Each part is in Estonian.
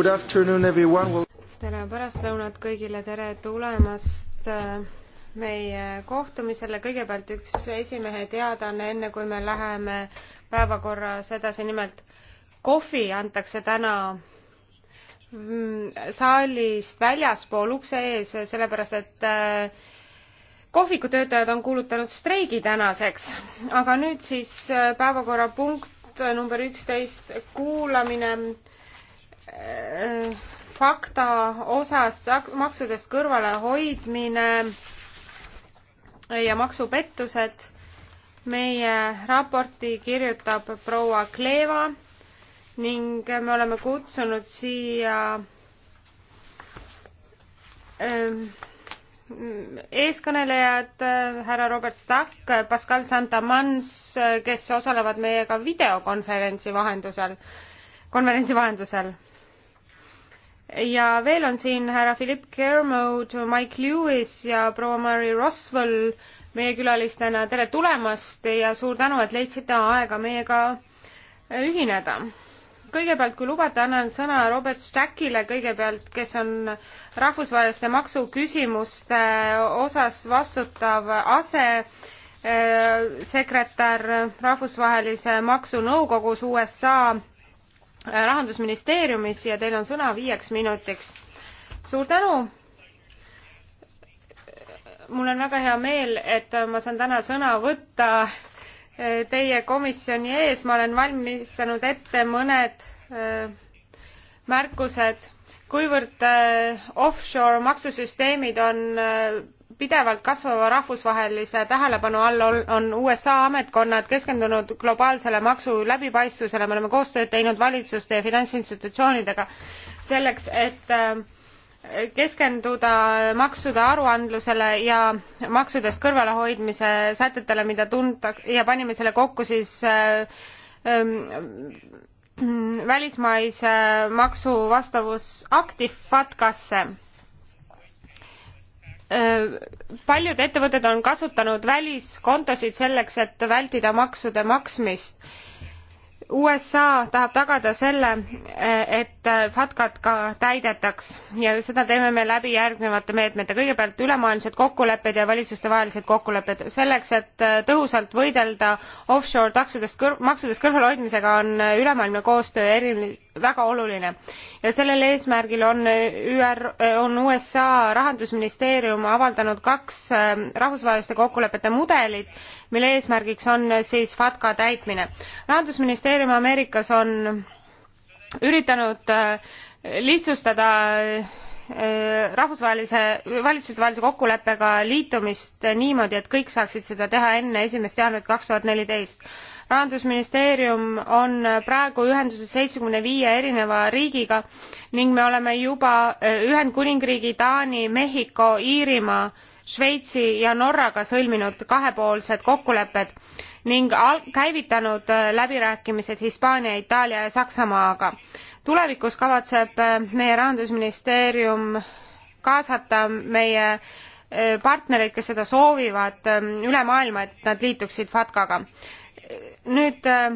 Good afternoon everyone. tere pärastlõunat kõigile, tere tulemast äh, meie kohtumisele. kõigepealt üks esimehe teadaanne, enne kui me läheme päevakorras edasi, nimelt kohvi antakse täna mm, saalist väljaspool ukse ees, sellepärast et äh, kohvikutöötajad on kuulutanud streigi tänaseks. aga nüüd siis äh, päevakorrapunkt number üksteist, kuulamine fakta osast maksudest kõrvalehoidmine ja maksupettused. meie raporti kirjutab proua Kleeva ning me oleme kutsunud siia ähm, eeskõnelejad äh, härra Robert Stack, Pascal Santamans, äh, kes osalevad meiega videokonverentsi vahendusel, konverentsi vahendusel ja veel on siin härra Philip Kermode, Mike Lewis ja proua Mary Roswell meie külalistena, tere tulemast ja suur tänu, et leidsite aega meiega ühineda. kõigepealt, kui lubate, annan sõna Robert Stackile kõigepealt, kes on rahvusvaheliste maksuküsimuste osas vastutav ase sekretär rahvusvahelise maksunõukogus USA rahandusministeeriumis ja teil on sõna viieks minutiks. suur tänu. mul on väga hea meel, et ma saan täna sõna võtta teie komisjoni ees. ma olen valmistanud ette mõned äh, märkused, kuivõrd äh, offshore maksusüsteemid on äh, pidevalt kasvava rahvusvahelise tähelepanu all on usa ametkonnad keskendunud globaalsele maksu läbipaistvusele me oleme koostööd teinud valitsuste ja finantsinstitutsioonidega selleks et äh, keskenduda maksude aruandlusele ja maksudest kõrvalehoidmise sätetele mida tunta- ja panime selle kokku siis äh, ähm, välismaise maksu vastavusakti fatcasse Äh, paljud ettevõtted on kasutanud väliskontosid selleks et vältida maksude maksmist. usa tahab tagada selle et fatcat ka täidetaks ja seda teeme me läbi järgnevate meetmete kõigepealt ülemaailmsed kokkulepped ja valitsustevahelised kokkulepped selleks et äh, tõhusalt võidelda offshore taksudest maksudest kõrvalehoidmisega on äh, ülemaailmne koostöö eri väga oluline ja sellel eesmärgil on ÜR, on USA rahandusministeerium avaldanud kaks ähm, rahvusvaheliste kokkulepete mudelit, mille eesmärgiks on siis FATCA täitmine. rahandusministeerium Ameerikas on üritanud äh, lihtsustada äh, rahvusvahelise valitsustevahelise kokkuleppega liitumist niimoodi et kõik saaksid seda teha enne 1 jaanuari 2014 rahandusministeerium on praegu ühenduses seitsmekümne viie erineva riigiga ning me oleme juba eh, ühendkuningriigi taani mehhiko iirimaa šveitsi ja norraga sõlminud kahepoolsed kokkulepped ning käivitanud eh, läbirääkimised hispaania itaalia ja saksamaaga. tulevikus kavatseb eh, meie rahandusministeerium kaasata meie partnereid kes seda soovivad üle maailma et nad liituksid fatcaga nüüd äh,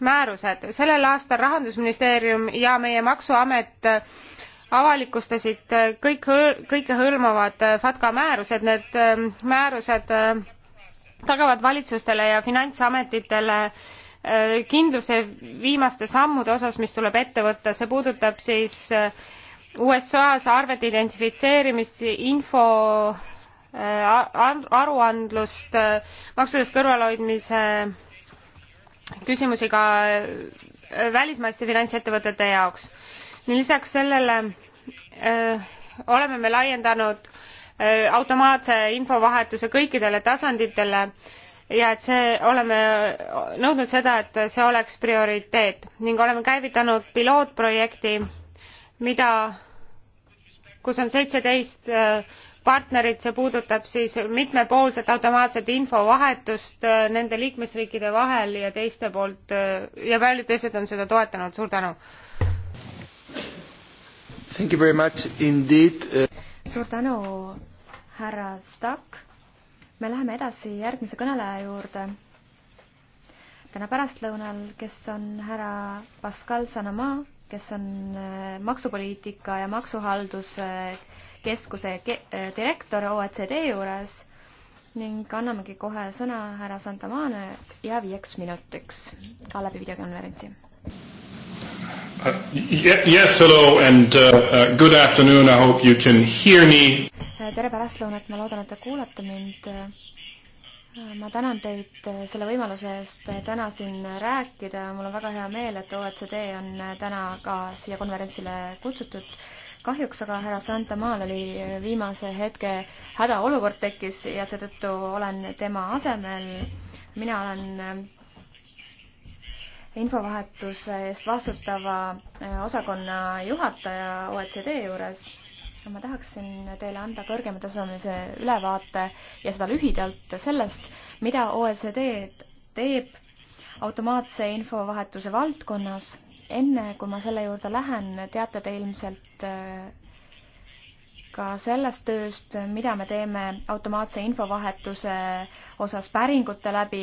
määrused. sellel aastal Rahandusministeerium ja meie Maksuamet äh, avalikustasid äh, kõik, kõikehõlmavad FATKA määrused. Need määrused tagavad valitsustele ja finantsametitele kindluse viimaste sammude osas, mis tuleb ette võtta. see puudutab siis USA-s arvete identifitseerimist, info aruandlust, maksudest kõrvalhoidmise küsimusi ka äh, välismaiste finantsettevõtete jaoks. lisaks sellele öö, äh, oleme me laiendanud öö, äh, automaatse infovahetuse kõikidele tasanditele ja et see oleme nõudnud seda et see oleks prioriteet ning oleme käivitanud pilootprojekti mida kus on seitseteist 17 partnerid, see puudutab siis mitmepoolset automaatset infovahetust äh, nende liikmesriikide vahel ja teiste poolt äh, ja paljud teised on seda toetanud, suur tänu. Äh. suur tänu, härra Stak. me läheme edasi järgmise kõneleja juurde. täna pärastlõunal, kes on härra Pascal Sanama, kes on maksupoliitika ja maksuhalduse keskuse ke äh, direktor OECD juures ning annamegi kohe sõna härra Santamane ja viieks minutiks ka läbi videokonverentsi. Uh, yes, hello and uh, uh, good afternoon, I hope you can hear me. Äh, tere pärastlõunat, ma loodan, et te kuulete mind. Äh, ma tänan teid selle võimaluse eest täna siin rääkida, mul on väga hea meel, et OECD on täna ka siia konverentsile kutsutud kahjuks aga härra Santamaal oli viimase hetke hädaolukord tekkis ja seetõttu olen tema asemel. mina olen äh, infovahetuse eest vastutava äh, osakonna juhataja OECD juures. ma tahaksin teile anda kõrgematasemelise ülevaate ja seda lühidalt sellest, mida OECD teeb automaatse infovahetuse valdkonnas enne kui ma selle juurde lähen, teate te ilmselt äh, ka sellest tööst, mida me teeme automaatse infovahetuse osas päringute läbi.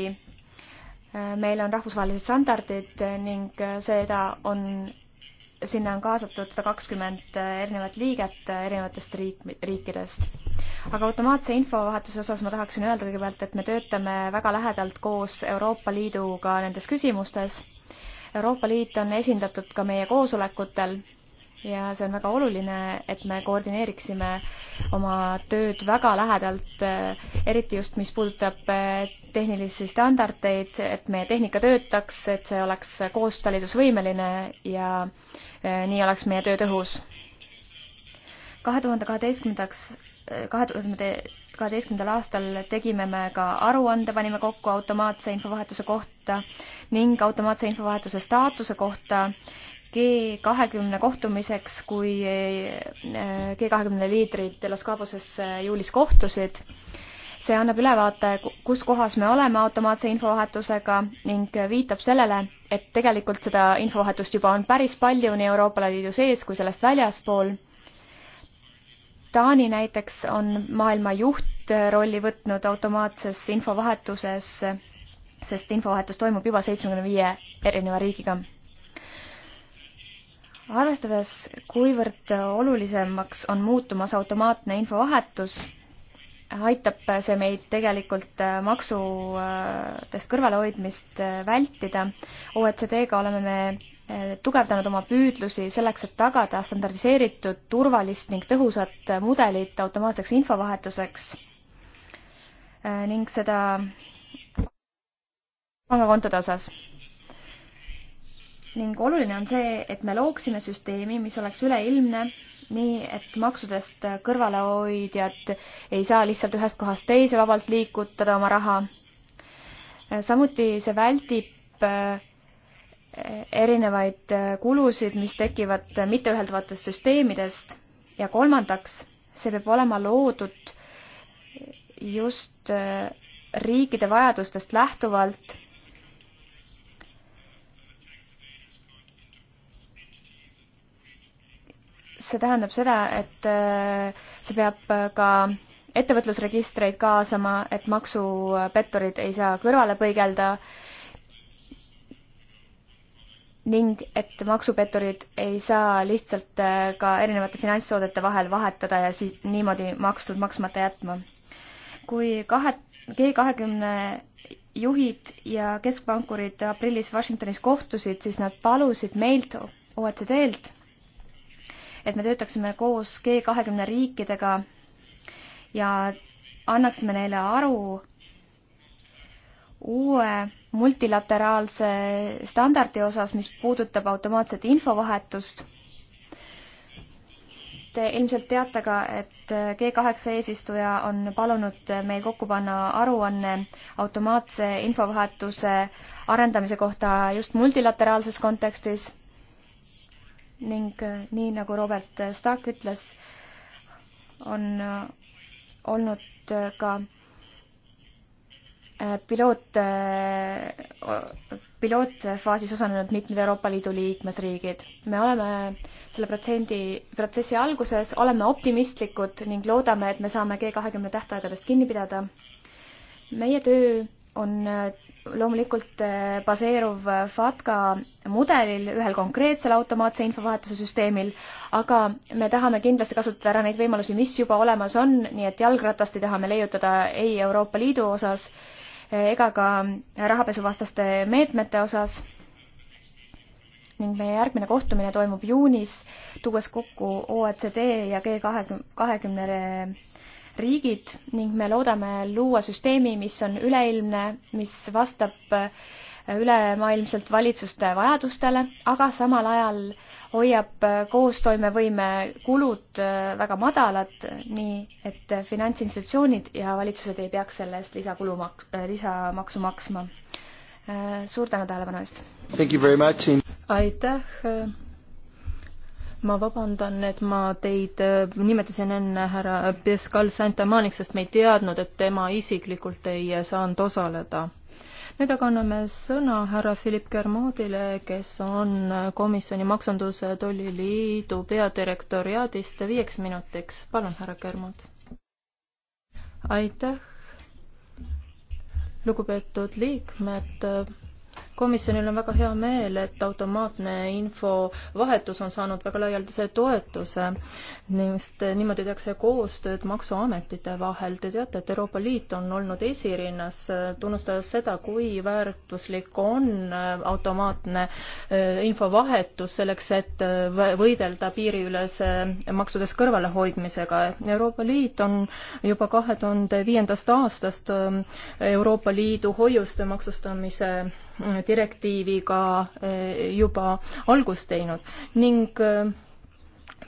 Äh, meil on rahvusvahelised standardid ning seda on, sinna on kaasatud sada kakskümmend äh, erinevat liiget erinevatest riik, riikidest. aga automaatse infovahetuse osas ma tahaksin öelda kõigepealt, et me töötame väga lähedalt koos Euroopa Liiduga nendes küsimustes Euroopa Liit on esindatud ka meie koosolekutel ja see on väga oluline, et me koordineeriksime oma tööd väga lähedalt, eriti just, mis puudutab eh, tehnilisi standardeid, et meie tehnika töötaks, et see oleks koostalidusvõimeline ja eh, nii oleks meie töö tõhus. kahe tuhande kaheteistkümnendaks, eh, kahe tuhande kaheteistkümnendal aastal tegime me ka aruande, panime kokku automaatse infovahetuse kohta ning automaatse infovahetuse staatuse kohta G kahekümne kohtumiseks, kui eh, G kahekümne liidrid Los Caboses eh, juulis kohtusid. see annab ülevaate, kus kohas me oleme automaatse infovahetusega ning viitab sellele, et tegelikult seda infovahetust juba on päris palju nii Euroopa Liidu sees kui sellest väljaspool Taani näiteks on maailma juhtrolli äh, võtnud automaatses infovahetuses, sest infovahetus toimub juba seitsmekümne viie erineva riigiga. arvestades, kuivõrd olulisemaks on muutumas automaatne infovahetus aitab see meid tegelikult äh, maksudest kõrvalehoidmist äh, vältida. OECD-ga oleme me äh, tugevdanud oma püüdlusi selleks, et tagada standardiseeritud, turvalist ning tõhusat mudelit automaatseks infovahetuseks ning seda pangakontode osas. ning oluline on see, et me looksime süsteemi, mis oleks üleilmne nii et maksudest kõrvalehoidjad ei saa lihtsalt ühest kohast teise vabalt liikutada oma raha. samuti see väldib eh, erinevaid eh, kulusid, mis tekivad mitteühelduvatest süsteemidest ja kolmandaks, see peab olema loodud just eh, riikide vajadustest lähtuvalt see tähendab seda, et äh, see peab äh, ka ettevõtlusregistreid kaasama, et maksupetturid ei saa kõrvale põigelda ning et maksupetturid ei saa lihtsalt äh, ka erinevate finantssoodete vahel vahetada ja siis niimoodi makstud maksmata jätma. kui kahe, G kahekümne juhid ja keskpankurid aprillis Washingtonis kohtusid, siis nad palusid meilt, OECD-lt et me töötaksime koos G kahekümne riikidega ja annaksime neile aru uue multilateraalse standardi osas, mis puudutab automaatset infovahetust. Te ilmselt teate ka, et G8 eesistuja on palunud meil kokku panna aruanne automaatse infovahetuse arendamise kohta just multilateraalses kontekstis ning äh, nii nagu Robert Stark ütles, on äh, olnud äh, ka piloot, pilootfaasis osalenud mitmed Euroopa Liidu liikmesriigid. me oleme selle protsendi, protsessi alguses, oleme optimistlikud ning loodame, et me saame G kahekümne tähtaegadest kinni pidada. meie töö on loomulikult eh, baseeruv eh, FATKA mudelil, ühel konkreetsel automaatse infovahetuse süsteemil, aga me tahame kindlasti kasutada ära neid võimalusi, mis juba olemas on, nii et jalgratast ei taha me leiutada ei Euroopa Liidu osas eh, ega ka rahapesuvastaste meetmete osas. ning meie järgmine kohtumine toimub juunis, tuues kokku OECD ja G kahekümne riigid ning me loodame luua süsteemi, mis on üleilmne, mis vastab äh, ülemaailmselt valitsuste vajadustele, aga samal ajal hoiab äh, koostoimevõime kulud äh, väga madalad, nii et finantsinstitutsioonid ja valitsused ei peaks selle eest lisakulu maks-, lisamaksu maksma. suur tänu tähelepanu eest! aitäh ma vabandan, et ma teid äh, nimetasin enne härra Pascal Santamaniks, sest me ei teadnud, et tema isiklikult ei saanud osaleda. nüüd aga anname sõna härra Philipp Germaudile, kes on komisjoni maksunduse tolliliidu peadirektoriaadist viieks minutiks. palun, härra Germaud. aitäh, lugupeetud liikmed komisjonil on väga hea meel, et automaatne infovahetus on saanud väga laialdase toetuse. nimelt niimoodi tehakse koostööd maksuametite vahel. Te teate, et Euroopa Liit on olnud esirinnas, tunnustades seda, kui väärtuslik on automaatne äh, infovahetus selleks, et võidelda piiriülese maksudest kõrvalehoidmisega. Euroopa Liit on juba kahe tuhande viiendast aastast äh, Euroopa Liidu hoiuste maksustamise direktiiviga eh, juba algust teinud ning eh,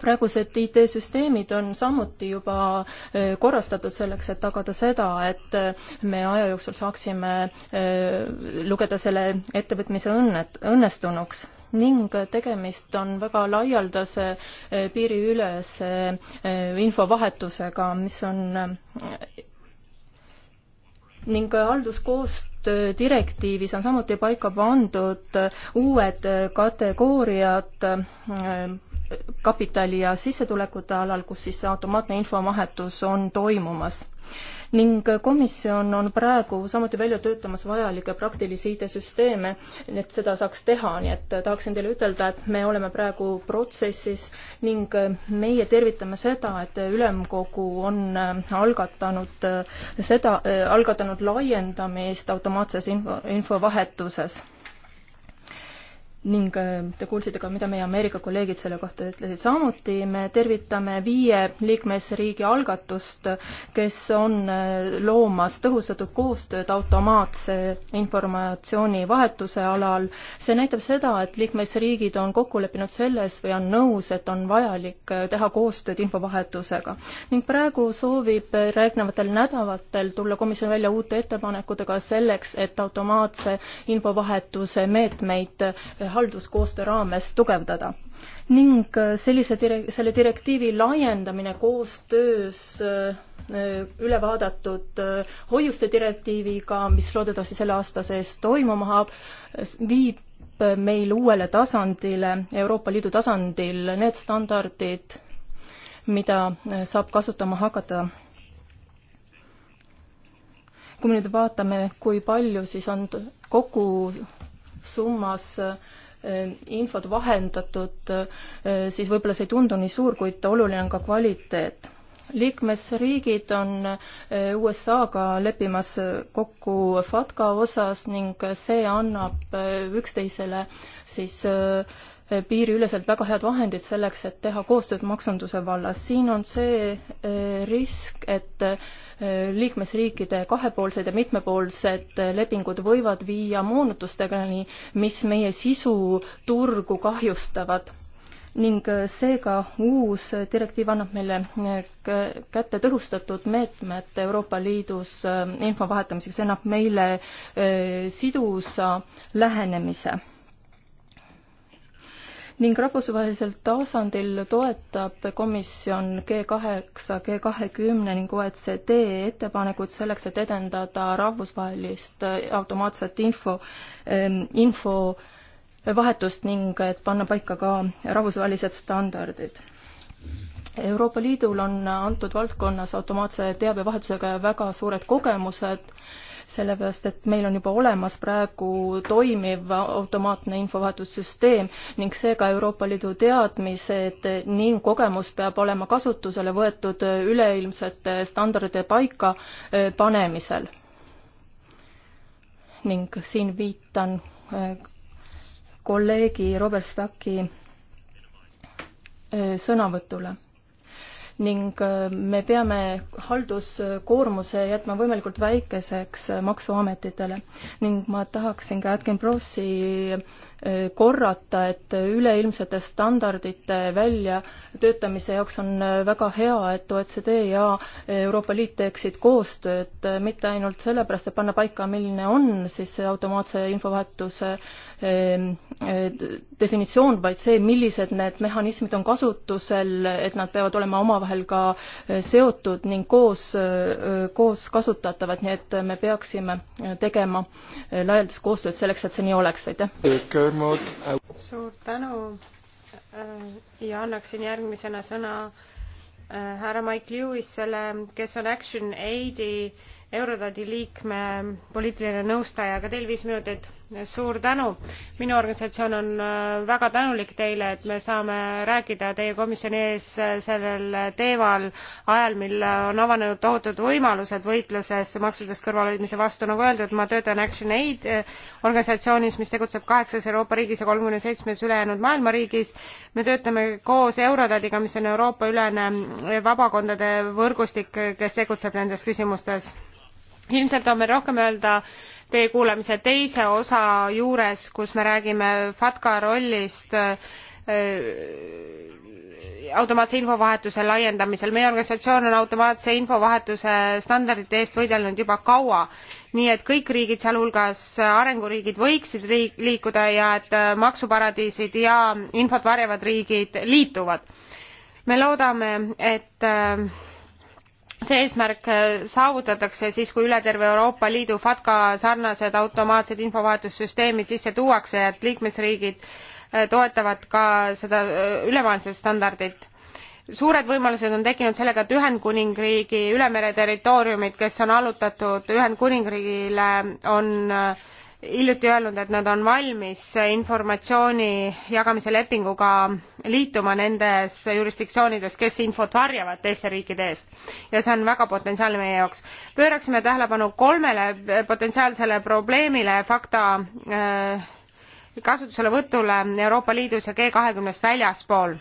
praegused IT-süsteemid on samuti juba eh, korrastatud selleks, et tagada seda, et me aja jooksul saaksime lugeda selle ettevõtmise õnnet, õnnestunuks ning tegemist on väga laialdase piiriülese infovahetusega, mis on ning halduskoostöö direktiivis on samuti paika pandud uued kategooriad äh, kapitali ja sissetulekute alal, kus siis automaatne infovahetus on toimumas ning komisjon on praegu samuti välja töötamas vajalikke praktilisi IT-süsteeme, et seda saaks teha, nii et tahaksin teile ütelda, et me oleme praegu protsessis ning meie tervitame seda, et ülemkogu on äh, algatanud äh, seda, äh, algatanud laiendamist automaatses info, infovahetuses ning äh, te kuulsite ka, mida meie Ameerika kolleegid selle kohta ütlesid. samuti me tervitame viie liikmesriigi algatust, kes on äh, loomas tõhustatud koostööd automaatse informatsioonivahetuse alal. see näitab seda, et liikmesriigid on kokku leppinud selles või on nõus, et on vajalik äh, teha koostööd infovahetusega. ning praegu soovib järgnevatel nädalatel tulla komisjon välja uute ettepanekutega selleks, et automaatse infovahetuse meetmeid halduskoostöö raames tugevdada. ning äh, sellise dire-, selle direktiivi laiendamine koostöös äh, äh, üle vaadatud hoiuste direktiiviga, mis loodetavasti selle aasta sees toimuma hakkab, viib meil uuele tasandile, Euroopa Liidu tasandil need standardid, mida saab kasutama hakata kui me nüüd vaatame, kui palju siis on kokku summas Äh, infot vahendatud, äh, siis võib-olla see ei tundu nii suur, kuid oluline on ka kvaliteet liikmesriigid on äh, USA-ga leppimas kokku FATCA osas ning see annab üksteisele siis äh, Eh, piiriüleselt väga head vahendid selleks, et teha koostööd maksunduse vallas. siin on see eh, risk, et eh, liikmesriikide kahepoolsed ja mitmepoolsed lepingud võivad viia moonutusteni, mis meie sisuturgu kahjustavad ning seega uus direktiiv annab meile kätte tõhustatud meetmed Euroopa Liidus info vahetamiseks, annab meile sidusa lähenemise ning rahvusvahelisel tasandil toetab komisjon G8, G20 ning OECD ettepanekuid selleks, et edendada rahvusvahelist äh, automaatset info, ähm, infovahetust ning et panna paika ka rahvusvahelised standardid Euroopa Liidul on antud valdkonnas automaatse teabevahetusega väga suured kogemused sellepärast et meil on juba olemas praegu toimiv automaatne infovahetussüsteem ning seega Euroopa Liidu teadmised ning kogemus peab olema kasutusele võetud üleilmsete standardide paika eh, panemisel. ning siin viitan eh, kolleegi Robert Stacki eh, sõnavõtule ning äh, me peame halduskoormuse jätma võimalikult väikeseks äh, Maksuametitele. ning ma tahaksin ka Atkin Brossi korrata, et üleilmsete standardite väljatöötamise jaoks on väga hea, et OECD ja Euroopa Liit teeksid koostööd, mitte ainult sellepärast, et panna paika, milline on siis automaatse infovahetuse ehm, ehm, definitsioon, vaid see, millised need mehhanismid on kasutusel, et nad peavad olema omavahel ka eh, seotud ning koos, eh, koos kasutatavad, nii et me peaksime tegema eh, laialdast koostööd selleks, et see nii oleks, aitäh! Dermot. suur tänu äh, ja annaksin järgmisena sõna äh, härra Mike Lewisele, kes on Action Aidi Eurodadi liikme poliitiline nõustaja, aga teil viis minutit suur tänu minu organisatsioon on äh, väga tänulik teile et me saame rääkida teie komisjoni ees äh, sellel teemal ajal mil äh, on avanenud tohutud võimalused võitluses maksudest kõrvalehoidmise vastu nagu öeldud ma töötan action aid organisatsioonis mis tegutseb kaheksas euroopa riigis ja kolmekümne seitsmes ülejäänud maailma riigis me töötame koos eurodadiga mis on euroopa ülene vabakondade võrgustik kes tegutseb nendes küsimustes ilmselt on meil rohkem öelda teie kuulamise teise osa juures, kus me räägime FATKA rollist äh, automaatse infovahetuse laiendamisel. meie organisatsioon on automaatse infovahetuse standardite eest võidelnud juba kaua, nii et kõik riigid, sealhulgas arenguriigid, võiksid riik, liikuda ja et äh, maksuparadiisid ja infot varjavad riigid liituvad. me loodame, et äh, see eesmärk äh, saavutatakse siis kui üle terve euroopa liidu fatca sarnased automaatsed infovahetussüsteemid sisse tuuakse ja et liikmesriigid äh, toetavad ka seda äh, ülemaailmset standardit suured võimalused on tekkinud sellega et ühendkuningriigi ülemere territooriumid kes on allutatud ühendkuningriigile on hiljuti öelnud, et nad on valmis informatsiooni jagamise lepinguga liituma nendes jurisdiktsioonides, kes infot varjavad teiste riikide eest. ja see on väga potentsiaalne meie jaoks. pööraksime tähelepanu kolmele potentsiaalsele probleemile fakta äh, kasutuselevõtule Euroopa Liidus ja G20-st väljaspool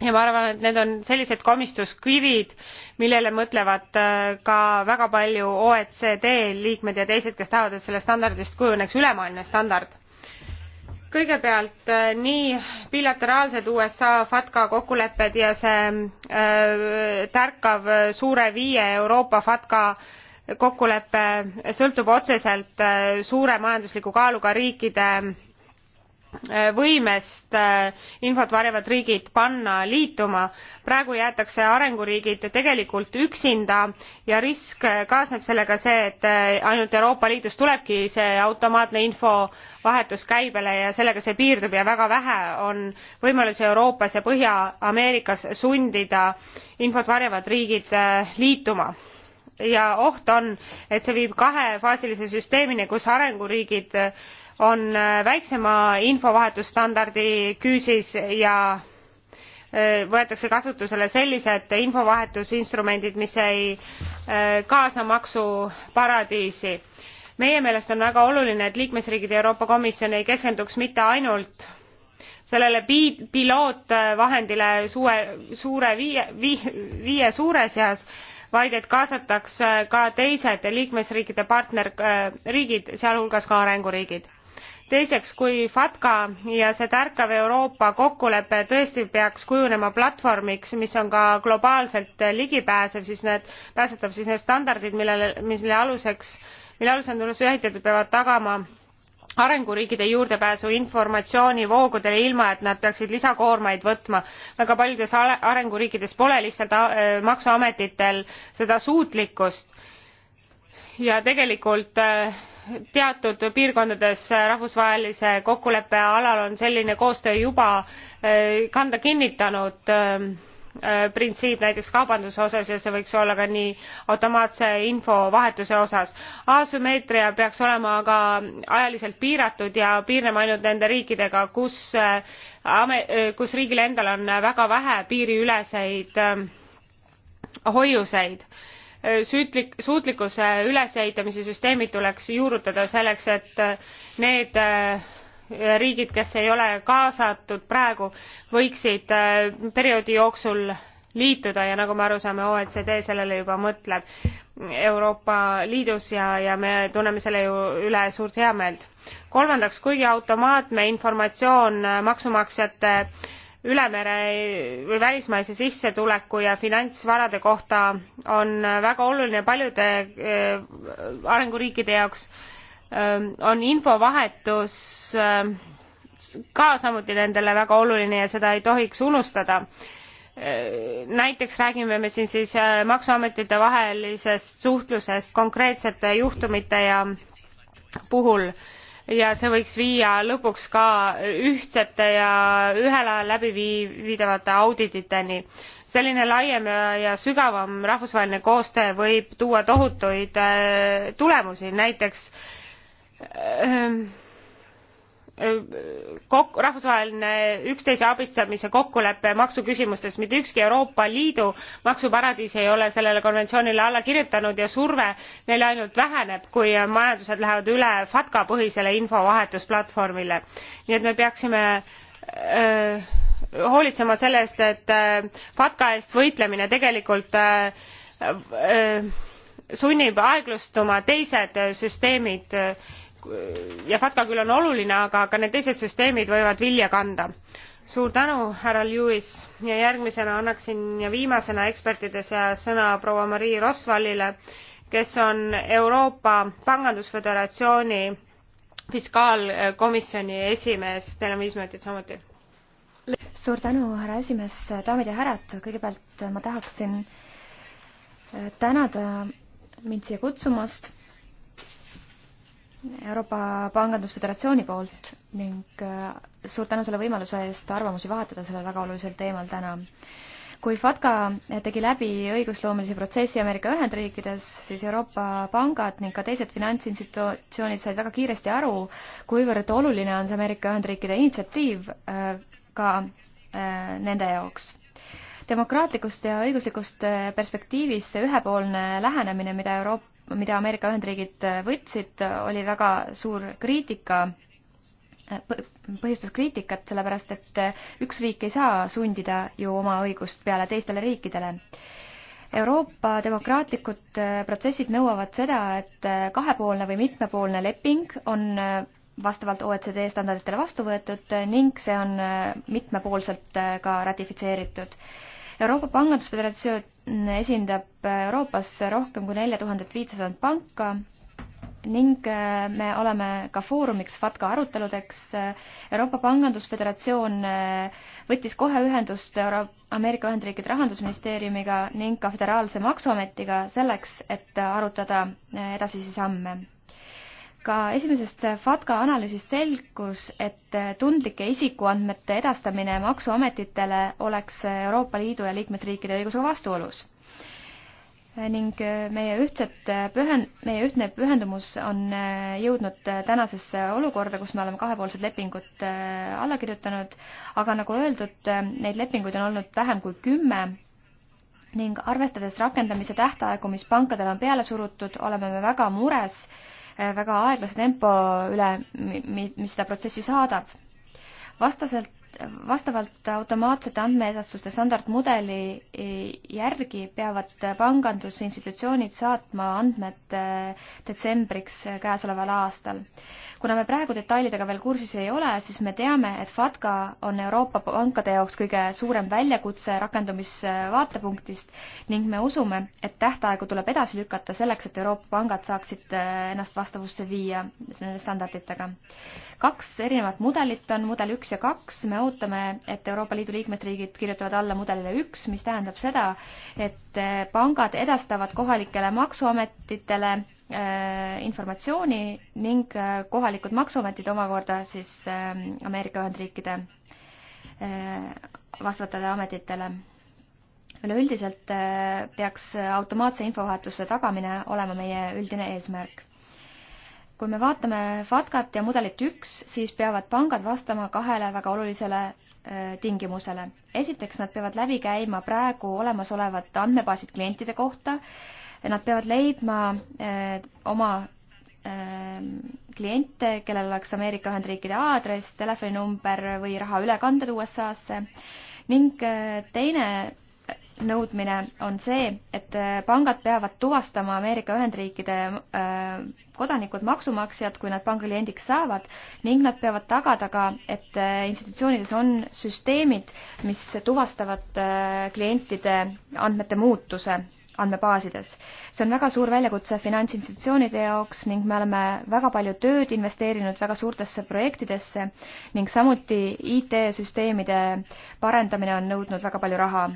ja ma arvan, et need on sellised komistuskivid, millele mõtlevad äh, ka väga palju OECD liikmed ja teised, kes tahavad, et sellest standardist kujuneks ülemaailmne standard. kõigepealt äh, nii bilateraalsed USA FATCA kokkulepped ja see äh, tärkav suure viie Euroopa FATCA kokkulepe sõltub otseselt äh, suure majandusliku kaaluga riikide Äh, võimest äh, infot varjavad riigid panna liituma. praegu jäetakse arenguriigid tegelikult üksinda ja risk äh, kaasneb sellega see, et ainult Euroopa Liidus tulebki see automaatne infovahetus käibele ja sellega see piirdub ja väga vähe on võimalusi Euroopas ja Põhja-Ameerikas sundida infot varjavad riigid liituma ja oht on, et see viib kahefaasilise süsteemini, kus arenguriigid on äh, väiksema infovahetusstandardi küüsis ja äh, võetakse kasutusele sellised infovahetusinstrumendid mis ei äh, kaasa maksuparadiisi. meie meelest on väga oluline et liikmesriigid ja euroopa komisjon ei keskenduks mitte ainult sellele pilootvahendile suure, suure viie, viie, viie suure seas vaid et kaasataks ka teised liikmesriikide partnerriigid sealhulgas ka arenguriigid teiseks, kui FATCA ja see tärkav Euroopa kokkulepe tõesti peaks kujunema platvormiks, mis on ka globaalselt ligipääsev, siis need, pääsetav siis need standardid, millele, mille aluseks, mille alusel tulles ühitatud peavad tagama arenguriikide juurdepääsu informatsioonivoogudele ilma et nad peaksid lisakoormaid võtma väga paljudes arenguriikides pole lihtsalt äh, maksuametitel seda suutlikkust ja tegelikult äh, teatud piirkondades rahvusvahelise kokkuleppe alal on selline koostöö juba äh, kanda kinnitanud äh, äh, printsiip näiteks kaubanduse osas ja see võiks olla ka nii automaatse infovahetuse osas. asümmeetria peaks olema aga ajaliselt piiratud ja piirnema ainult nende riikidega kus kus riigil endal on väga vähe piiriüleseid hoiuseid süütlik, suutlikkuse ülesehitamise süsteemid tuleks juurutada selleks, et äh, need äh, riigid, kes ei ole kaasatud praegu, võiksid äh, perioodi jooksul liituda ja nagu me aru saame, OECD sellele juba mõtleb Euroopa Liidus ja, ja me tunneme selle ju üle suurt heameelt. kolmandaks, kuigi automaatne informatsioon maksumaksjate äh, üle mere või välismaise sissetuleku ja finantsvarade kohta on väga oluline paljude äh, arenguriikide jaoks ähm, on infovahetus äh, ka samuti nendele väga oluline ja seda ei tohiks unustada äh, näiteks räägime me siin siis maksuametite vahelisest suhtlusest konkreetsete juhtumite ja puhul ja see võiks viia lõpuks ka ühtsete ja ühel ajal läbiviidavate audititeni. selline laiem ja sügavam rahvusvaheline koostöö võib tuua tohutuid äh, tulemusi näiteks äh, kok- rahvusvaheline üksteise abistamise kokkulepe maksuküsimustes mitte ükski euroopa liidu maksuparadiis ei ole sellele konventsioonile alla kirjutanud ja surve neile ainult väheneb kui majandused lähevad üle fatca põhisele infovahetusplatvormile nii et me peaksime öö, hoolitsema selle eest et öö, fatca eest võitlemine tegelikult öö, öö, sunnib aeglustuma teised süsteemid öö, ja fata küll on oluline aga ka need teised süsteemid võivad vilja kanda suur tänu härra lewis ja järgmisena annaksin ja viimasena ekspertide seas sõna proua marie rosvalile kes on euroopa pangandusföderatsiooni fiskaalkomisjoni esimees teil on viis minutit samuti suur tänu härra esimees daamid ja härrad kõigepealt ma tahaksin tänada mind siia kutsumast Euroopa Pangandusföderatsiooni poolt ning äh, suur tänu selle võimaluse eest arvamusi vahetada sellel väga olulisel teemal täna. kui FATCA tegi läbi õigusloomelise protsessi Ameerika Ühendriikides, siis Euroopa pangad ning ka teised finantsinstitutsioonid said väga kiiresti aru, kuivõrd oluline on see Ameerika Ühendriikide initsiatiiv äh, ka äh, nende jaoks demokraatlikust ja õiguslikust perspektiivist see ühepoolne lähenemine, mida Euroopa mida Ameerika Ühendriigid äh, võtsid, äh, oli väga suur kriitika, äh, põhjustas kriitikat, sellepärast et üks riik ei saa sundida ju oma õigust peale teistele riikidele. Euroopa demokraatlikud protsessid nõuavad seda, et kahepoolne või mitmepoolne leping on vastavalt OECD standarditele vastu võetud ning see on mitmepoolselt ka ratifitseeritud Euroopa Panganduse Föderatsioon esindab Euroopas rohkem kui nelja tuhandet viitesadat panka ning äh, me oleme ka foorumiks FATKA aruteludeks. Euroopa Pangandusföderatsioon äh, võttis kohe ühendust Euro Ameerika Ühendriikide rahandusministeeriumiga ning ka Föderaalse Maksuametiga selleks, et arutada äh, edasisi samme ka esimesest FATKA analüüsist selgus, et tundlike isikuandmete edastamine Maksuametitele oleks Euroopa Liidu ja liikmesriikide õigusega vastuolus. ning meie ühtset pühen-, meie ühtne pühendumus on jõudnud tänasesse olukorda, kus me oleme kahepoolsed lepingud äh, alla kirjutanud, aga nagu öeldud, neid lepinguid on olnud vähem kui kümme ning arvestades rakendamise tähtaegu, mis pankadel on peale surutud, oleme me väga mures äh, väga aeglase tempo üle, mis seda protsessi saadab. vastaselt vastavalt automaatsete andmeedastuste standardmudeli järgi peavad pangandusinstitutsioonid saatma andmed eh, detsembriks käesoleval aastal. kuna me praegu detailidega veel kursis ei ole, siis me teame, et FATCA on Euroopa pankade jaoks kõige suurem väljakutse rakendumisvaatepunktist ning me usume, et tähtaegu tuleb edasi lükata selleks, et Euroopa pangad saaksid eh, ennast vastavusse viia nende standarditega. kaks erinevat mudelit on mudel üks ja kaks, me me ootame, et Euroopa Liidu liikmesriigid kirjutavad alla mudelile üks, mis tähendab seda, et eh, pangad edastavad kohalikele maksuametitele eh, informatsiooni ning eh, kohalikud maksuametid omakorda siis Ameerika Ühendriikide vastavatele ametitele üleüldiselt peaks automaatse infovahetuse tagamine olema meie üldine eesmärk kui me vaatame FATCAt ja mudelit üks, siis peavad pangad vastama kahele väga olulisele äh, tingimusele. esiteks, nad peavad läbi käima praegu olemasolevad andmebaasid klientide kohta. Nad peavad leidma öö, äh, oma öö, äh, kliente, kellel oleks Ameerika Ühendriikide aadress, telefoninumber või raha ülekanded USA-sse ning teine nõudmine on see, et äh, pangad peavad tuvastama Ameerika Ühendriikide äh, kodanikud maksumaksjad, kui nad pangaliendiks saavad ning nad peavad tagada ka, et äh, institutsioonides on süsteemid, mis tuvastavad klientide andmete muutuse andmebaasides. see on väga suur väljakutse finantsinstitutsioonide jaoks ning me oleme väga palju tööd investeerinud väga suurtesse projektidesse ning samuti IT-süsteemide parendamine on nõudnud väga palju raha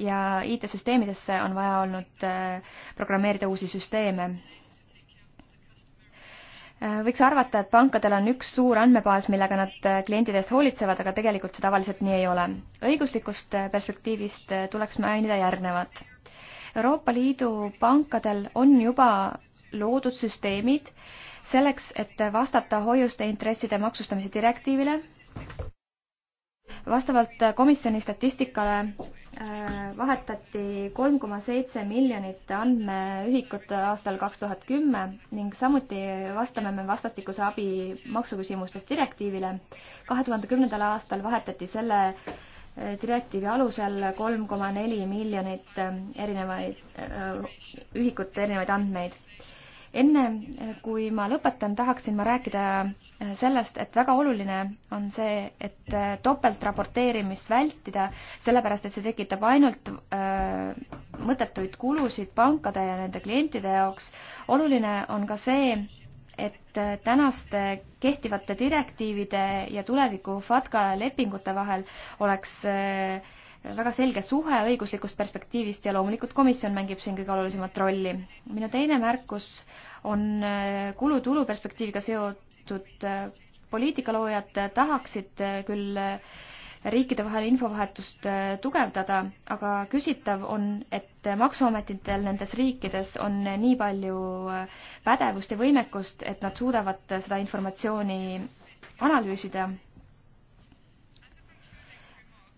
ja IT-süsteemidesse on vaja olnud äh, programmeerida uusi süsteeme. Äh, võiks arvata, et pankadel on üks suur andmebaas, millega nad äh, klientide eest hoolitsevad, aga tegelikult see tavaliselt nii ei ole. õiguslikust perspektiivist tuleks mainida järgnevat. Euroopa Liidu pankadel on juba loodud süsteemid selleks, et vastata hoiuste intresside maksustamise direktiivile vastavalt komisjoni statistikale äh, vahetati kolm koma seitse miljonit andmeühikut aastal kaks tuhat kümme ning samuti vastame me vastastikuse abi maksuküsimustes direktiivile. kahe tuhande kümnendal aastal vahetati selle äh, direktiivi alusel kolm koma neli miljonit äh, erinevaid ühikut, erinevaid andmeid enne kui ma lõpetan, tahaksin ma rääkida äh, sellest, et väga oluline on see, et äh, topeltraporteerimist vältida, sellepärast et see tekitab ainult öö, äh, mõttetuid kulusid pankade ja nende klientide jaoks. oluline on ka see, et tänaste kehtivate direktiivide ja tuleviku FATCA lepingute vahel oleks öö, väga selge suhe õiguslikust perspektiivist ja loomulikult komisjon mängib siin kõige olulisemat rolli. minu teine märkus on äh, kulutulu perspektiiviga seotud äh, poliitikaloojad tahaksid äh, küll riikide vahel infovahetust tugevdada, aga küsitav on, et maksuametitel nendes riikides on nii palju pädevust ja võimekust, et nad suudavad seda informatsiooni analüüsida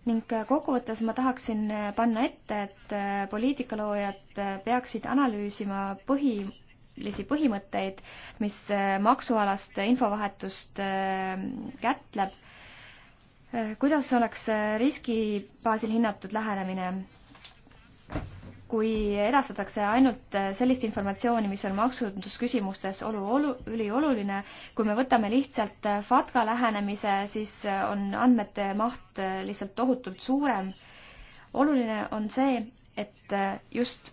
ning äh, kokkuvõttes ma tahaksin äh, panna ette, et äh, poliitikaloojad peaksid analüüsima põhilisi põhimõtteid, mis maksualast infovahetust kätleb. kuidas oleks riski baasil hinnatud lähenemine? kui edastatakse ainult äh, sellist informatsiooni, mis on maksundusküsimustes olu, olu, ülioluline, kui me võtame lihtsalt äh, FATKA lähenemise, siis äh, on andmete maht lihtsalt tohutult suurem. oluline on see, et just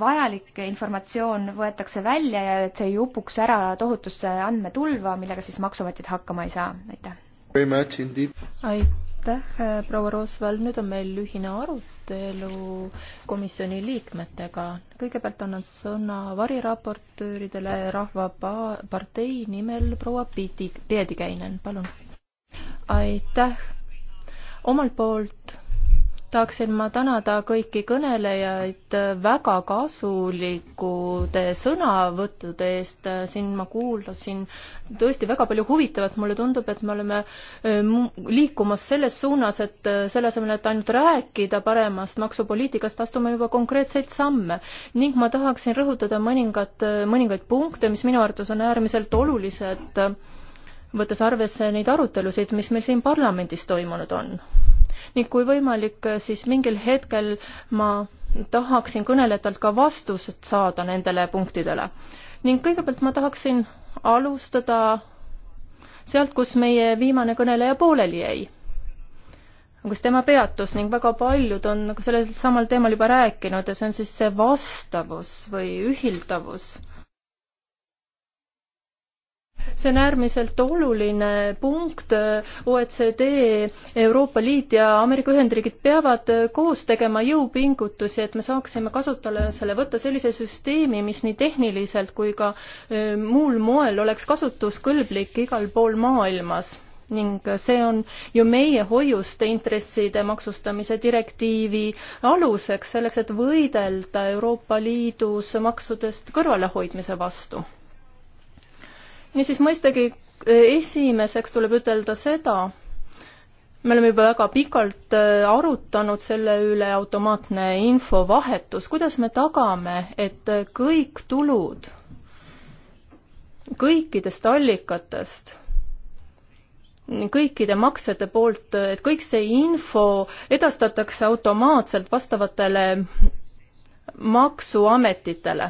vajalik informatsioon võetakse välja ja et see ei upuks ära tohutusse andmetulva, millega siis maksuametid hakkama ei saa, aitäh. aitäh, proua Roosvald, nüüd on meil ühine arutelu arutelu komisjoni liikmetega. kõigepealt annan sõna variraportööridele Rahvapartei nimel proua Piedi, Peedikäinen, palun. aitäh omalt poolt tahaksin ma tänada kõiki kõnelejaid väga kasulikude sõnavõttude eest, siin ma kuulasin tõesti väga palju huvitavat, mulle tundub, et me oleme eh, liikumas selles suunas, et eh, selle asemel, et ainult rääkida paremast maksupoliitikast, astume juba konkreetseid samme. ning ma tahaksin rõhutada mõningat, mõningaid punkte, mis minu arvates on äärmiselt olulised, võttes arvesse neid arutelusid, mis meil siin parlamendis toimunud on ning kui võimalik, siis mingil hetkel ma tahaksin kõnelejatelt ka vastused saada nendele punktidele. ning kõigepealt ma tahaksin alustada sealt, kus meie viimane kõneleja pooleli jäi, kus tema peatus ning väga paljud on sellel samal teemal juba rääkinud ja see on siis see vastavus või ühildavus see on äärmiselt oluline punkt, OECD, Euroopa Liit ja Ameerika Ühendriigid peavad koos tegema jõupingutusi, et me saaksime kasutusele võtta sellise süsteemi, mis nii tehniliselt kui ka muul moel oleks kasutuskõlblik igal pool maailmas ning see on ju meie hoiuste intresside maksustamise direktiivi aluseks, selleks et võidelda Euroopa Liidus maksudest kõrvalehoidmise vastu niisiis mõistagi eh, esimeseks tuleb ütelda seda, me oleme juba väga pikalt eh, arutanud selle üle automaatne infovahetus, kuidas me tagame, et eh, kõik tulud kõikidest allikatest, kõikide maksete poolt, et kõik see info edastatakse automaatselt vastavatele maksuametitele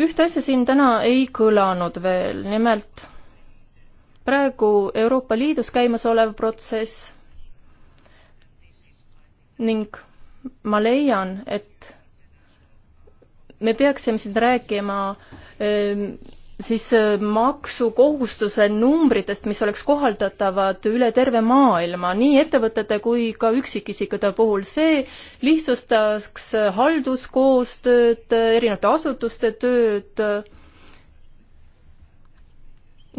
ühte asja siin täna ei kõlanud veel, nimelt praegu Euroopa Liidus käimasolev protsess ning ma leian, et me peaksime siin rääkima öö, ehm, siis äh, maksukohustuse numbritest, mis oleks kohaldatavad üle terve maailma, nii ettevõtete kui ka üksikisikute puhul. see lihtsustaks äh, halduskoostööd, äh, erinevate asutuste tööd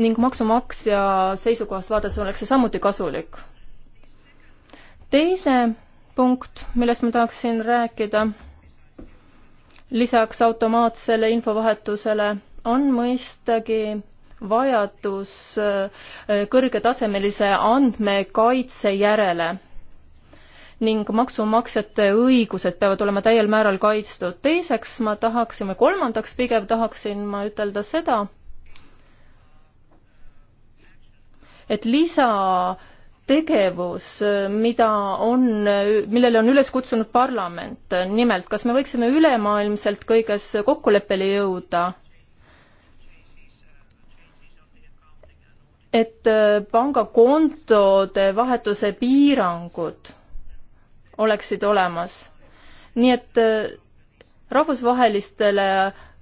ning maksumaksja seisukohast vaadates oleks see samuti kasulik. teine punkt, millest ma tahaksin rääkida, lisaks automaatsele infovahetusele on mõistagi vajadus äh, kõrgetasemelise andmekaitse järele ning maksumaksjate õigused peavad olema täiel määral kaitstud. teiseks ma tahaksin või kolmandaks pigem tahaksin ma ütelda seda, et lisategevus, mida on, millele on üles kutsunud parlament, nimelt kas me võiksime ülemaailmselt kõiges kokkuleppele jõuda et äh, pangakontode vahetuse piirangud oleksid olemas. nii et äh, rahvusvahelistele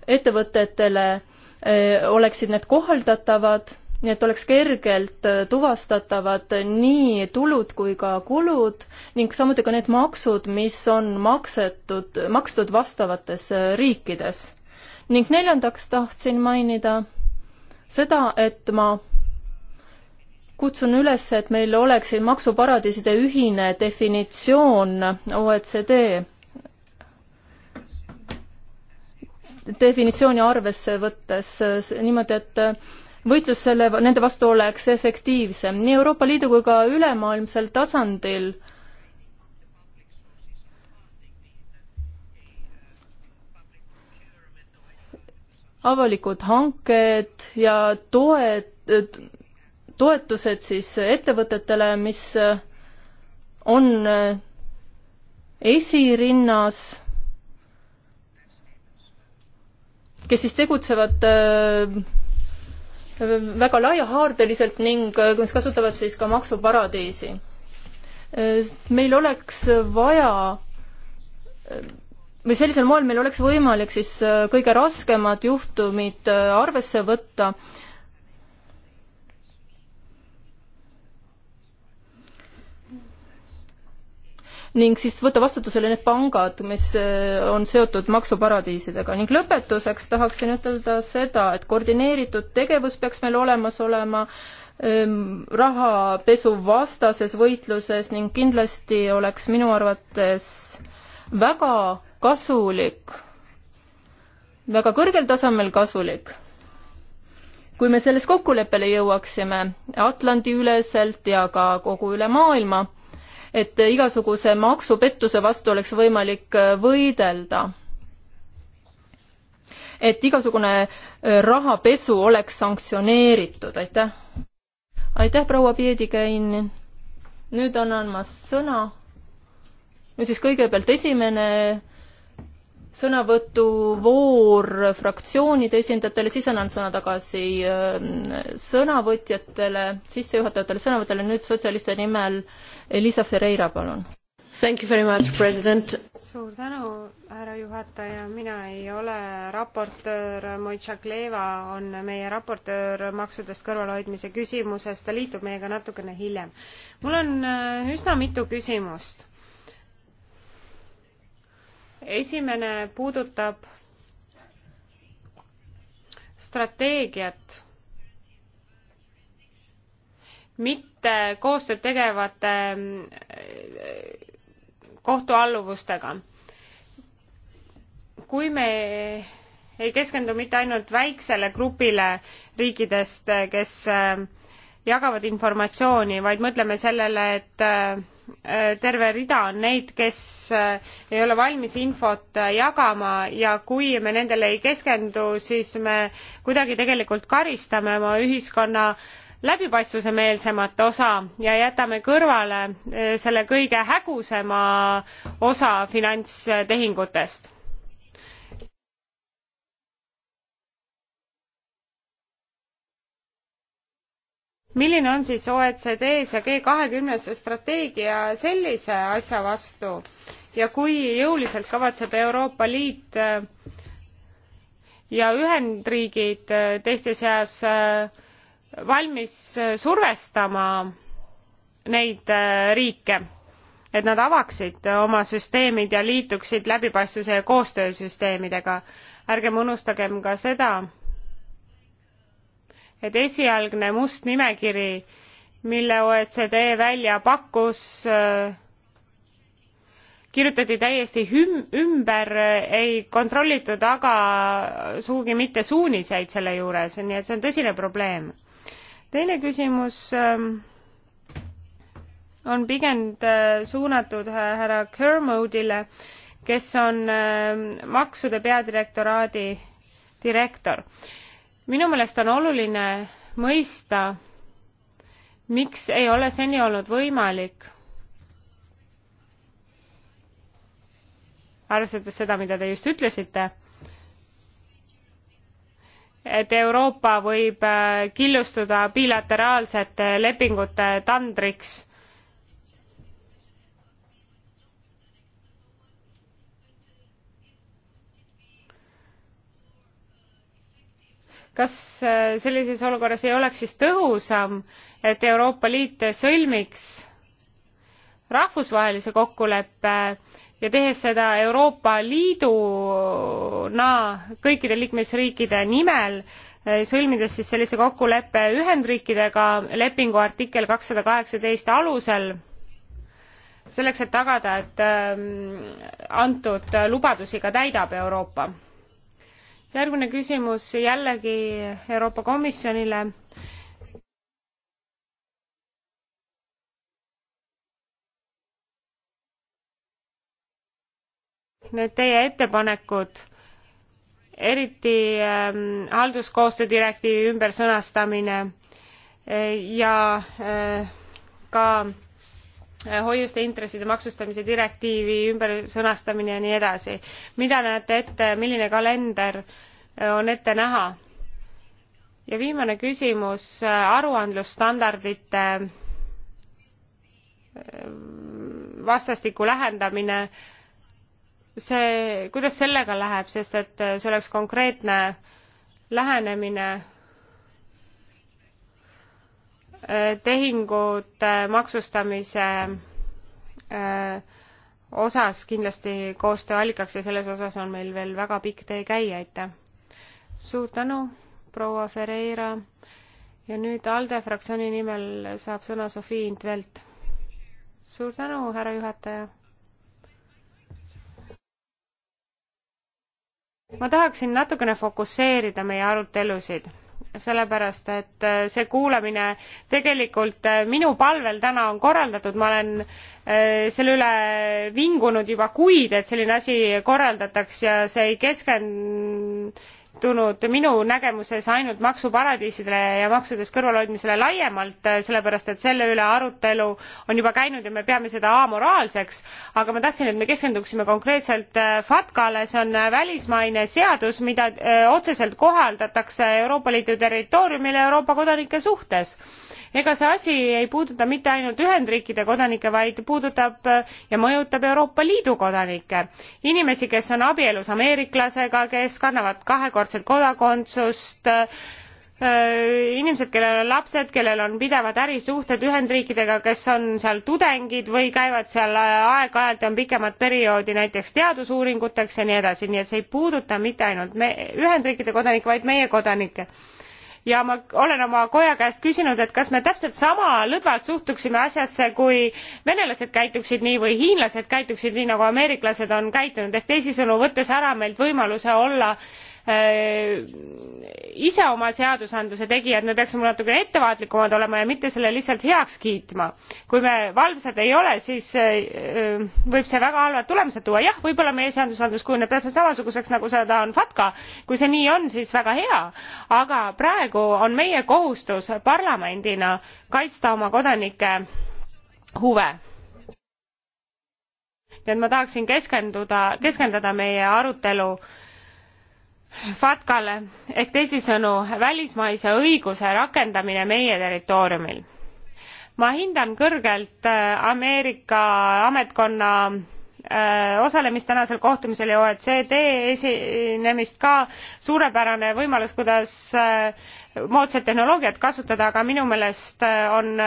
ettevõtetele äh, oleksid need kohaldatavad, nii et oleks kergelt tuvastatavad nii tulud kui ka kulud ning samuti ka need maksud, mis on maksetud, makstud vastavates riikides. ning neljandaks tahtsin mainida seda, et ma kutsun üles, et meil oleks siin maksuparadiiside ühine definitsioon OECD definitsiooni arvesse võttes niimoodi, et võitlus selle, nende vastu oleks efektiivsem nii Euroopa Liidu kui ka ülemaailmsel tasandil. avalikud hanked ja toed toetused siis ettevõtetele, mis äh, on äh, esirinnas, kes siis tegutsevad äh, väga laiahaardeliselt ning kes kasutavad siis ka maksuparadiisi. meil oleks vaja või sellisel moel meil oleks võimalik siis kõige raskemad juhtumid arvesse võtta ning siis võtta vastutusele need pangad, mis äh, on seotud maksuparadiisidega ning lõpetuseks tahaksin ütelda seda, et koordineeritud tegevus peaks meil olemas olema ähm, rahapesuvastases võitluses ning kindlasti oleks minu arvates väga kasulik, väga kõrgel tasemel kasulik, kui me selles kokkuleppele jõuaksime Atlandi üleselt ja ka kogu üle maailma et igasuguse maksupettuse vastu oleks võimalik äh, võidelda. et igasugune äh, rahapesu oleks sanktsioneeritud, aitäh. aitäh, proua Piedikäin. nüüd annan ma sõna. no siis kõigepealt esimene sõnavõtuvoor fraktsioonide esindajatele, siis annan sõna tagasi ähm, sõnavõtjatele, sissejuhatajatele, sõnavõtjatele, nüüd sotsialiste nimel Elisa Ferreira, palun. Thank you very much, president. suur tänu, härra juhataja, mina ei ole raportöör, Mojtšak Leeva on meie raportöör maksudest kõrvalhoidmise küsimuses, ta liitub meiega natukene hiljem. mul on äh, üsna mitu küsimust. esimene puudutab strateegiat mitte koostööd tegevate eh, kohtualluvustega. kui me ei keskendu mitte ainult väiksele grupile riikidest, kes eh, jagavad informatsiooni, vaid mõtleme sellele, et eh, terve rida on neid, kes ei ole valmis infot jagama ja kui me nendele ei keskendu, siis me kuidagi tegelikult karistame oma ühiskonna äh, läbipaistvusemeelsemat osa ja jätame kõrvale eh, selle kõige hägusama osa finantstehingutest. milline on siis OECD-s ja G20 strateegia sellise asja vastu ja kui jõuliselt kavatseb Euroopa Liit eh, ja Ühendriigid eh, teiste seas äh, valmis survestama neid äh, riike, et nad avaksid äh, oma süsteemid ja liituksid läbipaistvuse ja koostöösüsteemidega. ärgem unustagem ka seda, et esialgne must nimekiri, mille OECD välja pakkus, äh, kirjutati täiesti hüm- ümber ei kontrollitud aga sugugi mitte suuniseid selle juures nii et see on tõsine probleem teine küsimus ähm, on pigem äh, suunatud härra Kermodile, kes on ähm, maksude peadirektoraadi direktor. minu meelest on oluline mõista, miks ei ole seni olnud võimalik arvestades seda, mida te just ütlesite et Euroopa võib äh, killustuda bilateraalsete lepingute tandriks. kas äh, sellises olukorras ei oleks siis tõhusam, et Euroopa Liit sõlmiks rahvusvahelise kokkuleppe ja tehes seda Euroopa Liiduna kõikide liikmesriikide nimel, eh, sõlmides siis sellise kokkuleppe Ühendriikidega lepingu artikkel kakssada kaheksateist alusel, selleks et tagada, et eh, antud lubadusi ka täidab Euroopa. järgmine küsimus jällegi Euroopa Komisjonile need teie ettepanekud eriti ähm, halduskoostöö direktiivi ümbersõnastamine äh, ja äh, ka äh, hoiuste intresside maksustamise direktiivi ümbersõnastamine ja nii edasi. mida näete ette, milline kalender äh, on ette näha? ja viimane küsimus äh,, aruandlusstandardite äh, vastastiku lähendamine äh, see, kuidas sellega läheb, sest et see oleks konkreetne lähenemine äh, tehingute maksustamise äh, osas kindlasti koostööallikaks ja selles osas on meil veel väga pikk tee käia, aitäh. suur tänu, proua Ferreira. ja nüüd ALDE fraktsiooni nimel saab sõna Sofii Intvelt. suur tänu, härra juhataja ma tahaksin natukene fokusseerida meie arutelusid sellepärast et äh, see kuulamine tegelikult äh, minu palvel täna on korraldatud ma olen äh, selle üle vingunud juba kuid et selline asi korraldataks ja see ei keskend- piirdunud minu nägemuses ainult maksuparadiisidele ja maksudest kõrvalehoidmisele laiemalt sellepärast et selle üle arutelu on juba käinud ja me peame seda amoraalseks aga ma tahtsin et me keskenduksime konkreetselt äh, fatcale see on äh, välismaine seadus mida äh, otseselt kohaldatakse euroopa liidu territooriumil euroopa kodanike suhtes ega see asi ei puuduta mitte ainult Ühendriikide kodanikke, vaid puudutab ja mõjutab Euroopa Liidu kodanikke. inimesi, kes on abielus ameeriklasega, kes kannavad kahekordset kodakondsust, äh, inimesed, kellel on lapsed, kellel on pidevad ärisuhted Ühendriikidega, kes on seal tudengid või käivad seal aeg-ajalt ja on pikemat perioodi näiteks teadusuuringuteks ja nii edasi, nii et see ei puuduta mitte ainult me Ühendriikide kodanikke, vaid meie kodanikke ja ma olen oma koja käest küsinud et kas me täpselt sama lõdvalt suhtuksime asjasse kui venelased käituksid nii või hiinlased käituksid nii nagu ameeriklased on käitunud ehk teisisõnu võttes ära meilt võimaluse olla Äh, ise oma seadusandluse tegijad me peaksime natukene ettevaatlikumad olema ja mitte selle lihtsalt heaks kiitma kui me valvsad ei ole siis äh, võib see väga halvad tulemused tuua jah võibolla meie seadusandlus kujuneb täpselt samasuguseks nagu seda on fatca kui see nii on siis väga hea aga praegu on meie kohustus parlamendina kaitsta oma kodanike huve nii et ma tahaksin keskenduda keskenduda meie arutelu fatkale ehk teisisõnu välismaise õiguse rakendamine meie territooriumil. ma hindan kõrgelt äh, ameerika ametkonna äh, osalemist tänasel kohtumisel ja oecd esinemist ka suurepärane võimalus kuidas äh, moodsat tehnoloogiat kasutada aga minu meelest on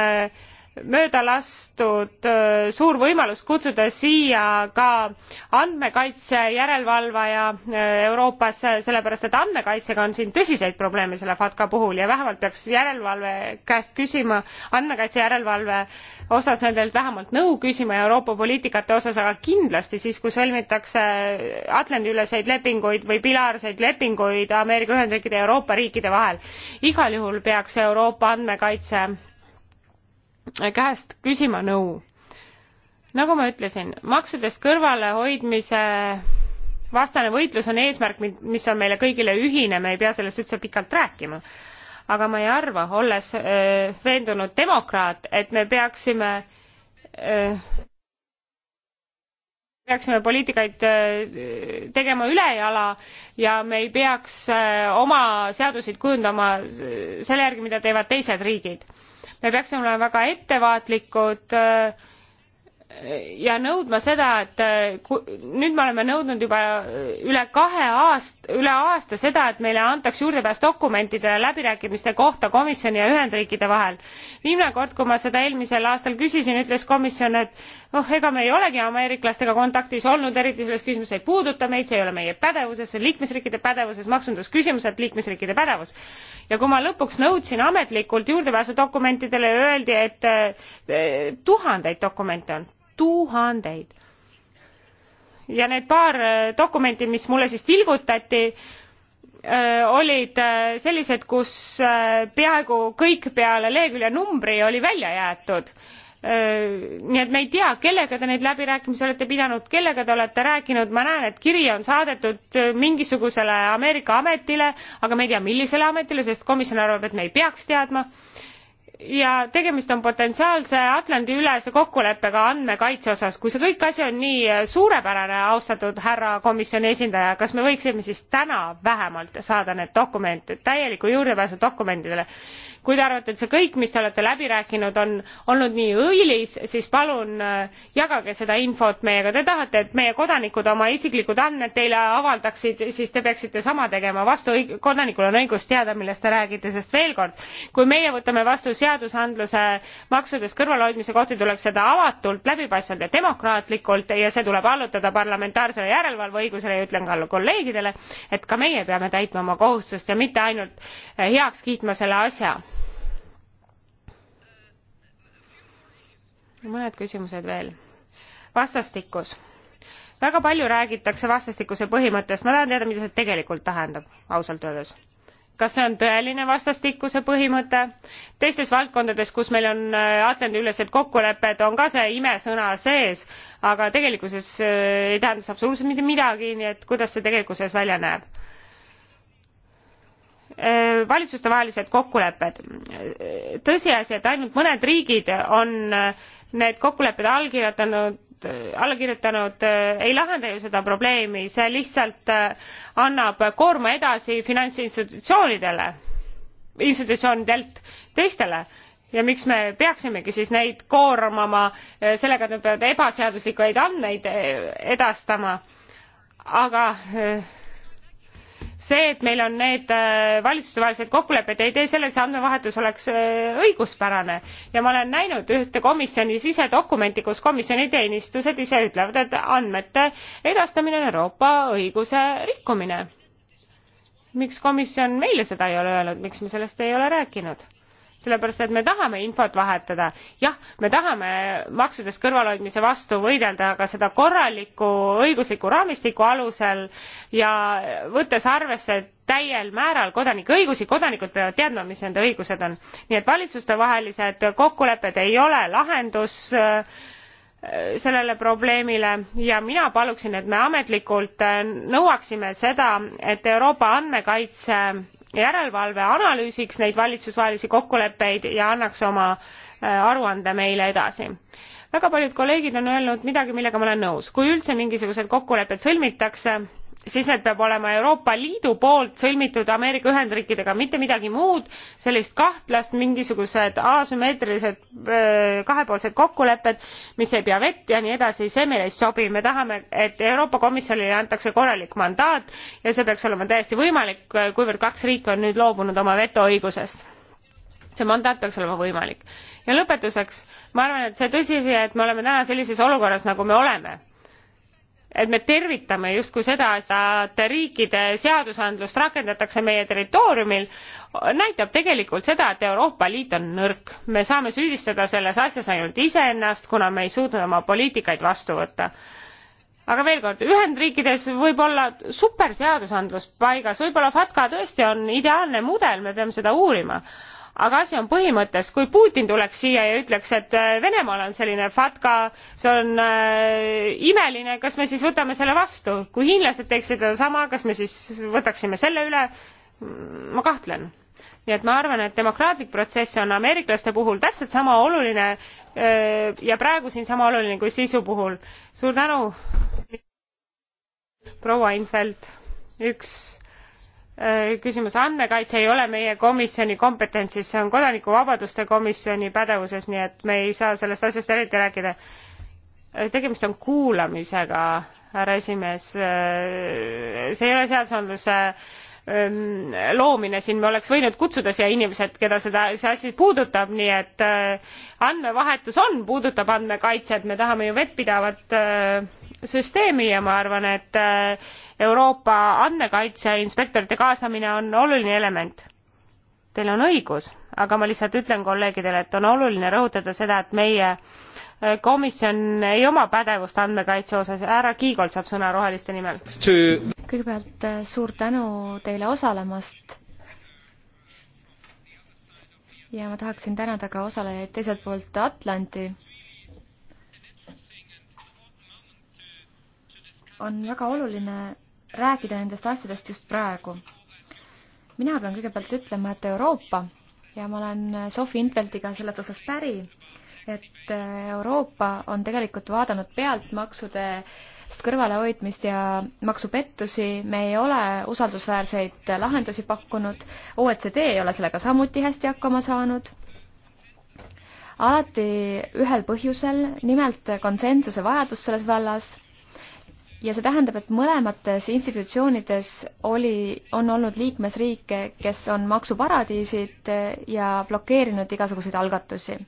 mööda lastud äh, suur võimalus kutsuda siia ka andmekaitse järelevalvaja äh, euroopas sellepärast et andmekaitsega on siin tõsiseid probleeme selle fatca puhul ja vähemalt peaks järelevalve käest küsima andmekaitse järelevalve osas nendelt vähemalt nõu küsima euroopa poliitikate osas aga kindlasti siis kui sõlmitakse atlandi üleseid lepinguid või pilaarseid lepinguid ameerika ühendriikide ja euroopa riikide vahel igal juhul peaks euroopa andmekaitse käest küsima nõu. nagu ma ütlesin, maksudest kõrvalehoidmise vastane võitlus on eesmärk, mis on meile kõigile ühine, me ei pea sellest üldse pikalt rääkima. aga ma ei arva, olles öö, veendunud demokraat, et me peaksime öö, peaksime poliitikaid tegema ülejala ja me ei peaks oma seaduseid kujundama selle järgi mida teevad teised riigid me peaksime olema väga ettevaatlikud äh, ja nõudma seda, et eh, nüüd me oleme nõudnud juba eh, üle kahe aast-, üle aasta seda, et meile antaks juurdepääs dokumentidele läbirääkimiste kohta komisjoni ja Ühendriikide vahel. viimane kord, kui ma seda eelmisel aastal küsisin, ütles komisjon, et noh, ega me ei olegi ameeriklastega kontaktis olnud, eriti selles küsimuses ei puuduta meid, see ei ole meie pädevuses, see on liikmesriikide pädevuses, maksundusküsimused, liikmesriikide pädevus. ja kui ma lõpuks nõudsin ametlikult juurdepääsu dokumentidele, öeldi, et eh, tuhandeid dokumente on tuhandeid. ja need paar äh, dokumenti, mis mulle siis tilgutati, äh, olid äh, sellised, kus peaaegu kõik peale lehekülje numbri oli välja jäetud nii et me ei tea kellega te neid läbirääkimisi olete pidanud kellega te olete rääkinud ma näen et kiri on saadetud mingisugusele ameerika ametile aga me ei tea millisele ametile sest komisjon arvab et me ei peaks teadma ja tegemist on potentsiaalse Atlandi ülese kokkuleppega andmekaitse osas. kui see kõik asi on nii suurepärane, austatud härra komisjoni esindaja, kas me võiksime siis täna vähemalt saada need dokumendid, täieliku juurdepääsu dokumentidele? kui te arvate et see kõik mis te olete läbi rääkinud on olnud nii õilis siis palun äh, jagage seda infot meiega te tahate et meie kodanikud oma isiklikud andmed teile avaldaksid siis te peaksite sama tegema vastu kodanikul on õigus teada millest te räägite sest veel kord kui meie võtame vastu seadusandluse maksudest kõrvalehoidmise kohta tuleks seda avatult läbipaistvalt ja demokraatlikult ja see tuleb allutada parlamentaarsele järelevalve õigusele ja ütlen ka kolleegidele et ka meie peame täitma oma kohustust ja mitte ainult äh, heaks kiitma selle asja mõned küsimused veel. vastastikkus. väga palju räägitakse vastastikuse põhimõttest, ma tahan teada, mida see tegelikult tähendab, ausalt öeldes kas see on tõeline vastastikuse põhimõte teistes valdkondades kus meil on äh, atlandiülesed kokkulepped on ka see imesõna sees aga tegelikkuses äh, ei tähenda see absoluutselt mitte midagi nii et kuidas see tegelikkuses välja näeb äh, valitsustevahelised kokkulepped tõsiasi et ainult mõned riigid on need kokkulepped allkirjutanud alla eh, kirjutanud ei lahenda ju seda probleemi see lihtsalt eh, annab koorma edasi finantsinstitutsioonidele institutsioonidelt teistele ja miks me peaksimegi siis neid koormama eh, sellega et nad peavad ebaseaduslikke andmeid edastama aga see et meil on need äh, valitsustevahelised kokkulepped ei tee selle et see andmevahetus oleks äh, õiguspärane ja ma olen näinud ühte komisjoni sisedokumenti kus komisjoni teenistused ise ütlevad et andmete edastamine on euroopa õiguse rikkumine miks komisjon meile seda ei ole öelnud miks me sellest ei ole rääkinud? sellepärast et me tahame infot vahetada jah me tahame maksudest kõrvalehoidmise vastu võidelda aga seda korraliku õigusliku raamistiku alusel ja võttes arvesse täiel määral kodanike õigusi kodanikud peavad teadma mis nende õigused on nii et valitsustevahelised kokkulepped ei ole lahendus äh, sellele probleemile ja mina paluksin et me ametlikult äh, nõuaksime seda et euroopa andmekaitse järelevalve analüüsiks neid valitsusvahelisi kokkuleppeid ja annaks oma äh, aruande meile edasi väga paljud kolleegid on öelnud midagi millega ma olen nõus kui üldse mingisugused kokkulepped sõlmitakse siis need peab olema euroopa liidu poolt sõlmitud ameerika ühendriikidega mitte midagi muud sellist kahtlast mingisugused asümmeetrilised kahepoolsed kokkulepped mis ei pea vett ja nii edasi see meile ei sobi me tahame et euroopa komisjonile antakse korralik mandaat ja see peaks olema täiesti võimalik kuivõrd kaks riiki on nüüd loobunud oma vetoõigusest see mandaat peaks olema võimalik ja lõpetuseks ma arvan et see tõsiasi et me oleme täna sellises olukorras nagu me oleme et me tervitame justkui seda, et riikide seadusandlust rakendatakse meie territooriumil, näitab tegelikult seda, et Euroopa Liit on nõrk. me saame süüdistada selles asjas ainult iseennast, kuna me ei suutnud oma poliitikaid vastu võtta. aga veel kord, Ühendriikides võib olla superseadusandlus paigas, võib-olla FATCA tõesti on ideaalne mudel, me peame seda uurima aga asi on põhimõttes kui putin tuleks siia ja ütleks et äh, venemaal on selline fatca see on äh, imeline kas me siis võtame selle vastu kui hiinlased teeksid sedasama kas me siis võtaksime selle üle mm, ma kahtlen nii et ma arvan et demokraatlik protsess on ameeriklaste puhul täpselt sama oluline äh, ja praegu siin sama oluline kui sisu puhul suur tänu proua infeld üks Äh, küsimus andmekaitse ei ole meie komisjoni kompetentsis see on kodanikuvabaduste komisjoni pädevuses nii et me ei saa sellest asjast eriti rääkida äh, tegemist on kuulamisega härra esimees äh, see ei ole seadusandluse ähm, loomine siin me oleks võinud kutsuda siia inimesed keda seda see asi puudutab nii et andmevahetus on puudutab andmekaitset me tahame ju vettpidavat süsteemi ja ma arvan, et äh, Euroopa andmekaitseinspektorite kaasamine on oluline element. Teil on õigus, aga ma lihtsalt ütlen kolleegidele, et on oluline rõhutada seda, et meie äh, komisjon ei oma pädevust andmekaitse osas, härra Kiigolt saab sõna Roheliste nimel. kõigepealt äh, suur tänu teile osalemast ja ma tahaksin tänada ka osalejaid teiselt poolt Atlandi on väga oluline rääkida nendest asjadest just praegu. mina pean kõigepealt ütlema, et Euroopa ja ma olen Sofi Intveltiga selles osas päri, et Euroopa on tegelikult vaadanud pealt maksudest kõrvalehoidmist ja maksupettusi, me ei ole usaldusväärseid lahendusi pakkunud, OECD ei ole sellega samuti hästi hakkama saanud alati ühel põhjusel, nimelt konsensuse vajadus selles vallas ja see tähendab, et mõlemates institutsioonides oli, on olnud liikmesriike, kes on maksuparadiisid eh, ja blokeerinud igasuguseid algatusi.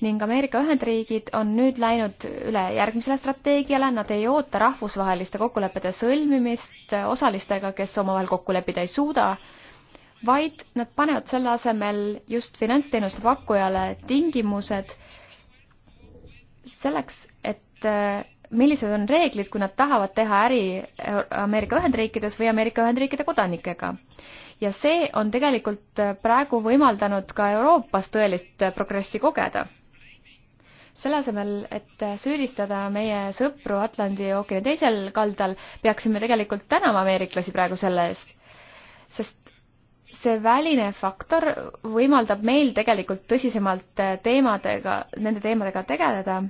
ning Ameerika Ühendriigid on nüüd läinud üle järgmisele strateegiale, nad ei oota rahvusvaheliste kokkulepete sõlmimist eh, osalistega, kes omavahel kokku leppida ei suuda, vaid nad panevad selle asemel just finantsteenuste pakkujale tingimused selleks, et eh, millised on reeglid, kui nad tahavad teha äri Ameerika Ühendriikides või Ameerika Ühendriikide kodanikega. ja see on tegelikult äh, praegu võimaldanud ka Euroopas tõelist äh, progressi kogeda. selle asemel, et äh, süüdistada meie sõpru Atlandi ookeani teisel kaldal, peaksime tegelikult tänama ameeriklasi praegu selle eest, sest see väline faktor võimaldab meil tegelikult tõsisemalt teemadega, nende teemadega tegeleda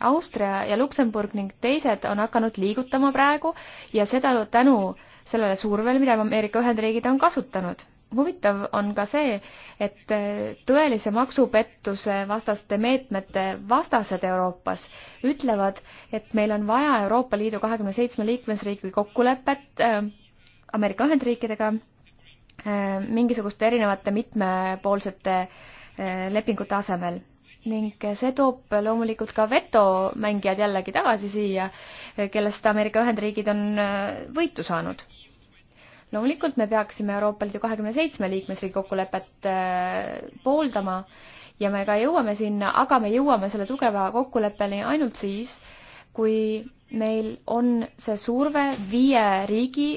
Austria ja Luksemburg ning teised on hakanud liigutama praegu ja seda tänu sellele survele, mida Ameerika Ühendriigid on kasutanud. huvitav on ka see, et äh, tõelise maksupettuse vastaste meetmete vastased Euroopas ütlevad, et meil on vaja Euroopa Liidu kahekümne seitsme liikmesriigi kokkulepet äh, Ameerika Ühendriikidega äh, mingisuguste erinevate mitmepoolsete lepingute asemel ning see toob loomulikult ka vetomängijad jällegi tagasi siia, kellest Ameerika Ühendriigid on äh, võitu saanud. loomulikult me peaksime Euroopa Liidu kahekümne seitsme liikmesriigi kokkulepet äh, pooldama ja me ka jõuame sinna, aga me jõuame selle tugeva kokkuleppeni ainult siis, kui meil on see surve viie riigi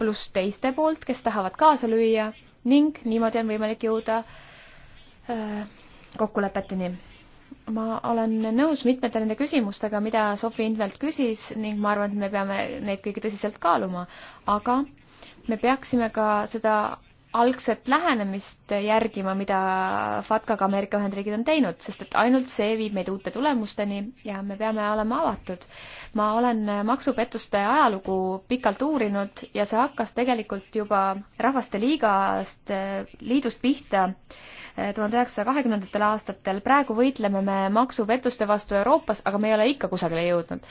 pluss teiste poolt, kes tahavad kaasa lüüa ning niimoodi on võimalik jõuda äh, kokkulepeteni ma olen nõus mitmete nende küsimustega, mida Sofi Invelt küsis ning ma arvan, et me peame neid kõiki tõsiselt kaaluma, aga me peaksime ka seda algset lähenemist järgima, mida FATCAga Ameerika Ühendriigid on teinud, sest et ainult see viib meid uute tulemusteni ja me peame olema avatud. ma olen maksupettuste ajalugu pikalt uurinud ja see hakkas tegelikult juba Rahvaste Liigast, eh, liidust pihta äh, tuhande üheksasaja kahekümnendatel aastatel. praegu võitleme me maksupettuste vastu Euroopas, aga me ei ole ikka kusagile jõudnud.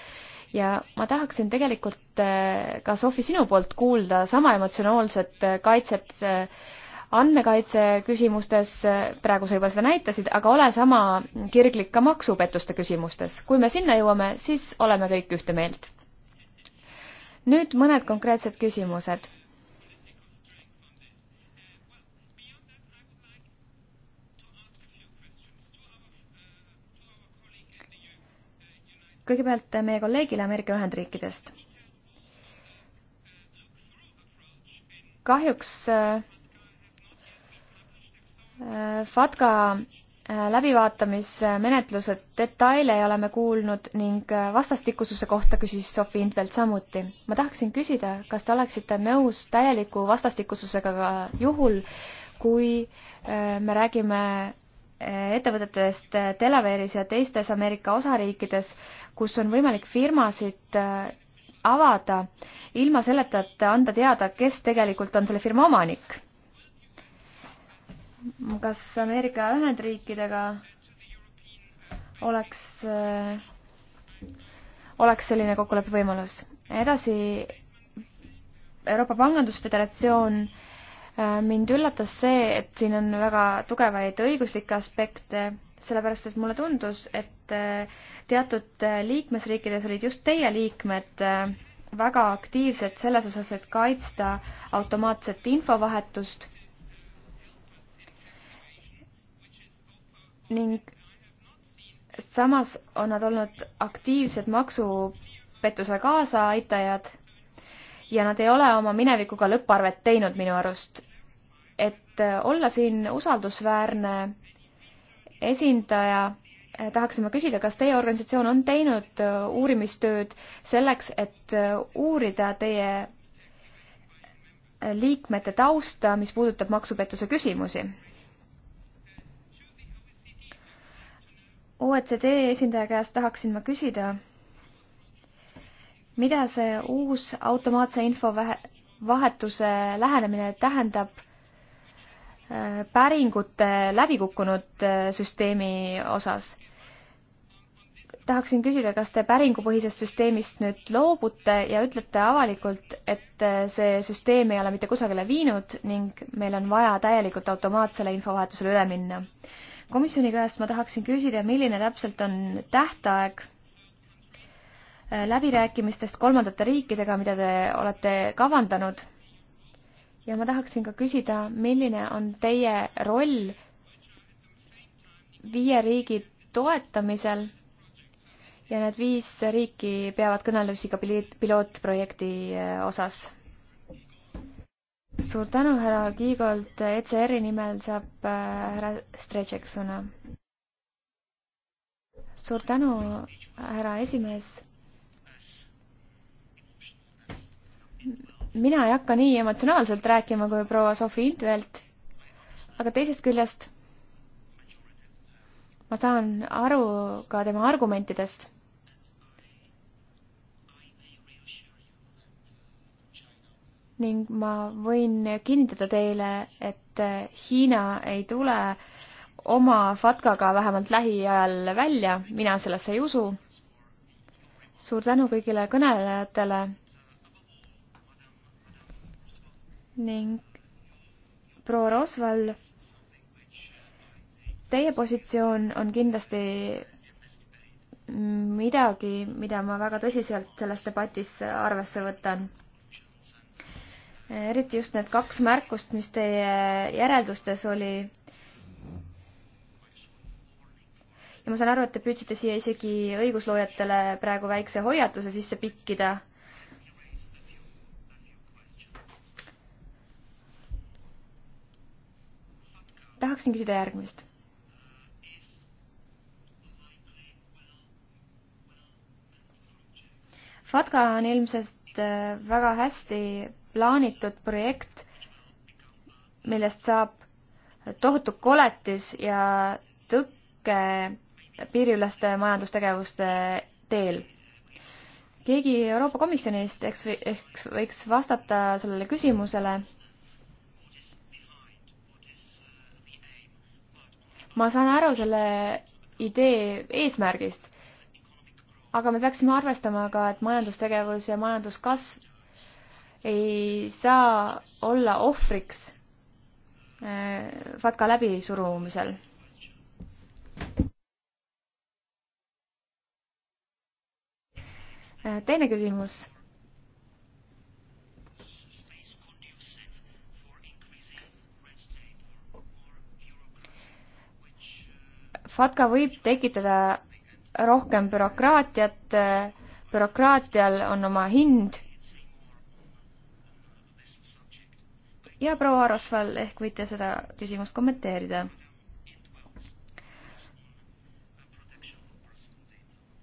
ja ma tahaksin tegelikult eh, ka Sofi sinu poolt kuulda sama emotsionaalset eh, kaitset eh, andmekaitse küsimustes, praegu sa juba seda näitasid, aga ole sama kirglik ka maksupettuste küsimustes. kui me sinna jõuame, siis oleme kõik ühte meelt. nüüd mõned konkreetsed küsimused kõigepealt meie kolleegile Ameerika Ühendriikidest. kahjuks äh, FATKA äh, läbivaatamismenetluse detaile ei ole me kuulnud ning äh, vastastikususe kohta küsis Sofi Intvelt samuti. ma tahaksin küsida, kas te oleksite nõus täieliku vastastikususega ka juhul, kui me räägime Eh, ettevõtetest eh, Delaware'is ja teistes Ameerika osariikides, kus on võimalik firmasid eh, avada ilma selleta, et anda teada, kes tegelikult on selle firma omanik. kas Ameerika Ühendriikidega oleks, oleks selline kokkuleppe võimalus? edasi, Euroopa Pangandusföderatsioon äh, Äh, mind üllatas see, et siin on väga tugevaid õiguslikke aspekte, sellepärast et mulle tundus, et äh, teatud äh, liikmesriikides olid just teie liikmed väga aktiivsed selles osas, et kaitsta automaatset infovahetust ning samas on nad olnud aktiivsed maksupettuse kaasaaitajad ja nad ei ole oma minevikuga lõpparvet teinud minu arust et äh, olla siin usaldusväärne esindaja, äh, tahaksime küsida, kas teie organisatsioon on teinud äh, uurimistööd selleks, et uurida teie liikmete tausta, mis puudutab maksupettuse küsimusi? OECD esindaja käest tahaksin ma küsida, mida see uus automaatse infovahetuse lähenemine tähendab päringute läbikukkunud äh, süsteemi osas. tahaksin küsida, kas te päringupõhisest süsteemist nüüd loobute ja ütlete avalikult, et äh, see süsteem ei ole mitte kusagile viinud ning meil on vaja täielikult automaatsele infovahetusele üle minna. komisjoni käest ma tahaksin küsida, milline täpselt on tähtaeg äh, läbirääkimistest kolmandate riikidega, mida te olete kavandanud ja ma tahaksin ka küsida, milline on teie roll viie riigi toetamisel ja need viis riiki peavad kõnelusi ka pilootprojekti eh, osas. suur tänu, härra Kiigolt, ECR-i nimel saab eh, härra Stretšek sõna. suur tänu, härra esimees mina ei hakka nii emotsionaalselt rääkima kui proua Sofi Intvelt, aga teisest küljest ma saan aru ka tema argumentidest. ning ma võin kinnitada teile, et Hiina ei tule oma fatkaga vähemalt lähiajal välja, mina sellesse ei usu. suur tänu kõigile kõnelejatele ning proua Rosval, teie positsioon on kindlasti midagi, mida ma väga tõsiselt selles debatis arvesse võtan. eriti just need kaks märkust, mis teie järeldustes oli. ja ma saan aru, et te püüdsite siia isegi õigusloojatele praegu väikse hoiatuse sisse pikkida tahaksin küsida järgmist. FATKA on ilmselt äh, väga hästi plaanitud projekt, millest saab tohutu koletis ja tõkke piiriüleste majandustegevuste teel. keegi Euroopa Komisjonist eks, eks võiks vastata sellele küsimusele ma saan aru selle idee eesmärgist, aga me peaksime arvestama ka, et majandustegevus ja majanduskasv ei saa olla ohvriks äh, FATKA läbisurumisel. Äh, teine küsimus FATKA võib tekitada rohkem bürokraatiat, bürokraatial on oma hind. ja proua Rosval, ehk võite seda küsimust kommenteerida?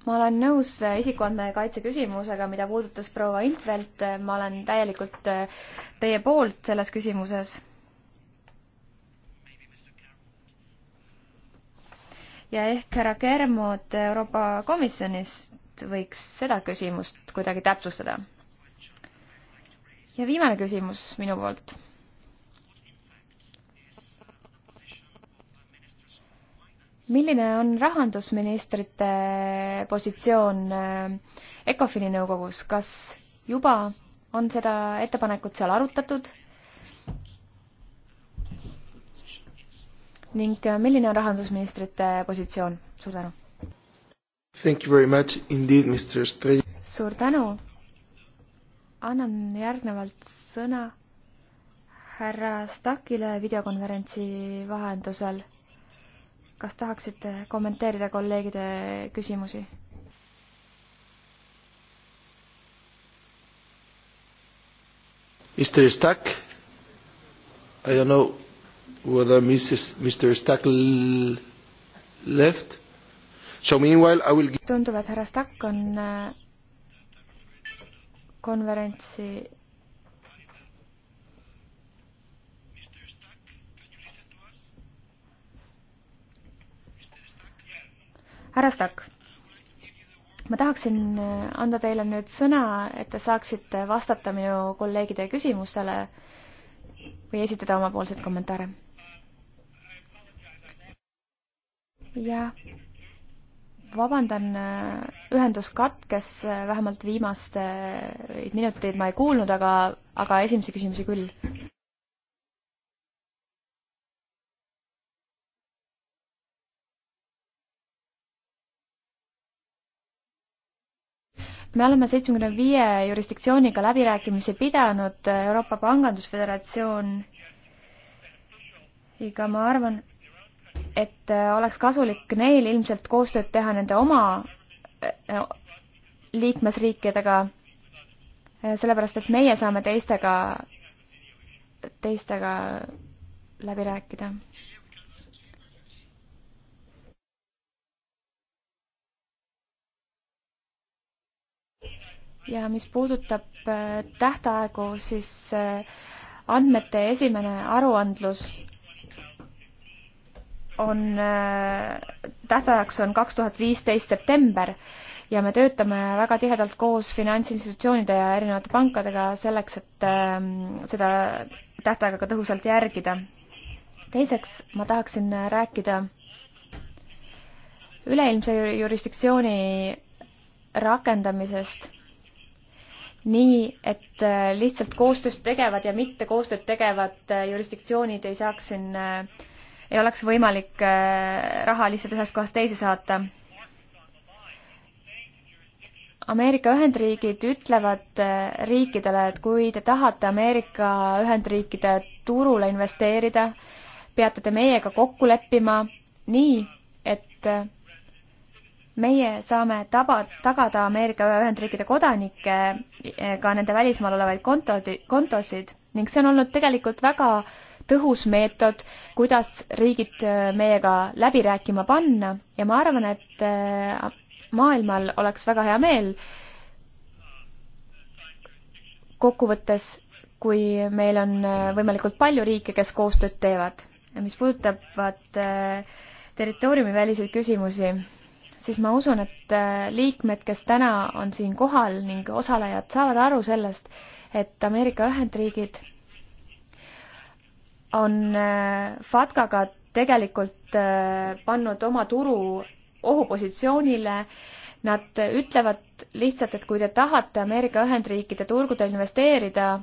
ma olen nõus isikuandmete kaitse küsimusega, mida puudutas proua Intvelt, ma olen täielikult teie poolt selles küsimuses ja ehk härra Kermod Euroopa Komisjonist võiks seda küsimust kuidagi täpsustada. ja viimane küsimus minu poolt. milline on rahandusministrite positsioon äh, ECOFIN-i nõukogus, kas juba on seda ettepanekut seal arutatud ning äh, milline on rahandusministrite positsioon? suur tänu! Thank you very much indeed, Mr Stre-. suur tänu! annan järgnevalt sõna härra Stakile videokonverentsi vahendusel. kas tahaksite kommenteerida kolleegide küsimusi? Mr Stak, I don't know whether Mrs, Mr. Stack left. So meanwhile I will give tundub, et härra Stack on äh, konverentsi härra Stack, ma tahaksin äh, anda teile nüüd sõna, et te saaksite vastata minu kolleegide küsimustele või esitada omapoolseid kommentaare ja vabandan, äh, ühendus katkes, äh, vähemalt viimasteid äh, minuteid ma ei kuulnud, aga, aga esimesi küsimusi küll. me oleme seitsmekümne viie jurisdiktsiooniga läbirääkimisi pidanud, Euroopa Pangandusföderatsioon, ega ma arvan, et äh, oleks kasulik neil ilmselt koostööd teha nende oma äh, liikmesriikidega, äh, sellepärast et meie saame teistega, teistega läbi rääkida. ja mis puudutab tähtaegu, siis andmete esimene aruandlus on, äh, tähtajaks on kaks tuhat viisteist september ja me töötame väga tihedalt koos finantsinstitutsioonide ja erinevate pankadega selleks, et ähm, seda tähtaega ka tõhusalt järgida. teiseks ma tahaksin rääkida üleilmse jurisdiktsiooni rakendamisest nii, et äh, lihtsalt koostööd tegevad ja mitte koostööd tegevad äh, jurisdiktsioonid ei saaks siin äh, ei oleks võimalik äh, raha lihtsalt ühest kohast teise saata. Ameerika Ühendriigid ütlevad äh, riikidele, et kui te tahate Ameerika Ühendriikide turule investeerida, peate te meiega kokku leppima nii, et äh, meie saame taba, tagada Ameerika Ühendriikide kodanike ka nende välismaal olevaid kontosid, kontosid ning see on olnud tegelikult väga äh, tõhus meetod, kuidas riigid äh, meiega läbi rääkima panna ja ma arvan, et äh, maailmal oleks väga hea meel kokkuvõttes, kui meil on äh, võimalikult palju riike, kes koostööd teevad. mis puudutavad territooriumiväliseid küsimusi, siis ma usun, et liikmed, kes täna on siin kohal ning osalejad, saavad aru sellest, et Ameerika Ühendriigid on äh, FATKaga tegelikult äh, pannud oma turu ohupositsioonile. Nad ütlevad lihtsalt, et kui te tahate Ameerika Ühendriikide turgudel investeerida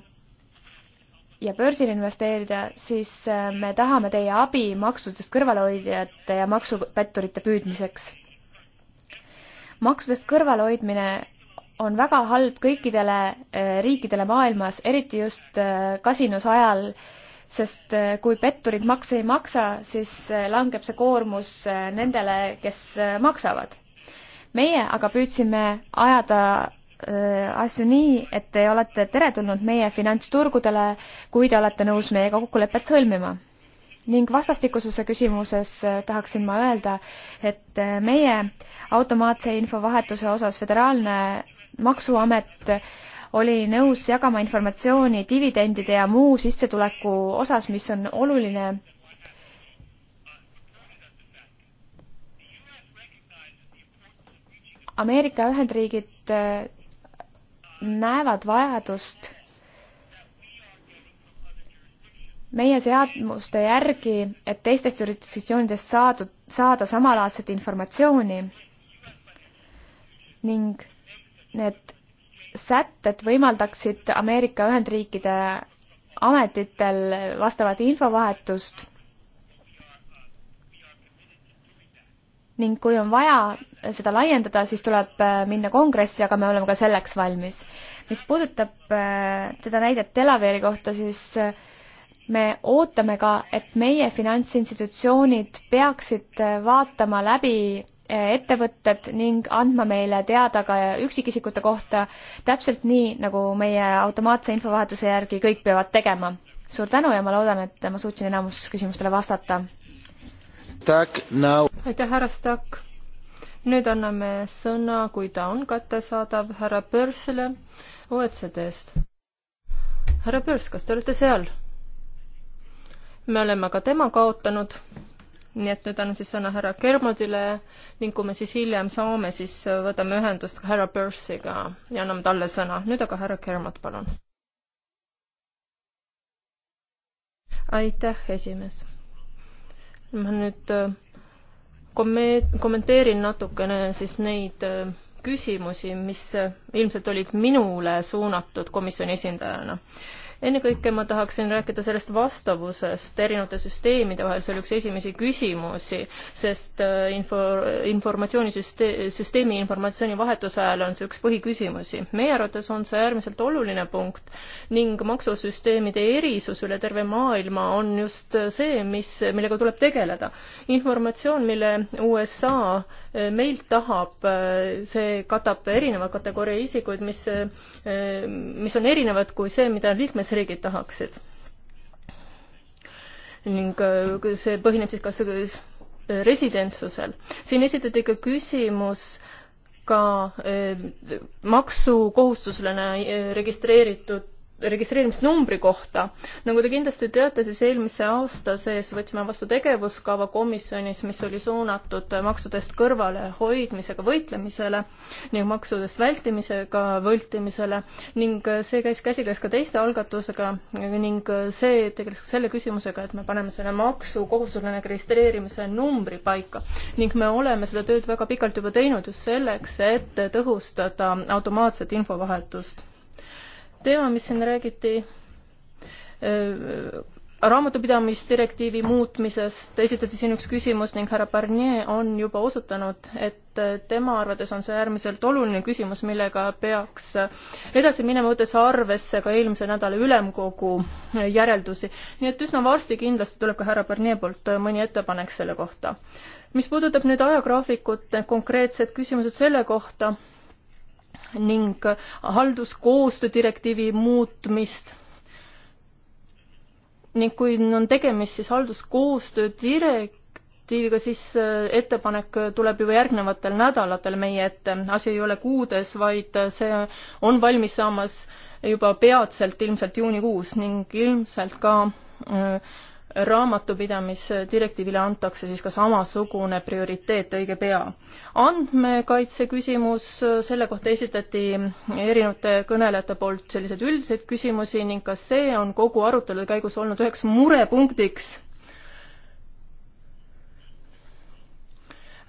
ja börsil investeerida, siis äh, me tahame teie abi maksudest kõrvalehoidjate ja maksupetturite püüdmiseks. maksudest kõrvalehoidmine on väga halb kõikidele riikidele maailmas, eriti just kasinuse ajal sest eh, kui petturid makse ei maksa, siis eh, langeb see koormus eh, nendele, kes maksavad. meie aga püüdsime ajada asju nii, et te olete teretulnud meie finantsturgudele, kui te olete nõus meiega kokkulepet sõlmima. ning vastastikususe küsimuses tahaksin ma öelda, et meie automaatse infovahetuse osas Föderaalne Maksuamet oli nõus jagama informatsiooni dividendide ja muu sissetuleku osas, mis on oluline. Ameerika Ühendriigid äh, näevad vajadust meie seadmuste järgi, et teistest jurisdiktsioonidest saadud, saada samalaadset informatsiooni ning need sätted võimaldaksid Ameerika Ühendriikide ametitel vastavat infovahetust ning kui on vaja seda laiendada, siis tuleb äh, minna kongressi, aga me oleme ka selleks valmis. mis puudutab seda äh, näidet Delaware'i kohta, siis äh, me ootame ka, et meie finantsinstitutsioonid peaksid vaatama läbi ettevõtted ning andma meile teada ka üksikisikute kohta, täpselt nii, nagu meie automaatse infovahetuse järgi kõik peavad tegema. suur tänu ja ma loodan, et ma suutsin enamus küsimustele vastata. aitäh, härra Stak. nüüd anname sõna, kui ta on kättesaadav, härra Pörsile OECD-st. härra Pörs, kas te olete seal? me oleme ka tema kaotanud nii et nüüd annan siis sõna härra Kermodile ning kui me siis hiljem saame, siis võtame ühendust härra Börsiga ja anname talle sõna. nüüd aga härra Kermod, palun. aitäh, esimees. ma nüüd äh, komme-, kommenteerin natukene siis neid äh, küsimusi, mis äh, ilmselt olid minule suunatud komisjoni esindajana ennekõike ma tahaksin rääkida sellest vastavusest erinevate süsteemide vahel, see oli üks esimesi küsimusi, sest äh, info, informatsioonisüsteemi, süsteemi informatsioonivahetuse ajal on see üks põhiküsimusi. meie arvates on see äärmiselt oluline punkt ning maksusüsteemide erisus üle terve maailma on just see, mis, millega tuleb tegeleda. informatsioon, mille USA äh, meilt tahab, äh, see katab erineva kategooria isikuid, mis, mis on erinevad kui see, mida liikmes liikmesriigid tahaksid. ning äh, see põhineb siis kas äh, residentsusel. siin esitati ka küsimus ka äh, maksukohustuslane registreeritud registreerimisnumbri kohta. nagu te kindlasti teate, siis eelmise aasta sees võtsime vastu tegevuskava komisjonis, mis oli suunatud maksudest kõrvalehoidmisega võitlemisele ning maksudest vältimisega võltimisele ning see käis käsikäes ka teiste algatusega ning see tegeles selle küsimusega, et me paneme selle maksukohustusena registreerimise numbri paika ning me oleme seda tööd väga pikalt juba teinud just selleks, et tõhustada automaatset infovahetust teema, mis siin räägiti äh, raamatupidamisdirektiivi muutmisest esitati siin üks küsimus ning härra Barnier on juba osutanud, et äh, tema arvates on see äärmiselt oluline küsimus, millega peaks äh, edasi minema, võttes arvesse ka eelmise nädala ülemkogu järeldusi. nii et üsna varsti kindlasti tuleb ka härra Barnier poolt mõni ettepanek selle kohta. mis puudutab nüüd ajagraafikut, konkreetsed küsimused selle kohta ning halduskoostöö direktiivi muutmist ning kui on tegemist siis halduskoostöö direktiiviga, siis äh, ettepanek tuleb juba järgnevatel nädalatel meie ette. asi ei ole kuudes, vaid äh, see on valmis saamas juba peatselt, ilmselt juunikuus ning ilmselt ka äh, raamatupidamisdirektiivile antakse siis ka samasugune prioriteet õige pea. andmekaitse küsimus, selle kohta esitati erinevate kõnelejate poolt selliseid üldiseid küsimusi ning ka see on kogu arutelu käigus olnud üheks murepunktiks.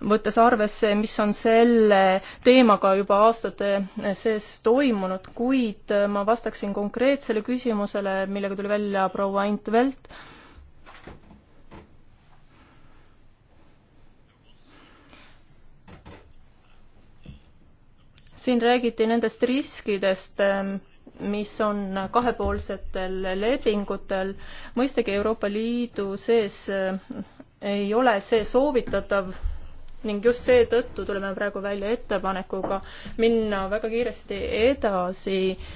võttes arvesse, mis on selle teemaga juba aastate sees toimunud, kuid ma vastaksin konkreetsele küsimusele, millega tuli välja proua Ant Velt siin räägiti nendest riskidest, ähm, mis on kahepoolsetel lepingutel. mõistagi Euroopa Liidu sees äh, ei ole see soovitatav ning just seetõttu tuleme praegu välja ettepanekuga minna väga kiiresti edasi äh,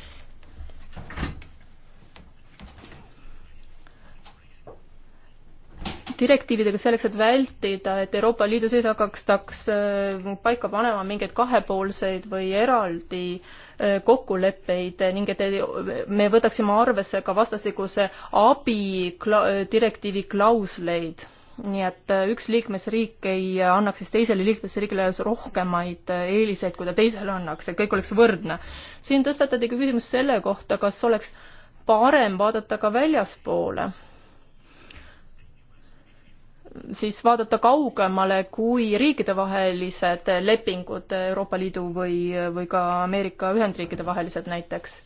direktiividega selleks, et vältida, et Euroopa Liidu sees hakataks äh, paika panema mingeid kahepoolseid või eraldi äh, kokkuleppeid ning et me võtaksime arvesse ka vastastikuse abi direktiivi klausleid. nii et äh, üks liikmesriik ei annaks siis teisele liikmesriigile rohkemaid eeliseid, kui ta teisele annaks, et kõik oleks võrdne. siin tõstatati ka küsimus selle kohta, kas oleks parem vaadata ka väljaspoole siis vaadata kaugemale kui riikidevahelised lepingud Euroopa Liidu või, või ka Ameerika Ühendriikide vahelised näiteks.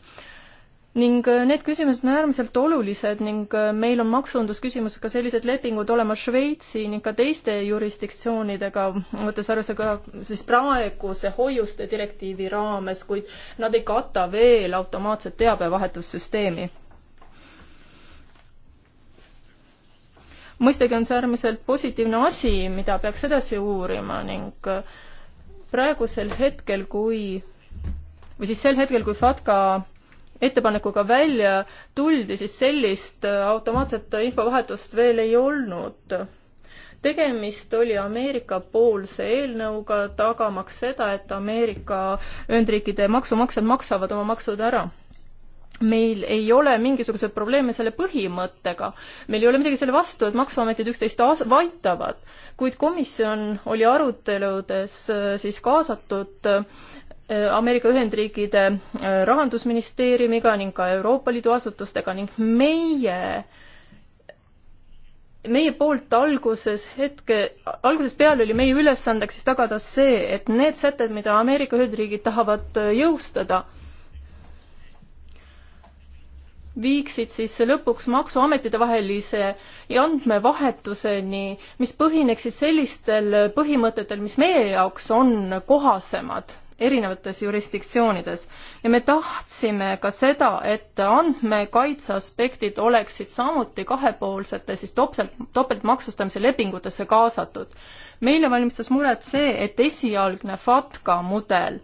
ning äh, need küsimused on äärmiselt olulised ning äh, meil on maksundusküsimusega sellised lepingud olemas Šveitsi ning ka teiste jurisdiktsioonidega, võttes arvesse ka siis praeguse hoiuste direktiivi raames, kuid nad ei kata veel automaatset teabevahetussüsteemi mõistagi on see äärmiselt positiivne asi, mida peaks edasi uurima ning äh, praegusel hetkel, kui või siis sel hetkel, kui FATKA ettepanekuga välja tuldi, siis sellist äh, automaatset infovahetust veel ei olnud. tegemist oli Ameerika-poolse eelnõuga, tagamaks seda, et Ameerika Ühendriikide maksumaksjad maksavad oma maksud ära meil ei ole mingisuguseid probleeme selle põhimõttega. meil ei ole midagi selle vastu, et maksuametid üksteist aitavad, kuid komisjon oli aruteludes äh, siis kaasatud äh, Ameerika Ühendriikide äh, rahandusministeeriumiga ning ka Euroopa Liidu asutustega ning meie meie poolt alguses hetke, algusest peale oli meie ülesandeks siis tagada see, et need sätted, mida Ameerika Ühendriigid tahavad jõustada, viiksid siis lõpuks maksuametide vahelise andmevahetuseni, mis põhineksid sellistel põhimõtetel, mis meie jaoks on kohasemad erinevates jurisdiktsioonides. ja me tahtsime ka seda, et andmekaitse aspektid oleksid samuti kahepoolsete siis topselt, topeltmaksustamise lepingutesse kaasatud. meile valmistas muret see, et esialgne FATKA mudel,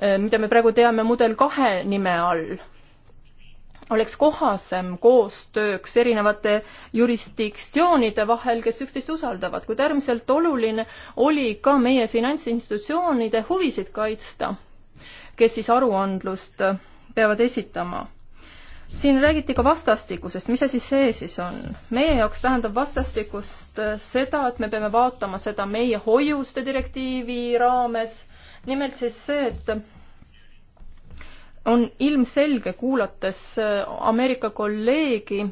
eh, mida me praegu teame mudel kahe nime all oleks kohasem koostööks erinevate jurisdiktsioonide vahel, kes üksteist usaldavad, kuid äärmiselt oluline oli ka meie finantsinstitutsioonide huvisid kaitsta, kes siis aruandlust peavad esitama. siin räägiti ka vastastikusest, mis asi see siis on? meie jaoks tähendab vastastikust seda, et me peame vaatama seda meie hoiuste direktiivi raames, nimelt siis see, et on ilmselge, kuulates äh, Ameerika kolleegi,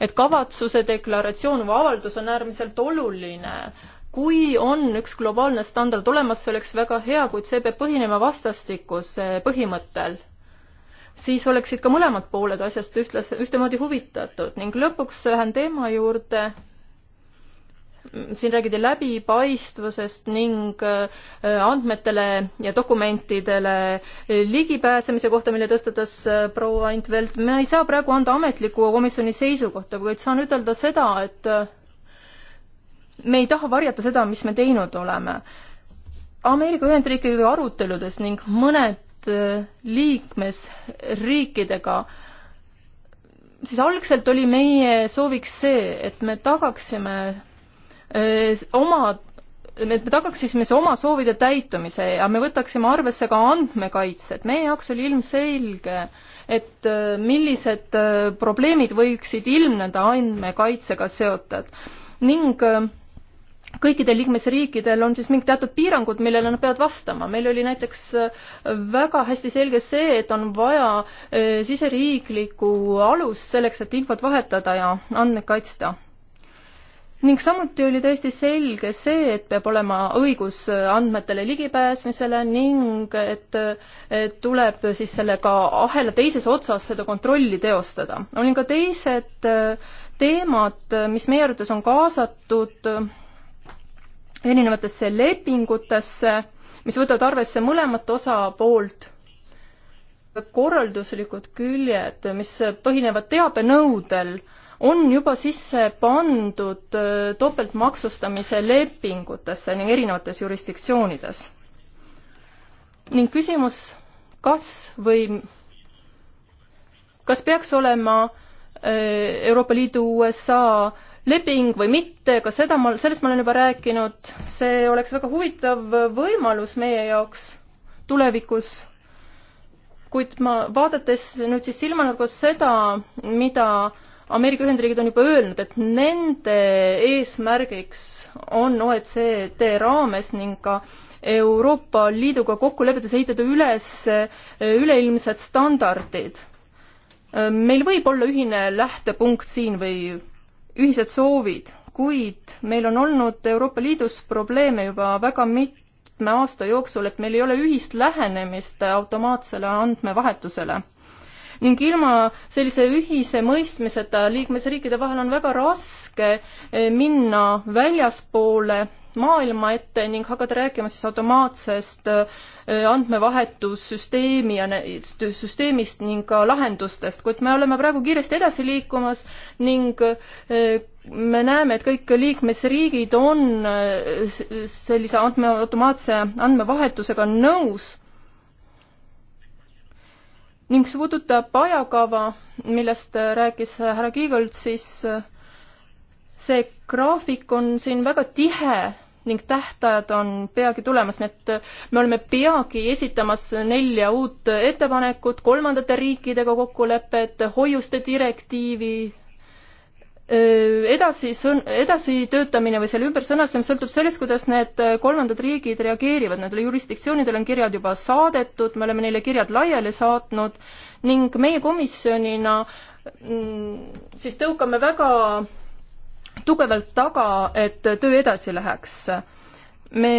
et kavatsuse deklaratsioon või avaldus on äärmiselt oluline. kui on üks globaalne standard olemas, see oleks väga hea, kuid see peab põhinema vastastikuse põhimõttel. siis oleksid ka mõlemad pooled asjast ühtlase, ühtemoodi huvitatud ning lõpuks lähen teema juurde, siin räägiti läbipaistvusest ning äh, andmetele ja dokumentidele ligipääsemise kohta, mille tõstatas äh, proua Ant Velt. ma ei saa praegu anda ametlikku komisjoni seisukohta, kuid saan ütelda seda, et äh, me ei taha varjata seda, mis me teinud oleme. Ameerika Ühendriikide aruteludes ning mõned liikmesriikidega siis algselt oli meie sooviks see, et me tagaksime oma et me tagaksime see oma soovide täitumise ja me võtaksime arvesse ka andmekaitset. meie jaoks oli ilmselge, et millised probleemid võiksid ilmneda andmekaitsega seotud ning kõikidel liikmesriikidel on siis mingid teatud piirangud, millele nad peavad vastama. meil oli näiteks väga hästi selge see, et on vaja siseriiklikku alust selleks, et infot vahetada ja andmeid kaitsta ning samuti oli täiesti selge see, et peab olema õigus andmetele ligipääsmisele ning et, et tuleb siis sellega ahela teises otsas seda kontrolli teostada. olid ka teised äh, teemad, mis meie arvates on kaasatud erinevatesse lepingutesse, mis võtavad arvesse mõlemat osapoolt, korralduslikud küljed, mis põhinevad teabenõudel on juba sisse pandud äh, topeltmaksustamise lepingutesse ning erinevates jurisdiktsioonides. ning küsimus, kas või kas peaks olema äh, Euroopa Liidu USA leping või mitte, ka seda ma, sellest ma olen juba rääkinud, see oleks väga huvitav võimalus meie jaoks tulevikus, kuid ma, vaadates nüüd siis silmanurgas seda, mida äh, Ameerika Ühendriigid on juba öelnud, et nende eesmärgiks on OECD raames ning ka Euroopa Liiduga kokku lepides ehitada üles eh, üleilmsed standardid. Eh, meil võib olla ühine lähtepunkt siin või ühised soovid, kuid meil on olnud Euroopa Liidus probleeme juba väga mitme aasta jooksul, et meil ei ole ühist lähenemist automaatsele andmevahetusele ning ilma sellise ühise mõistmiseta liikmesriikide vahel on väga raske eh, minna väljaspoole maailma ette ning hakata rääkima siis automaatsest eh, andmevahetussüsteemi ja süsteemist ning ka lahendustest, kuid me oleme praegu kiiresti edasi liikumas ning eh, me näeme, et kõik liikmesriigid on sellise andme, automaatse andmevahetusega nõus ning mis puudutab ajakava, millest rääkis härra Kiigold, siis äh, see graafik on siin väga tihe ning tähtajad on peagi tulemas, nii et äh, me oleme peagi esitamas nelja uut ettepanekut, kolmandate riikidega kokkulepped, hoiuste direktiivi edasi sõn-, edasitöötamine või selle ümbersõnastamine sõltub sellest, kuidas need äh, kolmandad riigid reageerivad, nendele jurisdiktsioonidele on kirjad juba saadetud, me oleme neile kirjad laiali saatnud ning meie komisjonina mm, siis tõukame väga tugevalt taga, et töö edasi läheks. me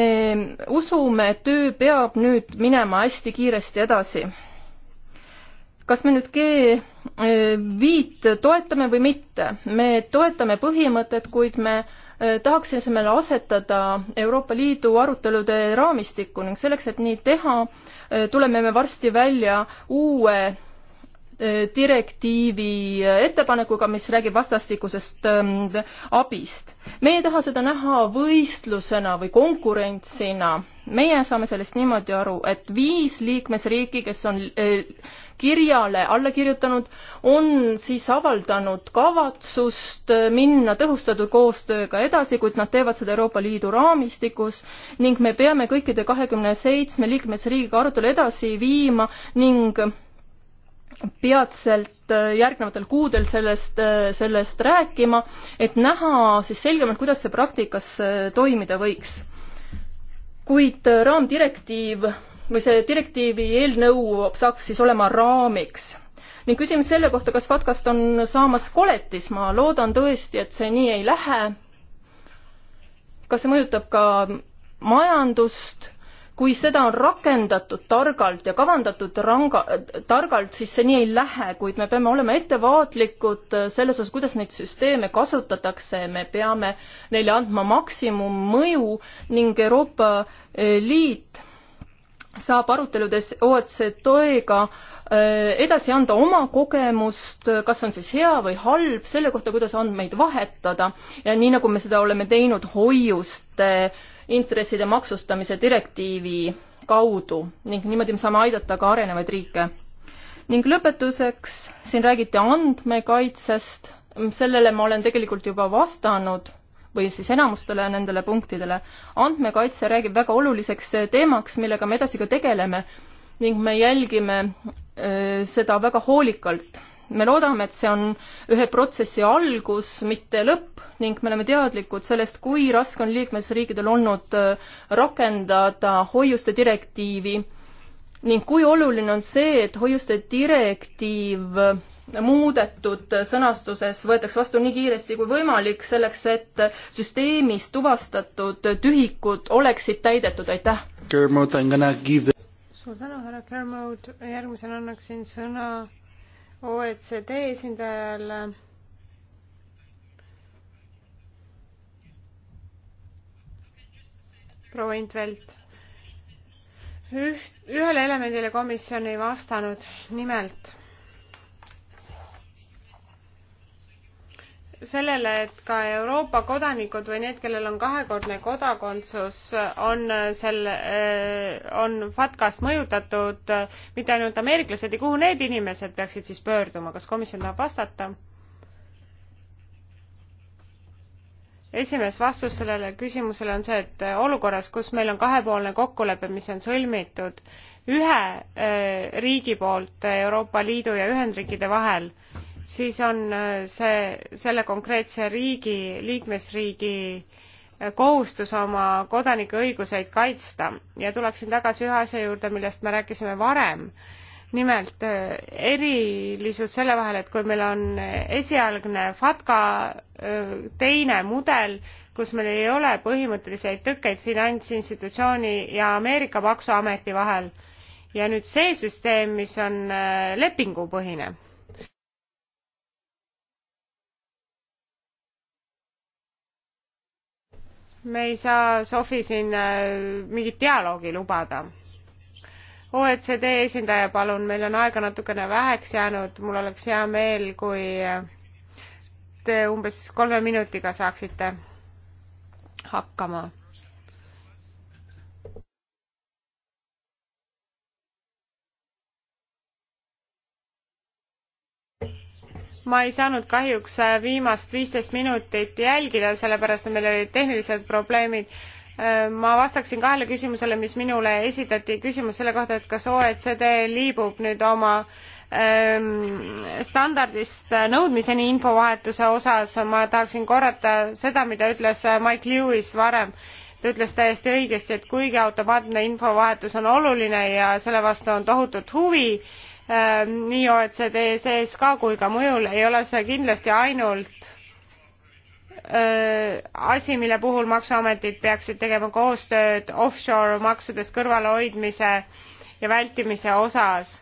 usume, et töö peab nüüd minema hästi kiiresti edasi kas me nüüd G5 eh, toetame või mitte? me toetame põhimõtet, kuid me eh, tahaksime selle asetada Euroopa Liidu arutelude raamistikku ning selleks, et nii teha, eh, tuleme me varsti välja uue Eh, direktiivi eh, ettepanekuga, mis räägib vastastikusest ehm, abist. me ei taha seda näha võistlusena või konkurentsina. meie saame sellest niimoodi aru, et viis liikmesriiki, kes on eh, kirjale alla kirjutanud, on siis avaldanud kavatsust minna tõhustatud koostööga edasi, kuid nad teevad seda Euroopa Liidu raamistikus ning me peame kõikide kahekümne seitsme liikmesriigiga arutelu edasi viima ning peatselt äh, järgnevatel kuudel sellest, äh, sellest rääkima, et näha siis selgemalt, kuidas see praktikas äh, toimida võiks. kuid raamdirektiiv või see direktiivi eelnõu saaks siis olema raamiks ning küsimus selle kohta, kas FATCast on saamas koletis, ma loodan tõesti, et see nii ei lähe. kas see mõjutab ka majandust kui seda on rakendatud targalt ja kavandatud ranga, targalt, siis see nii ei lähe, kuid me peame olema ettevaatlikud äh, selles osas, kuidas neid süsteeme kasutatakse, me peame neile andma maksimummõju ning Euroopa äh, Liit saab aruteludes OECD-ga äh, edasi anda oma kogemust, kas on siis hea või halb, selle kohta, kuidas andmeid vahetada ja nii, nagu me seda oleme teinud hoiuste äh, intresside maksustamise direktiivi kaudu ning niimoodi me saame aidata ka arenevaid riike. ning lõpetuseks, siin räägiti andmekaitsest, sellele ma olen tegelikult juba vastanud või siis enamustele nendele punktidele. andmekaitse räägib väga oluliseks teemaks, millega me edasi ka tegeleme ning me jälgime öö, äh, seda väga hoolikalt me loodame, et see on ühe protsessi algus, mitte lõpp ning me oleme teadlikud sellest, kui raske on liikmesriikidel olnud äh, rakendada hoiuste direktiivi ning kui oluline on see, et hoiuste direktiiv äh, muudetud sõnastuses võetakse vastu nii kiiresti kui võimalik, selleks et äh, süsteemis tuvastatud tühikud oleksid täidetud, aitäh! suur tänu, härra Kermod, järgmisena annaksin sõna OECD esindajal proua Intvelt. üht, ühele elemendile komisjon ei vastanud, nimelt sellele, et ka Euroopa kodanikud või need, kellel on kahekordne kodakondsus, on selle, äh, on FATCast mõjutatud mitte ainult ameeriklased ja kuhu need inimesed peaksid siis pöörduma, kas komisjon tahab vastata? esimees vastus sellele küsimusele on see, et olukorras, kus meil on kahepoolne kokkulepe, mis on sõlmitud ühe äh, riigi poolt Euroopa Liidu ja Ühendriikide vahel, siis on äh, see selle konkreetse riigi, liikmesriigi äh, kohustus oma kodanike õiguseid kaitsta ja tuleksin tagasi ühe asja juurde, millest me rääkisime varem. nimelt äh, erilisus selle vahel, et kui meil on esialgne FATKA teine mudel, kus meil ei ole põhimõtteliseid tõkkeid finantsinstitutsiooni ja Ameerika maksuameti vahel ja nüüd see süsteem, mis on lepingupõhine me ei saa Sofi siin äh, mingit dialoogi lubada. OECD esindaja, palun, meil on aega natukene väheks jäänud, mul oleks hea meel, kui äh, te umbes kolme minutiga saaksite hakkama ma ei saanud kahjuks äh, viimast viisteist minutit jälgida, sellepärast et meil olid tehnilised probleemid. Äh, ma vastaksin kahele küsimusele, mis minule esitati, küsimus selle kohta, et kas OECD liibub nüüd oma ähm, standardist äh, nõudmiseni infovahetuse osas ma tahaksin korrata seda, mida ütles Mike Lewis varem. ta ütles täiesti õigesti, et kuigi automaatne infovahetus on oluline ja selle vastu on tohutut huvi, Äh, nii OECD sees ka kui ka mõjul ei ole see kindlasti ainult äh, asi, mille puhul maksuametid peaksid tegema koostööd offshore maksudest kõrvalehoidmise ja vältimise osas.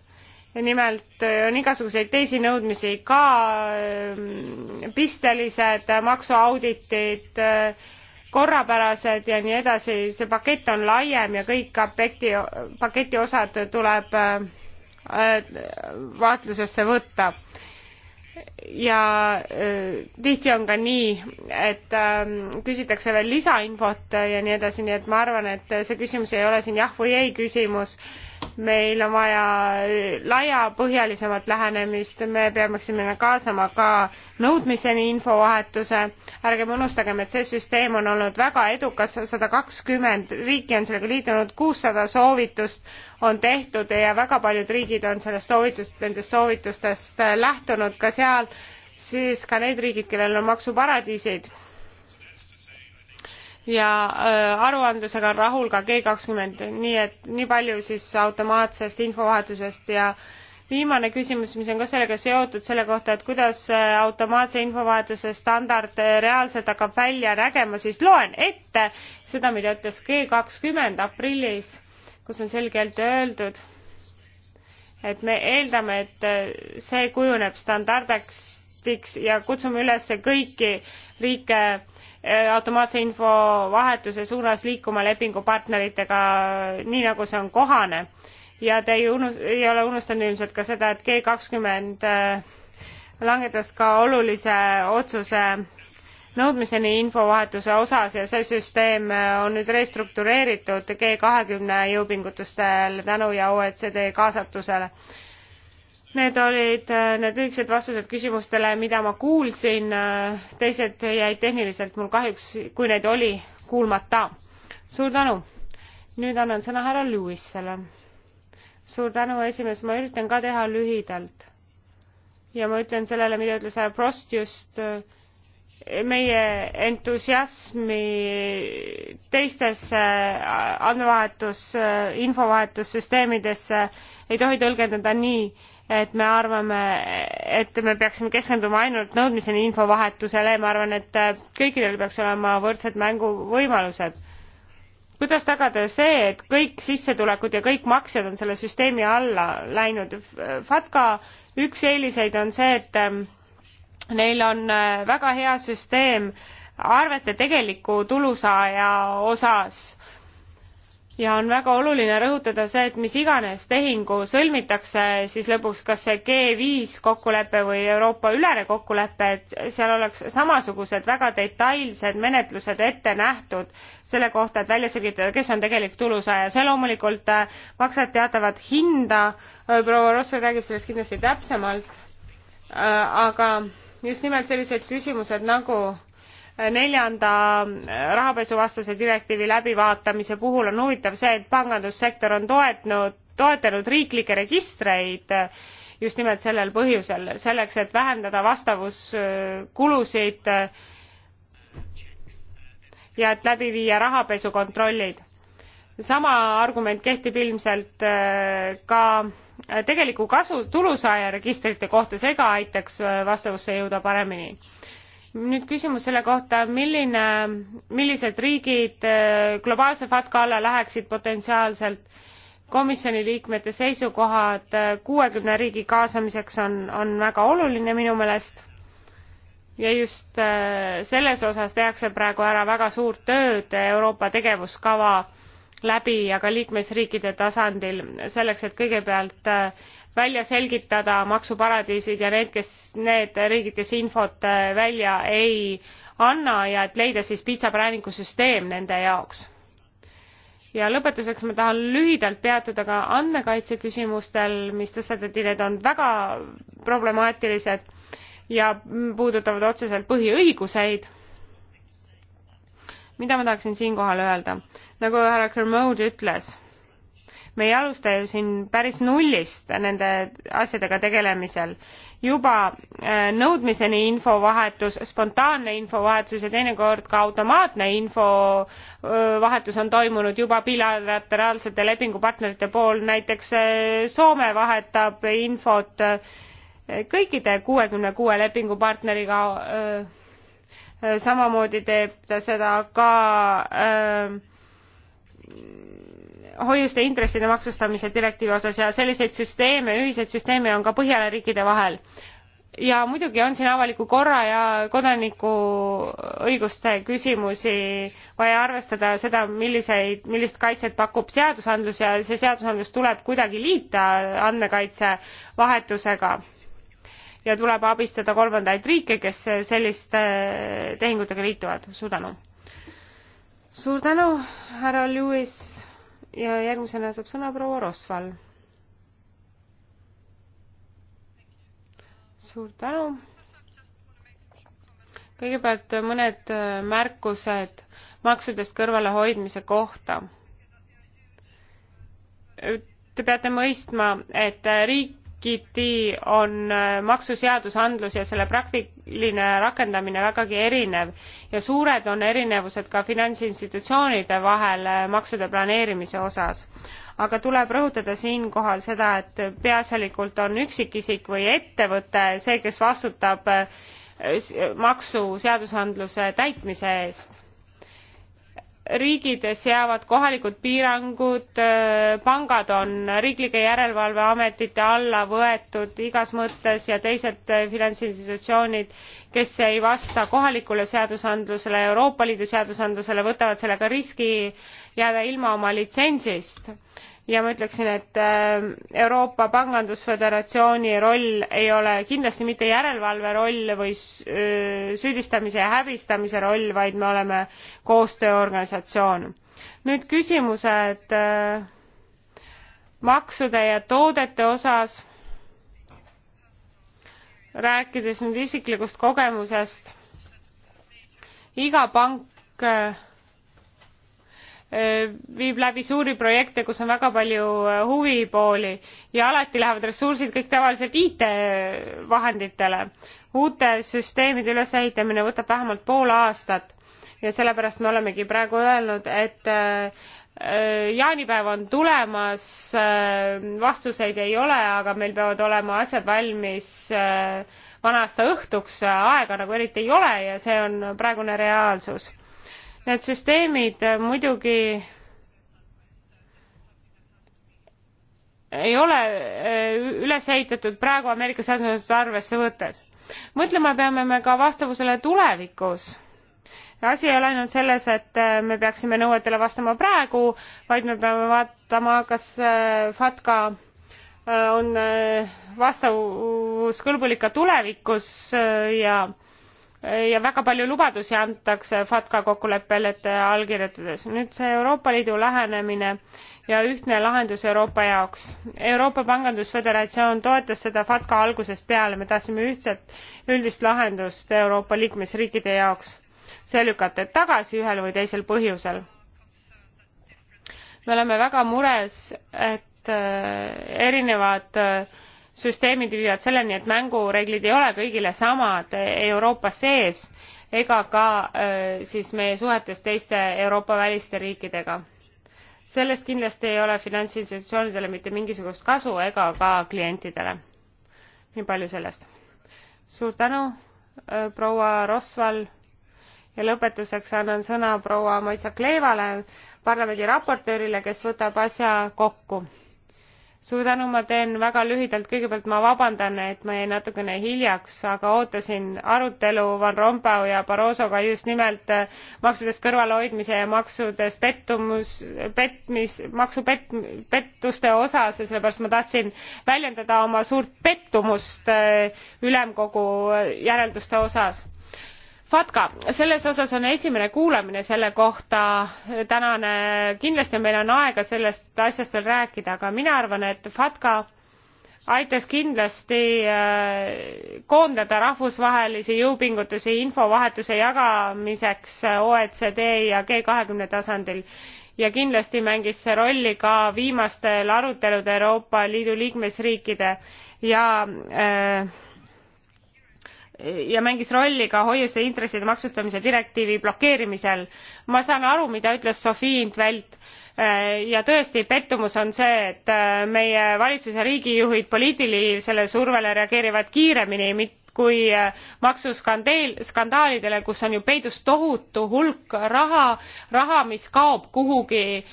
nimelt äh, on igasuguseid teisi nõudmisi ka, pistelised maksuauditid, korrapärased ja nii edasi, see pakett on laiem ja kõik paketi, paketi osad tuleb äh, Äh, vaatlusesse võtta ja äh, tihti on ka nii, et ähm, küsitakse veel lisainfot ja nii edasi, nii et ma arvan, et see küsimus ei ole siin jah või ei küsimus, meil on vaja laiapõhjalisemat lähenemist, me peaksime kaasama ka nõudmiseni infovahetuse. ärgem unustagem, et see süsteem on olnud väga edukas, sada kakskümmend riiki on sellega liitunud, kuussada soovitust on tehtud ja väga paljud riigid on sellest soovitust, nendest soovitustest lähtunud ka seal, siis ka need riigid, kellel on maksuparadiisid ja äh, aruandlusega on rahul ka G kakskümmend, nii et nii palju siis automaatsest infovahetusest ja viimane küsimus, mis on ka sellega seotud, selle kohta, et kuidas äh, automaatse infovahetuse standard äh, reaalselt hakkab välja nägema, siis loen ette seda, mida ütles G kakskümmend aprillis, kus on selgelt öeldud, et me eeldame, et see kujuneb standardiks ja kutsume üles kõiki riike Äh, automaatse infovahetuse suunas liikuma lepingupartneritega nii nagu see on kohane ja te ei, unust, ei ole unustanud ilmselt ka seda et g äh, langetas ka olulise otsuse nõudmiseni infovahetuse osas ja see süsteem äh, on nüüd restruktureeritud g jõupingutustel tänu ja oecd kaasatusele Need olid äh, need lühikesed vastused küsimustele, mida ma kuulsin, äh, teised jäid tehniliselt mul kahjuks, kui neid oli, kuulmata. suur tänu! nüüd annan sõna härra Lewisele. suur tänu, esimees, ma üritan ka teha lühidalt. ja ma ütlen sellele, mida ütles härra Prost just, äh, meie entusiasmi teistesse andmevahetus, infovahetussüsteemidesse ei tohi tõlgendada nii, et me arvame, et me peaksime keskenduma ainult nõudmiseni infovahetusele ja ma arvan, et äh, kõikidel peaks olema võrdsed mänguvõimalused. kuidas tagada see, et kõik sissetulekud ja kõik maksed on selle süsteemi alla läinud? FATKA üks eeliseid on see, et ähm, neil on äh, väga hea süsteem arvete tegeliku tulusaaja osas ja on väga oluline rõhutada see, et mis iganes tehingu sõlmitakse siis lõpuks, kas see G5 kokkulepe või Euroopa ülene kokkulepe, et seal oleks samasugused väga detailsed menetlused ette nähtud selle kohta, et välja selgitada, kes on tegelik tulusaaja. see loomulikult äh, maksab teatavat hinda, äh, proua Rosser räägib sellest kindlasti täpsemalt, äh, aga just nimelt sellised küsimused nagu neljanda rahapesuvastase direktiivi läbivaatamise puhul on huvitav see et pangandussektor on toetnud toetanud riiklikke registreid just nimelt sellel põhjusel selleks et vähendada vastavuskulusid ja et läbi viia rahapesukontrollid sama argument kehtib ilmselt äh, ka tegeliku kasu tulusaaja registrite kohta see ka aitaks äh, vastavusse jõuda paremini nüüd küsimus selle kohta, milline, millised riigid äh, globaalse FATCA alla läheksid potentsiaalselt. komisjoni liikmete seisukohad äh, kuuekümne riigi kaasamiseks on, on väga oluline minu meelest. ja just äh, selles osas tehakse praegu ära väga suurt tööd Euroopa tegevuskava läbi ja ka liikmesriikide tasandil selleks, et kõigepealt välja selgitada maksuparadiisid ja need, kes, need riigid, kes infot äh, välja ei anna ja et leida siis piitsaprääniku süsteem nende jaoks. ja lõpetuseks ma tahan lühidalt peatuda ka andmekaitse küsimustel, mis tõstatati, need on väga problemaatilised ja puudutavad otseselt põhiõiguseid. mida ma tahaksin siinkohal öelda? nagu härra Kermode ütles me ei alusta ju siin päris nullist nende asjadega tegelemisel. juba äh, nõudmiseni infovahetus, spontaanne infovahetus ja teinekord ka automaatne infovahetus on toimunud juba bilateraalsete lepingupartnerite pool, näiteks äh, Soome vahetab infot äh, kõikide kuuekümne kuue lepingupartneriga samamoodi teeb ta seda ka äh, hoiuste intresside maksustamise direktiivi osas ja selliseid süsteeme, ühiseid süsteeme on ka Põhjala riikide vahel. ja muidugi on siin avaliku korra ja kodanikuõiguste küsimusi vaja arvestada seda, milliseid, millist kaitset pakub seadusandlus ja see seadusandlus tuleb kuidagi liita andmekaitse vahetusega ja tuleb abistada kolmandaid riike, kes selliste tehingutega liituvad. suur tänu! suur tänu, härra Lewis! ja järgmisena saab sõna proua Rosval. suur tänu. kõigepealt mõned äh, märkused maksudest kõrvalehoidmise kohta. Te peate mõistma, et riik KIT-i on äh, maksuseadusandlus ja selle praktiline rakendamine vägagi erinev ja suured on erinevused ka finantsinstitutsioonide vahel äh, maksude planeerimise osas. aga tuleb rõhutada siinkohal seda, et peaasjalikult on üksikisik või ettevõte see, kes vastutab äh, maksuseadusandluse täitmise eest riigid seavad kohalikud piirangud, äh, pangad on riiklike järelevalveametite alla võetud igas mõttes ja teised äh, finantsinstitutsioonid, kes ei vasta kohalikule seadusandlusele, Euroopa Liidu seadusandlusele, võtavad sellega riski jääda ilma oma litsentsist ja ma ütleksin, et äh, Euroopa Pangandusföderatsiooni roll ei ole kindlasti mitte järelevalve roll või süüdistamise ja häbistamise roll, vaid me oleme koostööorganisatsioon. nüüd küsimused äh, maksude ja toodete osas. rääkides nüüd isiklikust kogemusest, iga pank äh, Äh, viib läbi suuri projekte, kus on väga palju äh, huvipooli ja alati lähevad ressursid kõik tavaliselt IT vahenditele. uute süsteemide ülesehitamine võtab vähemalt pool aastat ja sellepärast me olemegi praegu öelnud, et äh, jaanipäev on tulemas, vastuseid ei ole, aga meil peavad olema asjad valmis vana-aasta õhtuks, aega nagu eriti ei ole ja see on praegune reaalsus Need süsteemid äh, muidugi ei ole äh, üles ehitatud praegu Ameerika seadusandlust arvesse võttes. mõtlema peame me ka vastavusele tulevikus asi ei ole ainult selles, et äh, me peaksime nõuetele vastama praegu, vaid me peame vaatama, kas FATKA on vastavuskõlbulik ka tulevikus ja ja väga palju lubadusi antakse FATCA kokkuleppelepete allkirjutades. nüüd see Euroopa Liidu lähenemine ja ühtne lahendus Euroopa jaoks. Euroopa Pangandusföderatsioon toetas seda FATCA algusest peale, me tahtsime ühtset üldist lahendust Euroopa liikmesriikide jaoks. see lükati tagasi ühel või teisel põhjusel. me oleme väga mures, et äh, erinevad äh, süsteemid viivad selleni, et mängureeglid ei ole kõigile samad Euroopa sees ega ka äh, siis meie suhetes teiste Euroopa väliste riikidega. sellest kindlasti ei ole finantsinstitutsioonidele mitte mingisugust kasu ega ka klientidele. nii palju sellest. suur tänu, äh, proua Rosval ja lõpetuseks annan sõna proua Maitsa Kleevale, parlamendi raportöörile, kes võtab asja kokku suur tänu, ma teen väga lühidalt, kõigepealt ma vabandan, et ma jäin natukene hiljaks, aga ootasin arutelu Van Rompau ja Barrosoga just nimelt äh, maksudest kõrvalehoidmise ja maksudest pettumus, petmis, maksupett-, pettuste osas ja sellepärast ma tahtsin väljendada oma suurt pettumust äh, ülemkogu äh, järelduste osas FATKA, selles osas on esimene kuulamine selle kohta tänane, kindlasti meil on aega sellest asjast veel rääkida, aga mina arvan, et FATKA aitas kindlasti äh, koondada rahvusvahelisi jõupingutusi infovahetuse jagamiseks äh, OECD ja G tasandil ja kindlasti mängis see rolli ka viimastel aruteludel Euroopa Liidu liikmesriikide ja äh, ja mängis rolli ka hoiuste intresside maksustamise direktiivi blokeerimisel. ma saan aru, mida ütles Sophie in 't Veld äh, ja tõesti pettumus on see et äh, meie valitsus ja riigijuhid poliitilisele survele reageerivad kiiremini kui äh, maksuskandaalidele kus on ju peidus tohutu hulk raha raha mis kaob kuhugi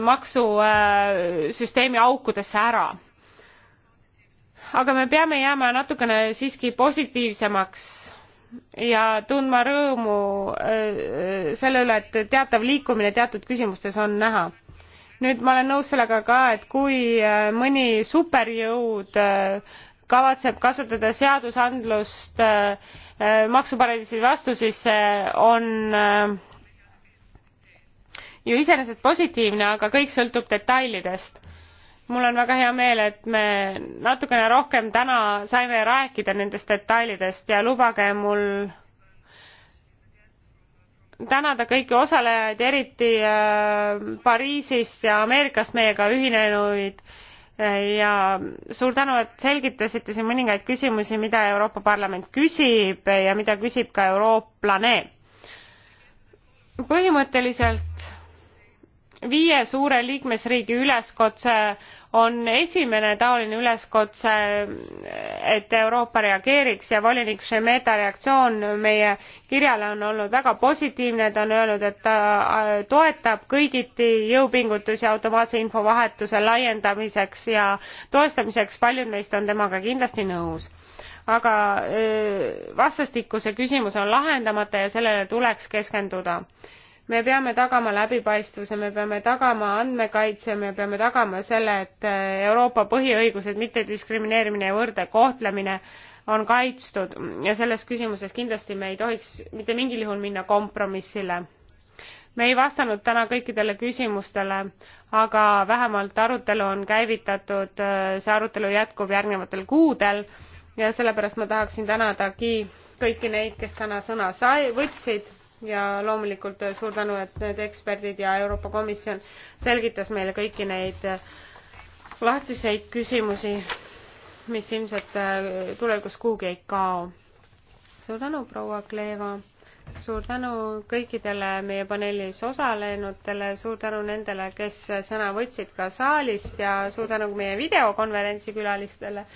maksusüsteemi aukudesse ära aga me peame jääma natukene siiski positiivsemaks ja tundma rõõmu äh, selle üle, et teatav liikumine teatud küsimustes on näha. nüüd ma olen nõus sellega ka, et kui äh, mõni superjõud äh, kavatseb kasutada seadusandlust maksuparadiisi vastu, siis see on ju iseenesest positiivne, aga kõik sõltub detailidest mul on väga hea meel, et me natukene rohkem täna saime rääkida nendest detailidest ja lubage mul tänada kõiki osalejaid, eriti äh, Pariisist ja Ameerikast meiega ühinenuid ja suur tänu, et selgitasite siin mõningaid küsimusi, mida Euroopa Parlament küsib ja mida küsib ka eurooplane. põhimõtteliselt viie suure liikmesriigi üleskutse on esimene taoline üleskutse et euroopa reageeriks ja volinik šemeta reaktsioon meie kirjale on olnud väga positiivne ta on öelnud et ta äh, toetab kõigiti jõupingutusi automaatse infovahetuse laiendamiseks ja toestamiseks paljud meist on temaga kindlasti nõus aga äh, vastastikuse küsimus on lahendamata ja sellele tuleks keskenduda me peame tagama läbipaistvuse, me peame tagama andmekaitse, me peame tagama selle, et eh, Euroopa põhiõigused, mittediskrimineerimine ja võrdne kohtlemine on kaitstud ja selles küsimuses kindlasti me ei tohiks mitte mingil juhul minna kompromissile. me ei vastanud täna kõikidele küsimustele, aga vähemalt arutelu on käivitatud, eh, see arutelu jätkub järgnevatel kuudel ja sellepärast ma tahaksin tänadagi kõiki neid, kes täna sõna sai, võtsid ja loomulikult äh, suur tänu, et need eksperdid ja Euroopa Komisjon selgitas meile kõiki neid äh, lahtiseid küsimusi, mis ilmselt äh, tulevikus kuhugi ei kao. suur tänu, proua Kleeva, suur tänu kõikidele meie paneelis osalenutele, suur tänu nendele, kes sõna võtsid ka saalist ja suur tänu meie videokonverentsi külalistele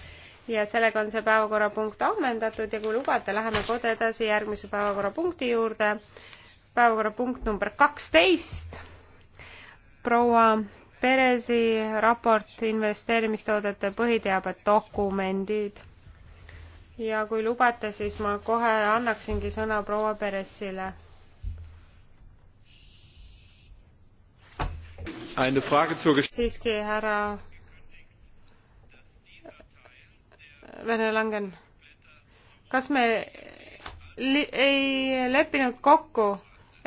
ja sellega on see päevakorrapunkt ammendatud ja kui lubate, läheme kodu edasi järgmise päevakorrapunkti juurde. päevakorrapunkt number kaksteist. proua Peresi raport investeerimistoodete põhiteabed dokumendid. ja kui lubate, siis ma kohe annaksingi sõna proua Peresile. siiski, härra Vene Langen, kas me li-, ei leppinud kokku,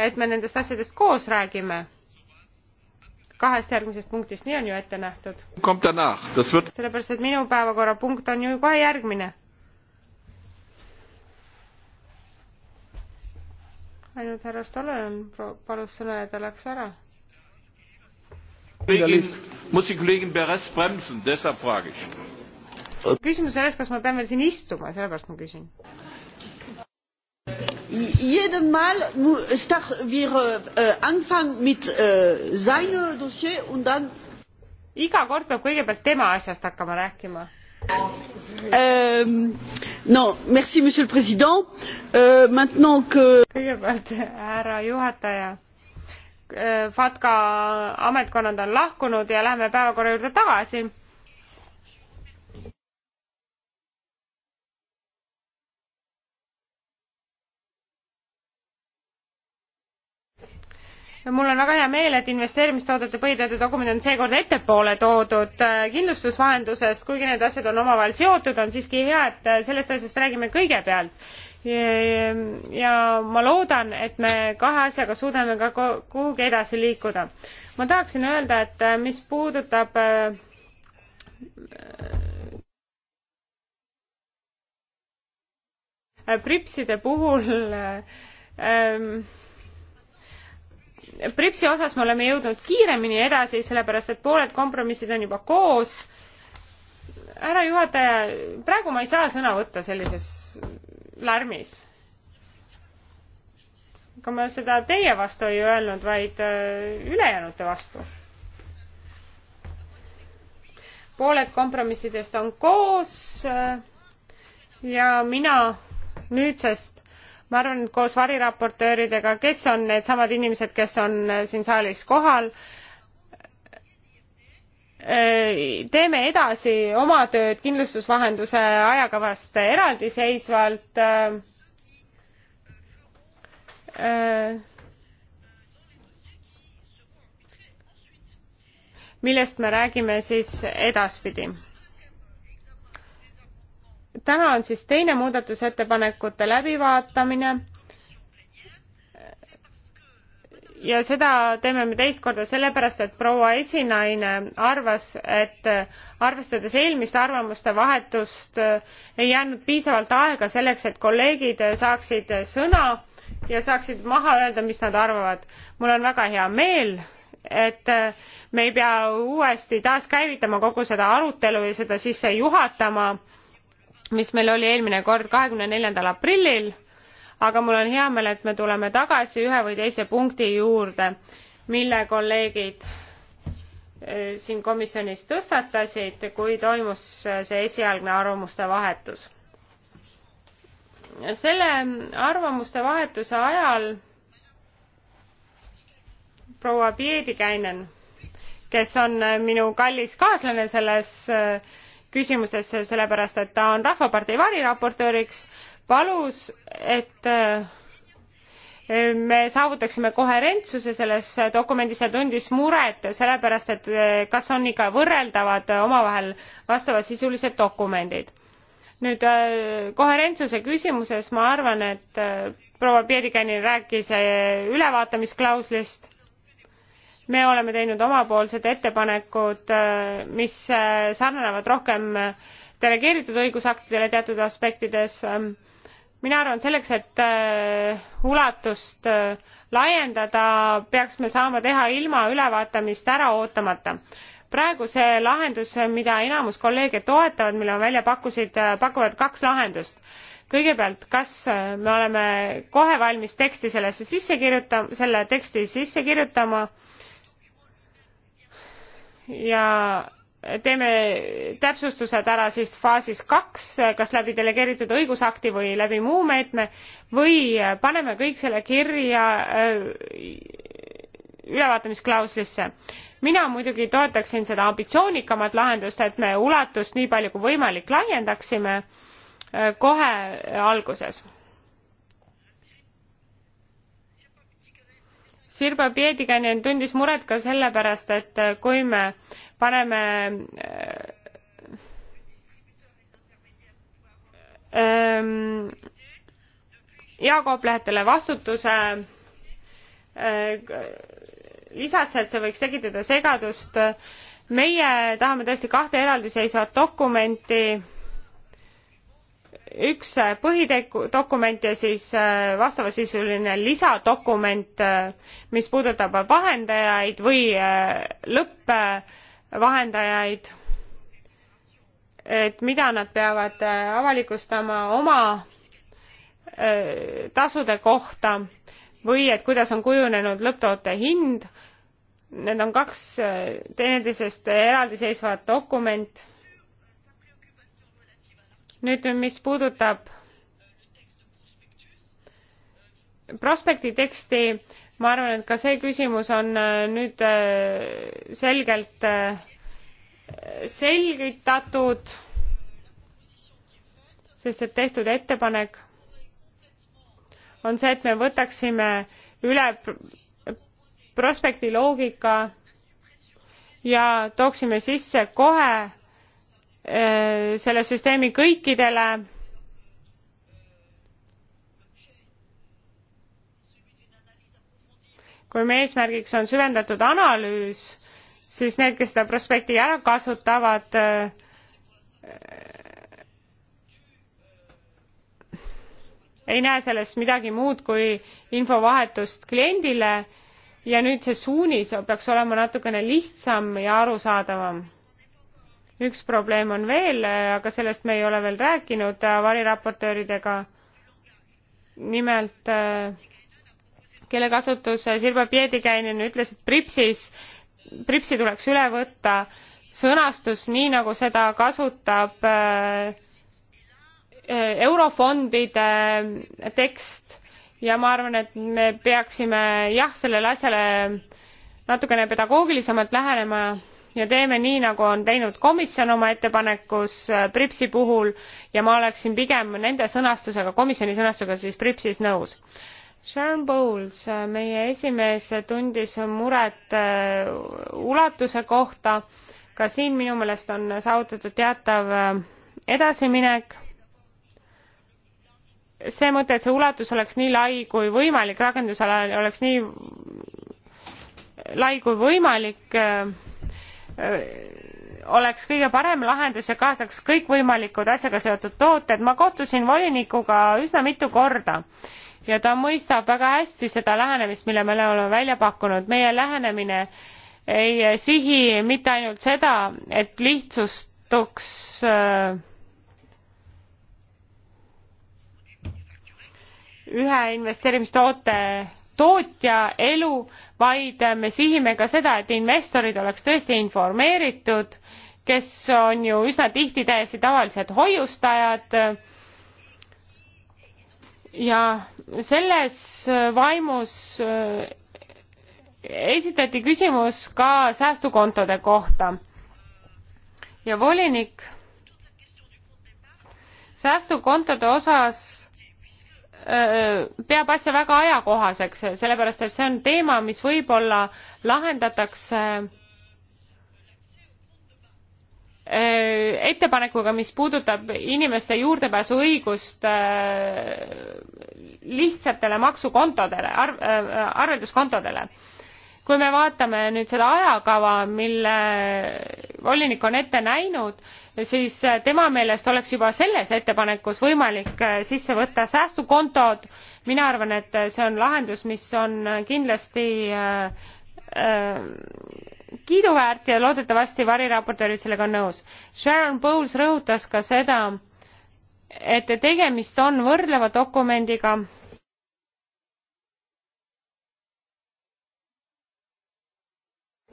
et me nendest asjadest koos räägime? kahest järgmisest punktist, nii on ju ette nähtud. Wird... sellepärast, et minu päevakorrapunkt on ju kohe järgmine. ainult härra Stolojan palus sõna ja ta läks ära muss die kollegin bers bremsen deshalb frage ich küsimus on selles, kas ma pean veel siin istuma, sellepärast ma küsin. Jedemal stach wir äh, anfang mit äh, seine dossier und dann iga kord peab kõigepealt tema asjast hakkama rääkima. Ähm, non, merci monsieur le président. Euh, maintenant que kõigepealt härra juhataja. Äh, FATKA ametkonnad on lahkunud ja läheme päevakorra juurde tagasi mul on väga hea meel, et investeerimistoodete põhiteade dokument on seekord ettepoole toodud äh, kindlustusvahendusest, kuigi need asjad on omavahel seotud, on siiski hea, et äh, sellest asjast räägime kõigepealt. ja ma loodan, et me kahe asjaga suudame ka kuhugi edasi liikuda. ma tahaksin öelda, et äh, mis puudutab pripside puhul ähm, pripsi osas me oleme jõudnud kiiremini edasi sellepärast et pooled kompromissid on juba koos härra juhataja praegu ma ei saa sõna võtta sellises lärmis ega ma seda teie vastu ei öelnud vaid äh, ülejäänute vastu pooled kompromissidest on koos äh, ja mina nüüdsest ma arvan et koos variraportööridega kes on needsamad inimesed kes on äh, siin saalis kohal äh, teeme edasi oma tööd kindlustusvahenduse ajakavast eraldiseisvalt äh, millest me räägime siis edaspidi täna on siis teine muudatusettepanekute läbivaatamine. ja seda teeme me teist korda sellepärast, et proua esinaine arvas, et arvestades eelmist arvamuste vahetust, ei jäänud piisavalt aega selleks, et kolleegid saaksid sõna ja saaksid maha öelda, mis nad arvavad. mul on väga hea meel et me ei pea uuesti taaskäivitama kogu seda arutelu ja seda sisse juhatama mis meil oli eelmine kord kahekümne neljandal aprillil aga mul on hea meel et me tuleme tagasi ühe või teise punkti juurde mille kolleegid eh, siin komisjonis tõstatasid kui toimus see esialgne arvamuste vahetus selle arvamuste vahetuse ajal proua Piedikäinen, kes on minu kallis kaaslane selles eh, küsimusesse, sellepärast et ta on Rahvapartei variraportööriks, palus, et äh, me saavutaksime koherentsuse selles dokumendis ja tundis muret sellepärast, et äh, kas on ikka võrreldavad omavahel vastavasisulised dokumendid. nüüd äh, koherentsuse küsimuses ma arvan, et proua Pierikäni rääkis ülevaatamisklauslist me oleme teinud omapoolsed ettepanekud, äh, mis äh, sarnanevad rohkem äh, delegeeritud õigusaktidele teatud aspektides. mina arvan, selleks, et ulatust laiendada, peaks me saama teha ilma ülevaatamist ära ootamata. praegu see lahendus, mida enamus kolleege toetavad, mille ma välja pakkusid, pakuvad kaks lahendust kõigepealt kas me oleme kohe valmis teksti sellesse sisse kirjuta- selle teksti sisse kirjutama ja teeme täpsustused ära siis faasis kaks, kas läbi delegeeritud õigusakti või läbi muu meetme või paneme kõik selle kirja äh, ülevaatamisklauslisse. mina muidugi toetaksin seda ambitsioonikamat lahendust, et me ulatust nii palju kui võimalik laiendaksime äh, kohe alguses Sirba Pietikainen tundis muret ka sellepärast, et äh, kui me paneme äh, ähm, jaokauplehetele vastutuse äh, lisasse, et see võiks tekitada segadust. meie tahame tõesti kahte eraldiseisvat dokumenti üks äh, põhidokument ja siis äh, vastavasisuline lisadokument, äh, mis puudutab vahendajaid või lõppvahendajaid, et mida nad peavad avalikustama oma tasude kohta või et kuidas on kujunenud lõpptoote hind. Need on kaks teineteisest eraldiseisvat dokumenti nüüd, mis puudutab prospekti teksti, ma arvan, et ka see küsimus on äh, nüüd äh, selgelt äh, selgitatud, sest et tehtud ettepanek on see, et me võtaksime üle prospekti loogika ja tooksime sisse kohe Äh, selle süsteemi kõikidele kui meie eesmärgiks on süvendatud analüüs siis need kes seda prospekti ära kasutavad äh, ei näe selles midagi muud kui infovahetust kliendile ja nüüd see suunis peaks olema natukene lihtsam ja arusaadavam üks probleem on veel, aga sellest me ei ole veel rääkinud äh, variraportööridega. nimelt äh, keelekasutus äh, Sirba Piedikäinen ütles, et Pripsis, Pripsi tuleks üle võtta sõnastus nii, nagu seda kasutab eurofondide tekst ja ma arvan, et me peaksime jah, sellele asjale natukene pedagoogilisemalt lähenema ja teeme nii nagu on teinud komisjon oma ettepanekus äh, pripsi puhul ja ma oleksin pigem nende sõnastusega komisjoni sõnastusega siis pripsis nõus. Sharon Bowles, äh, meie esimees, tundis muret äh, ulatuse kohta. ka siin minu meelest on saavutatud teatav edasiminek see mõte et see ulatus oleks nii lai kui võimalik rakendusala oleks nii lai kui võimalik Äh, oleks kõige parem lahendus ja kaasaks kõikvõimalikud asjaga seotud tooted. ma kohtusin volinikuga üsna mitu korda ja ta mõistab väga hästi seda lähenemist mille me oleme välja pakkunud. meie lähenemine ei sihi mitte ainult seda et lihtsustuks äh, ühe investeerimistoote tootja elu vaid me sihime ka seda, et investorid oleks tõesti informeeritud, kes on ju üsna tihti täiesti tavalised hoiustajad. ja selles vaimus äh, esitati küsimus ka säästukontode kohta ja volinik säästukontode osas Äh, peab asja väga ajakohaseks, sellepärast et see on teema, mis võib-olla lahendatakse äh, ettepanekuga, mis puudutab inimeste juurdepääsuõigust äh, lihtsatele maksukontodele arv,, arvelduskontodele kui me vaatame nüüd seda ajakava, mille volinik on ette näinud, siis tema meelest oleks juba selles ettepanekus võimalik äh, sisse võtta säästukontod. mina arvan, et see on lahendus, mis on kindlasti äh, äh, kiiduväärt ja loodetavasti variraportöörid sellega on nõus. Sharon Bowles rõhutas ka seda, et tegemist on võrdleva dokumendiga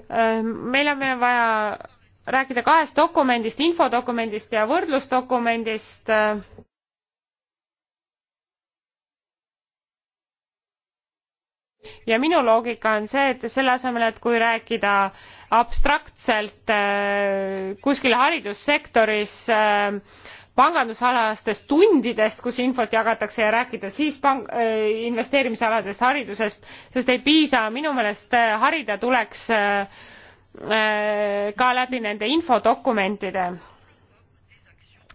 Äh, meil on meil vaja rääkida kahest dokumendist, infodokumendist ja võrdlusdokumendist. ja minu loogika on see, et selle asemel, et kui rääkida abstraktselt äh, kuskil haridussektoris äh, pangandusalastest tundidest kus infot jagatakse ja rääkida siis pang- äh, investeerimisaladest haridusest sest ei piisa minu meelest äh, harida tuleks äh, ka läbi nende infodokumentide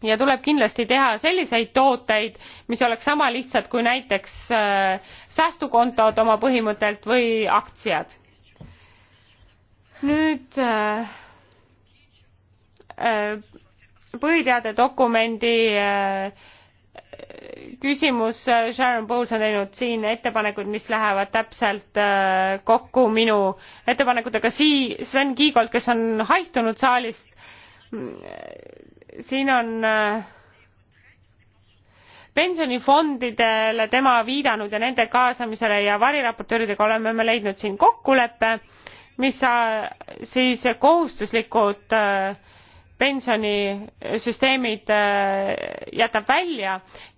ja tuleb kindlasti teha selliseid tooteid mis oleks sama lihtsad kui näiteks säästukontod oma põhimõttelt või aktsiad nüüd põhiteade dokumendi äh, küsimus, äh, Sharon Bowles on teinud siin ettepanekuid, mis lähevad täpselt äh, kokku minu ettepanekutega, sii-, Sven Kiigolt, kes on haihtunud saalist, mm, siin on pensionifondidele tema viidanud ja nende kaasamisele ja variraportööridega oleme me leidnud siin kokkuleppe, mis siis kohustuslikud äh, pensionisüsteemid äh, jätab välja,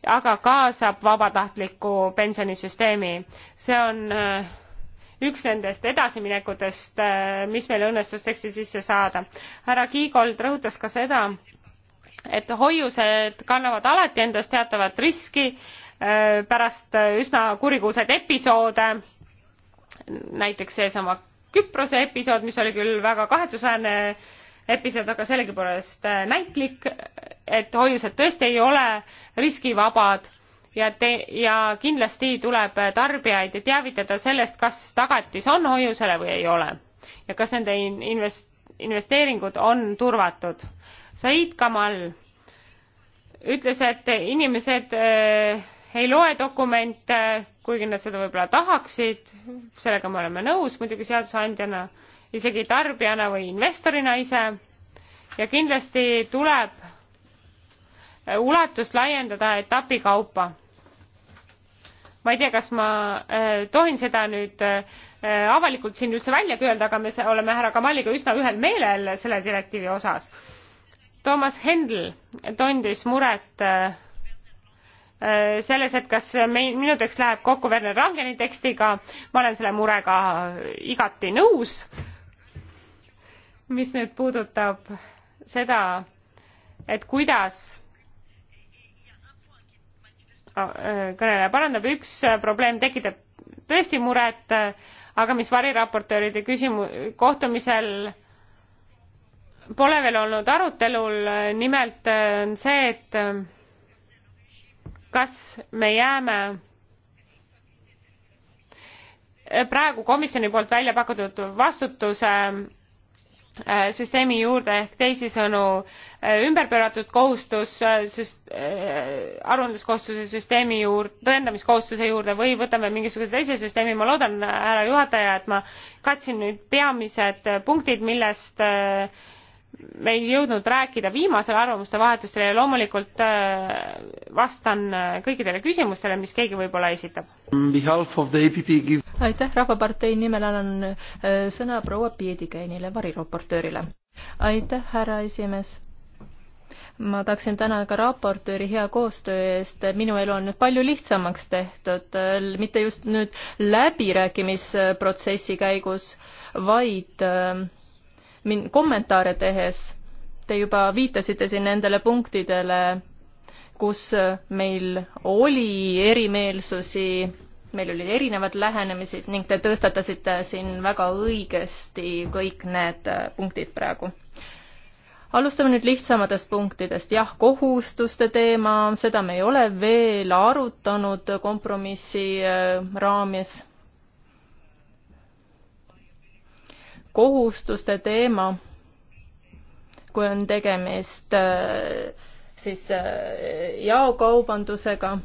aga kaasab vabatahtliku pensionisüsteemi. see on äh, üks nendest edasiminekutest, äh, mis meil õnnestus teksti sisse saada. härra Kiigold rõhutas ka seda, et hoiused kannavad alati endas teatavat riski pärast üsna kurikuulsaid episoode, näiteks seesama Küprose episood, mis oli küll väga kahetsusväärne episood, aga sellegipoolest äh, näitlik, et hoiused tõesti ei ole riskivabad ja te- ja kindlasti tuleb tarbijaid teavitada sellest, kas tagatis on hoiusele või ei ole ja kas nende invest-, investeeringud on turvatud. Said Kamal ütles, et inimesed äh, ei loe dokumente, kuigi nad seda võib-olla tahaksid, sellega me oleme nõus muidugi seadusandjana äh,, isegi tarbijana või investorina ise ja kindlasti tuleb ulatust laiendada etapi kaupa. ma ei tea, kas ma äh, tohin seda nüüd äh, avalikult siin üldse välja öelda, aga me oleme härra Kamaliga üsna ühel meelel selle direktiivi osas. Toomas Hendl tundis muret äh, selles, et kas meil, minu tekst läheb kokku Werner Rangeni tekstiga, ma olen selle murega igati nõus mis nüüd puudutab seda, et kuidas ah, äh, kõneleja parandab, üks äh, probleem tekitab tõesti muret, äh, aga mis variraportööride küsimu-, kohtumisel pole veel olnud arutelul, nimelt on see, et kas me jääme praegu komisjoni poolt välja pakutud vastutuse Äh, süsteemi juurde ehk teisisõnu äh, ümberpööratud kohustus äh, süst- aruandluskohustuse süsteemi juurde tõendamiskohustuse juurde või võtame mingisuguse teise süsteemi ma loodan härra juhataja et ma katsin nüüd peamised punktid millest äh, meil jõudnud rääkida viimasel arvamuste vahetustel ja loomulikult äh, vastan äh, kõikidele küsimustele, mis keegi võib-olla esitab. Give... aitäh, Rahvapartei nimel annan äh, sõna proua Piedikäinile, variraportöörile. aitäh, härra esimees ma tahaksin tänada ka raportööri hea koostöö eest, minu elu on nüüd palju lihtsamaks tehtud, mitte just nüüd läbirääkimisprotsessi käigus, vaid äh, min-, kommentaare tehes te juba viitasite siin nendele punktidele, kus meil oli erimeelsusi, meil olid erinevad lähenemised ning te tõstatasite siin väga õigesti kõik need äh, punktid praegu. alustame nüüd lihtsamatest punktidest. jah, kohustuste teema, seda me ei ole veel arutanud kompromissi äh, raames kohustuste teema, kui on tegemist äh, siis äh, jaokaubandusega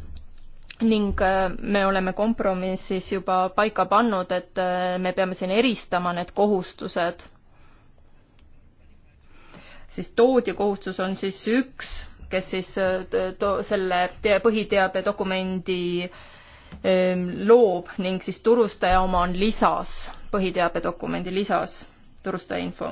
ning äh, me oleme kompromissis juba paika pannud, et me peame siin eristama need kohustused. siis toodja kohustus on siis üks, kes siis to-, selle põhiteabedokumendi ähm, loob ning siis turustaja oma on lisas põhiteabedokumendi lisas turustaja info.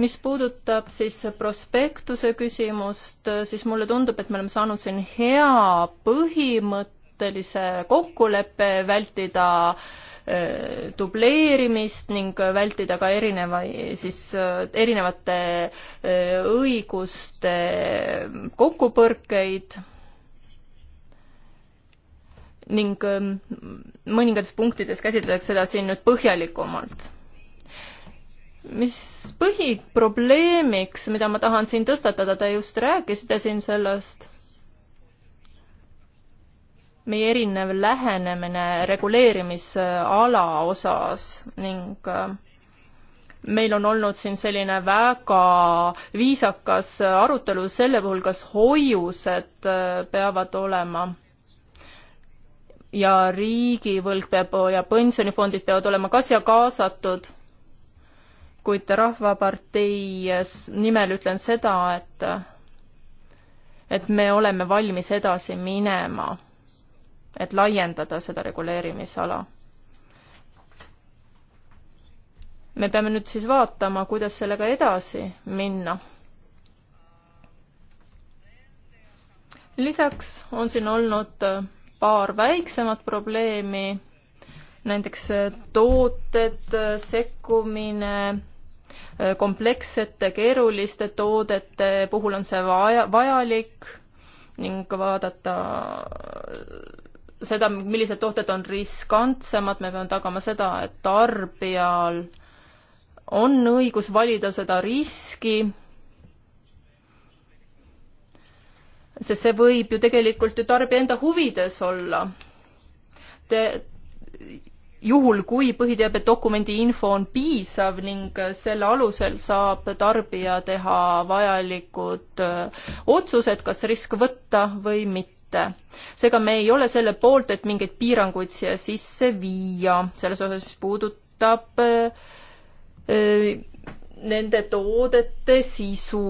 mis puudutab siis prospektuse küsimust, siis mulle tundub, et me oleme saanud siin hea põhimõttelise kokkuleppe vältida äh, dubleerimist ning vältida ka erineva, siis äh, erinevate äh, õiguste kokkupõrkeid ning ähm, mõningates punktides käsitletakse seda siin nüüd põhjalikumalt. mis põhiprobleemiks, mida ma tahan siin tõstatada, te just rääkisite siin sellest, meie erinev lähenemine reguleerimisala osas ning äh, meil on olnud siin selline väga viisakas arutelu selle puhul, kas hoiused äh, peavad olema ja riigivõlg peab ja pensionifondid peavad olema ka siia kaasatud, kuid Rahvapartei nimel ütlen seda, et, et me oleme valmis edasi minema, et laiendada seda reguleerimisala. me peame nüüd siis vaatama, kuidas sellega edasi minna lisaks on siin olnud paar väiksemat probleemi, näiteks äh, tooted, äh, sekkumine, äh, komplekssete, keeruliste toodete puhul on see vaja, vajalik ning vaadata seda, millised tooted on riskantsemad, me peame tagama seda, et tarbijal on õigus valida seda riski sest see võib ju tegelikult ju tarbija enda huvides olla. Te, juhul, kui põhiteabedokumendi info on piisav ning selle alusel saab tarbija teha vajalikud äh, otsused, kas risk võtta või mitte. seega me ei ole selle poolt, et mingeid piiranguid siia sisse viia, selles osas, mis puudutab öö, äh, äh, nende toodete sisu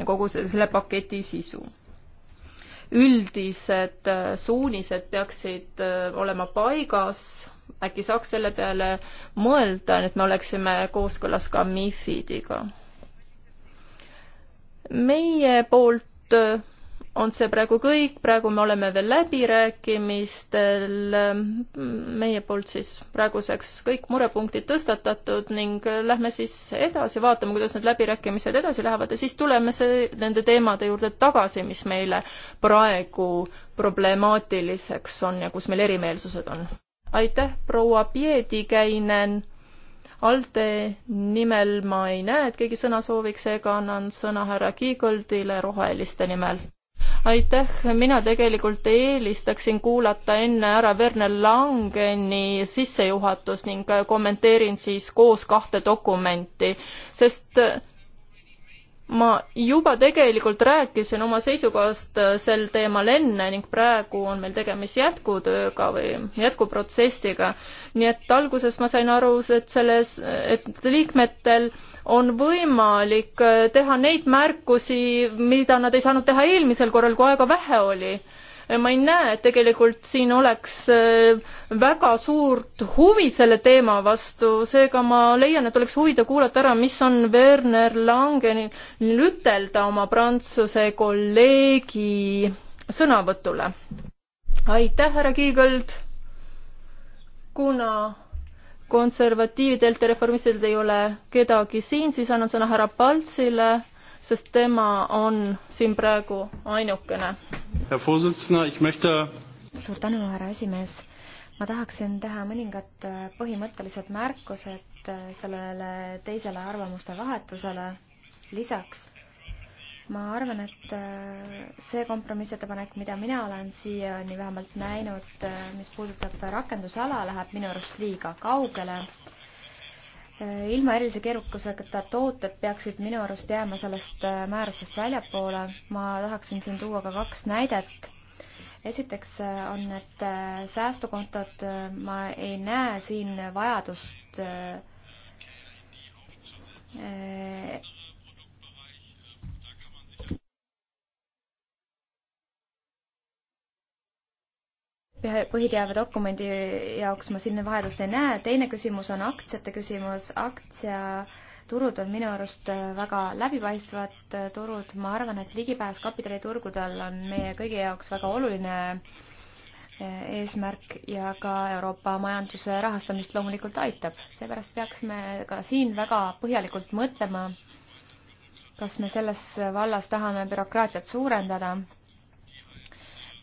ja kogu selle paketi sisu. üldised äh, suunised peaksid äh, olema paigas, äkki saaks selle peale mõelda, et me oleksime kooskõlas ka MIFIDiga. meie poolt äh, on see praegu kõik, praegu me oleme veel läbirääkimistel, meie poolt siis praeguseks kõik murepunktid tõstatatud ning lähme siis edasi, vaatame, kuidas need läbirääkimised edasi lähevad ja siis tuleme see, nende teemade juurde tagasi, mis meile praegu problemaatiliseks on ja kus meil erimeelsused on. aitäh, proua Piedikäinen! ALDE nimel ma ei näe, et keegi sõna sooviks, seega annan sõna härra Kiigoldile roheliste nimel aitäh, mina tegelikult eelistaksin kuulata enne ära Werner Langeni sissejuhatust ning kommenteerin siis koos kahte dokumenti, sest ma juba tegelikult rääkisin oma seisukohast sel teemal enne ning praegu on meil tegemist jätkutööga või jätkuprotsessiga. nii et alguses ma sain aru, et selles, et liikmetel äh, on võimalik äh, teha neid märkusi, mida nad ei saanud teha eelmisel korral, kui aega vähe oli. ma ei näe, et tegelikult siin oleks äh, väga suurt huvi selle teema vastu, seega ma leian, et oleks huvitav kuulata ära, mis on Werner Langenil ütelda oma prantsuse kolleegi sõnavõtule. aitäh, härra Kiigold! kuna konservatiividelt ja reformistidelt ei ole kedagi siin, siis annan sõna härra Paltsile, sest tema on siin praegu ainukene. suur tänu, härra esimees. ma tahaksin teha mõningad äh, põhimõttelised märkused äh, sellele teisele arvamuste vahetusele lisaks ma arvan, et äh, see kompromissettepanek, mida mina olen siiani vähemalt näinud, äh, mis puudutab rakendusala, läheb minu arust liiga kaugele. Äh, ilma erilise keerukuseta tooted peaksid minu arust jääma sellest määrusest väljapoole. ma tahaksin siin tuua ka kaks näidet esiteks on need säästukontod, ma ei näe siin vajadust põhiteave dokumendi jaoks ma siin vajadust ei näe. teine küsimus on aktsiate küsimus. aktsiaturud on minu arust äh, väga läbipaistvad äh, turud. ma arvan, et ligipääs kapitaliturgudel on meie kõigi jaoks väga oluline äh, eesmärk ja ka Euroopa majanduse rahastamist loomulikult aitab. seepärast peaksime ka siin väga põhjalikult mõtlema, kas me selles vallas tahame bürokraatiat suurendada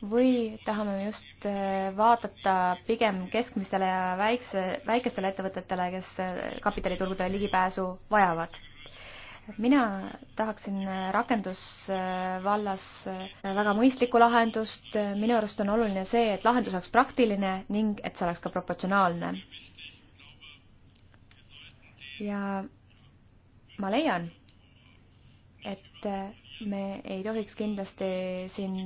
või tahame just äh, vaadata pigem keskmistele ja väikse, väikestele ettevõtetele, kes äh, kapitaliturgudele ligipääsu vajavad? mina tahaksin äh, rakendusvallas väga mõistlikku lahendust, minu arust on oluline see, et lahendus oleks praktiline ning et see oleks ka proportsionaalne. ja ma leian, et me ei tohiks kindlasti siin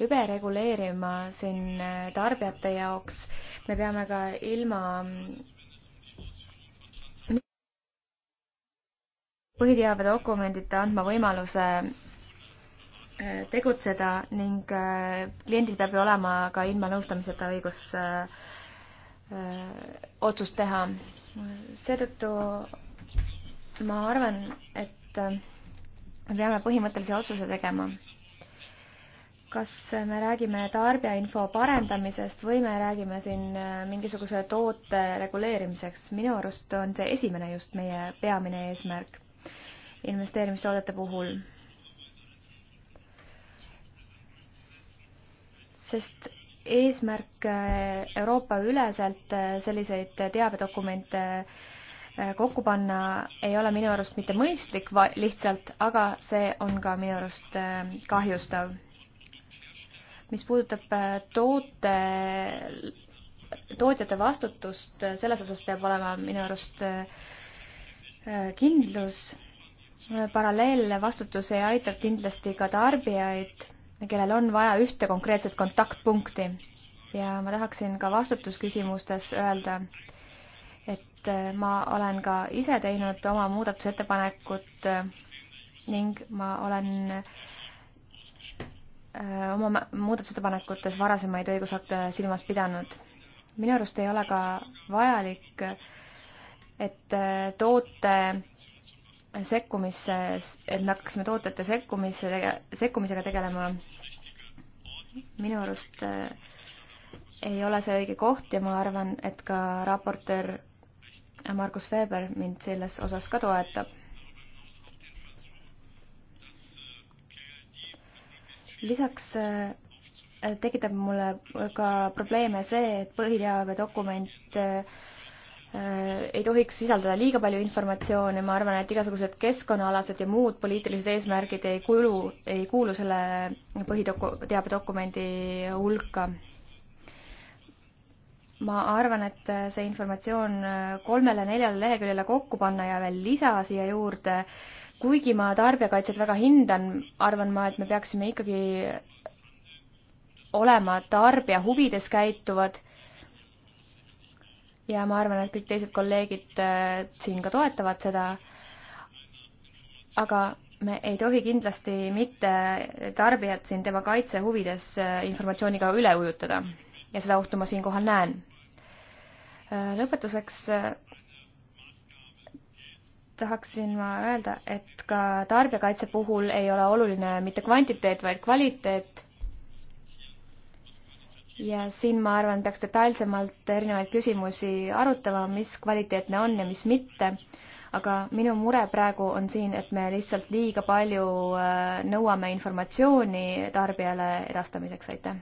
üle reguleerima siin tarbijate jaoks. me peame ka ilma põhiteabedokumendita andma võimaluse äh, tegutseda ning äh, kliendil peab ju olema ka ilma nõustamiseta õigus äh, otsust teha. seetõttu ma arvan, et me peame põhimõttelise otsuse tegema. kas me räägime tarbijainfo parendamisest või me räägime siin äh, mingisuguse toote reguleerimiseks, minu arust on see esimene just meie peamine eesmärk investeerimistoodete puhul. sest eesmärk äh, Euroopa üleselt äh, selliseid teabedokumente äh, Äh, kokku panna ei ole minu arust mitte mõistlik lihtsalt, aga see on ka minu arust äh, kahjustav. mis puudutab äh, toote, tootjate vastutust, selles osas peab olema minu arust kindlus. paralleelne vastutus ei aita kindlasti ka tarbijaid, kellel on vaja ühte konkreetset kontaktpunkti ja ma tahaksin ka vastutusküsimustes öelda, Äh, ma olen ka ise teinud oma muudatusettepanekud äh, ning ma olen äh, oma muudatusettepanekutes varasemaid õigusakte silmas pidanud. minu arust ei ole ka vajalik, et toote sekkumisse, et me hakkaksime tootjate sekkumise, sekkumisega tegelema. minu arust ei ole see õige koht ja ma arvan, et ka raportöör Margus Weber mind selles osas ka toetab. lisaks äh, tekitab mulle ka probleeme see, et põhiteabedokument äh, äh, ei tohiks sisaldada liiga palju informatsiooni, ma arvan, et igasugused keskkonnaalased ja muud poliitilised eesmärgid ei kulu, ei kuulu selle põhidoku-, teabedokumendi hulka ma arvan, et see informatsioon äh, kolmele-neljale leheküljele kokku panna ja veel lisa siia juurde, kuigi ma tarbijakaitset väga hindan, arvan ma, et me peaksime ikkagi olema tarbija huvides käituvad. ja ma arvan, et kõik teised kolleegid äh, siin ka toetavad seda. aga me ei tohi kindlasti mitte tarbijat siin tema kaitse huvides äh, informatsiooniga üle ujutada ja seda ohtu ma siinkohal näen Äh, lõpetuseks äh, tahaksin ma öelda, et ka tarbijakaitse puhul ei ole oluline mitte kvantiteet, vaid kvaliteet. ja siin ma arvan, peaks detailsemalt erinevaid küsimusi arutama, mis kvaliteetne on ja mis mitte. aga minu mure praegu on siin, et me lihtsalt liiga palju äh, nõuame informatsiooni tarbijale edastamiseks, aitäh.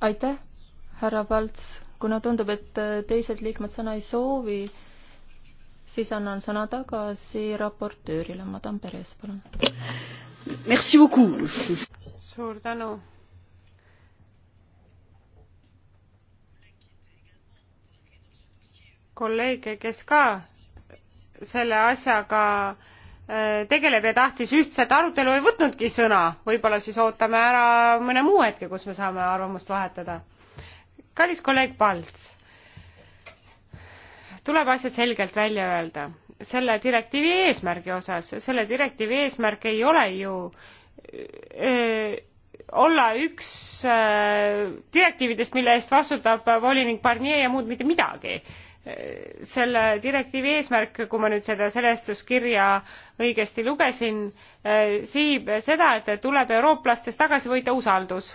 aitäh härra Palts, kuna tundub, et äh, teised liikmed sõna ei soovi, siis annan sõna tagasi raportöörile, madam Peres, palun. suur tänu. kolleege, kes ka selle asjaga äh, tegeleb ja tahtis ühtset arutelu, ei võtnudki sõna. võib-olla siis ootame ära mõne muu hetke, kus me saame arvamust vahetada kallis kolleeg Palts, tuleb asjad selgelt välja öelda. selle direktiivi eesmärgi osas, selle direktiivi eesmärk ei ole ju öö, olla üks öö, direktiividest, mille eest vastutab volinik Barnier ja muud mitte midagi selle direktiivi eesmärk kui ma nüüd seda seletuskirja õigesti lugesin sihib seda et tuleb eurooplastest tagasi võita usaldus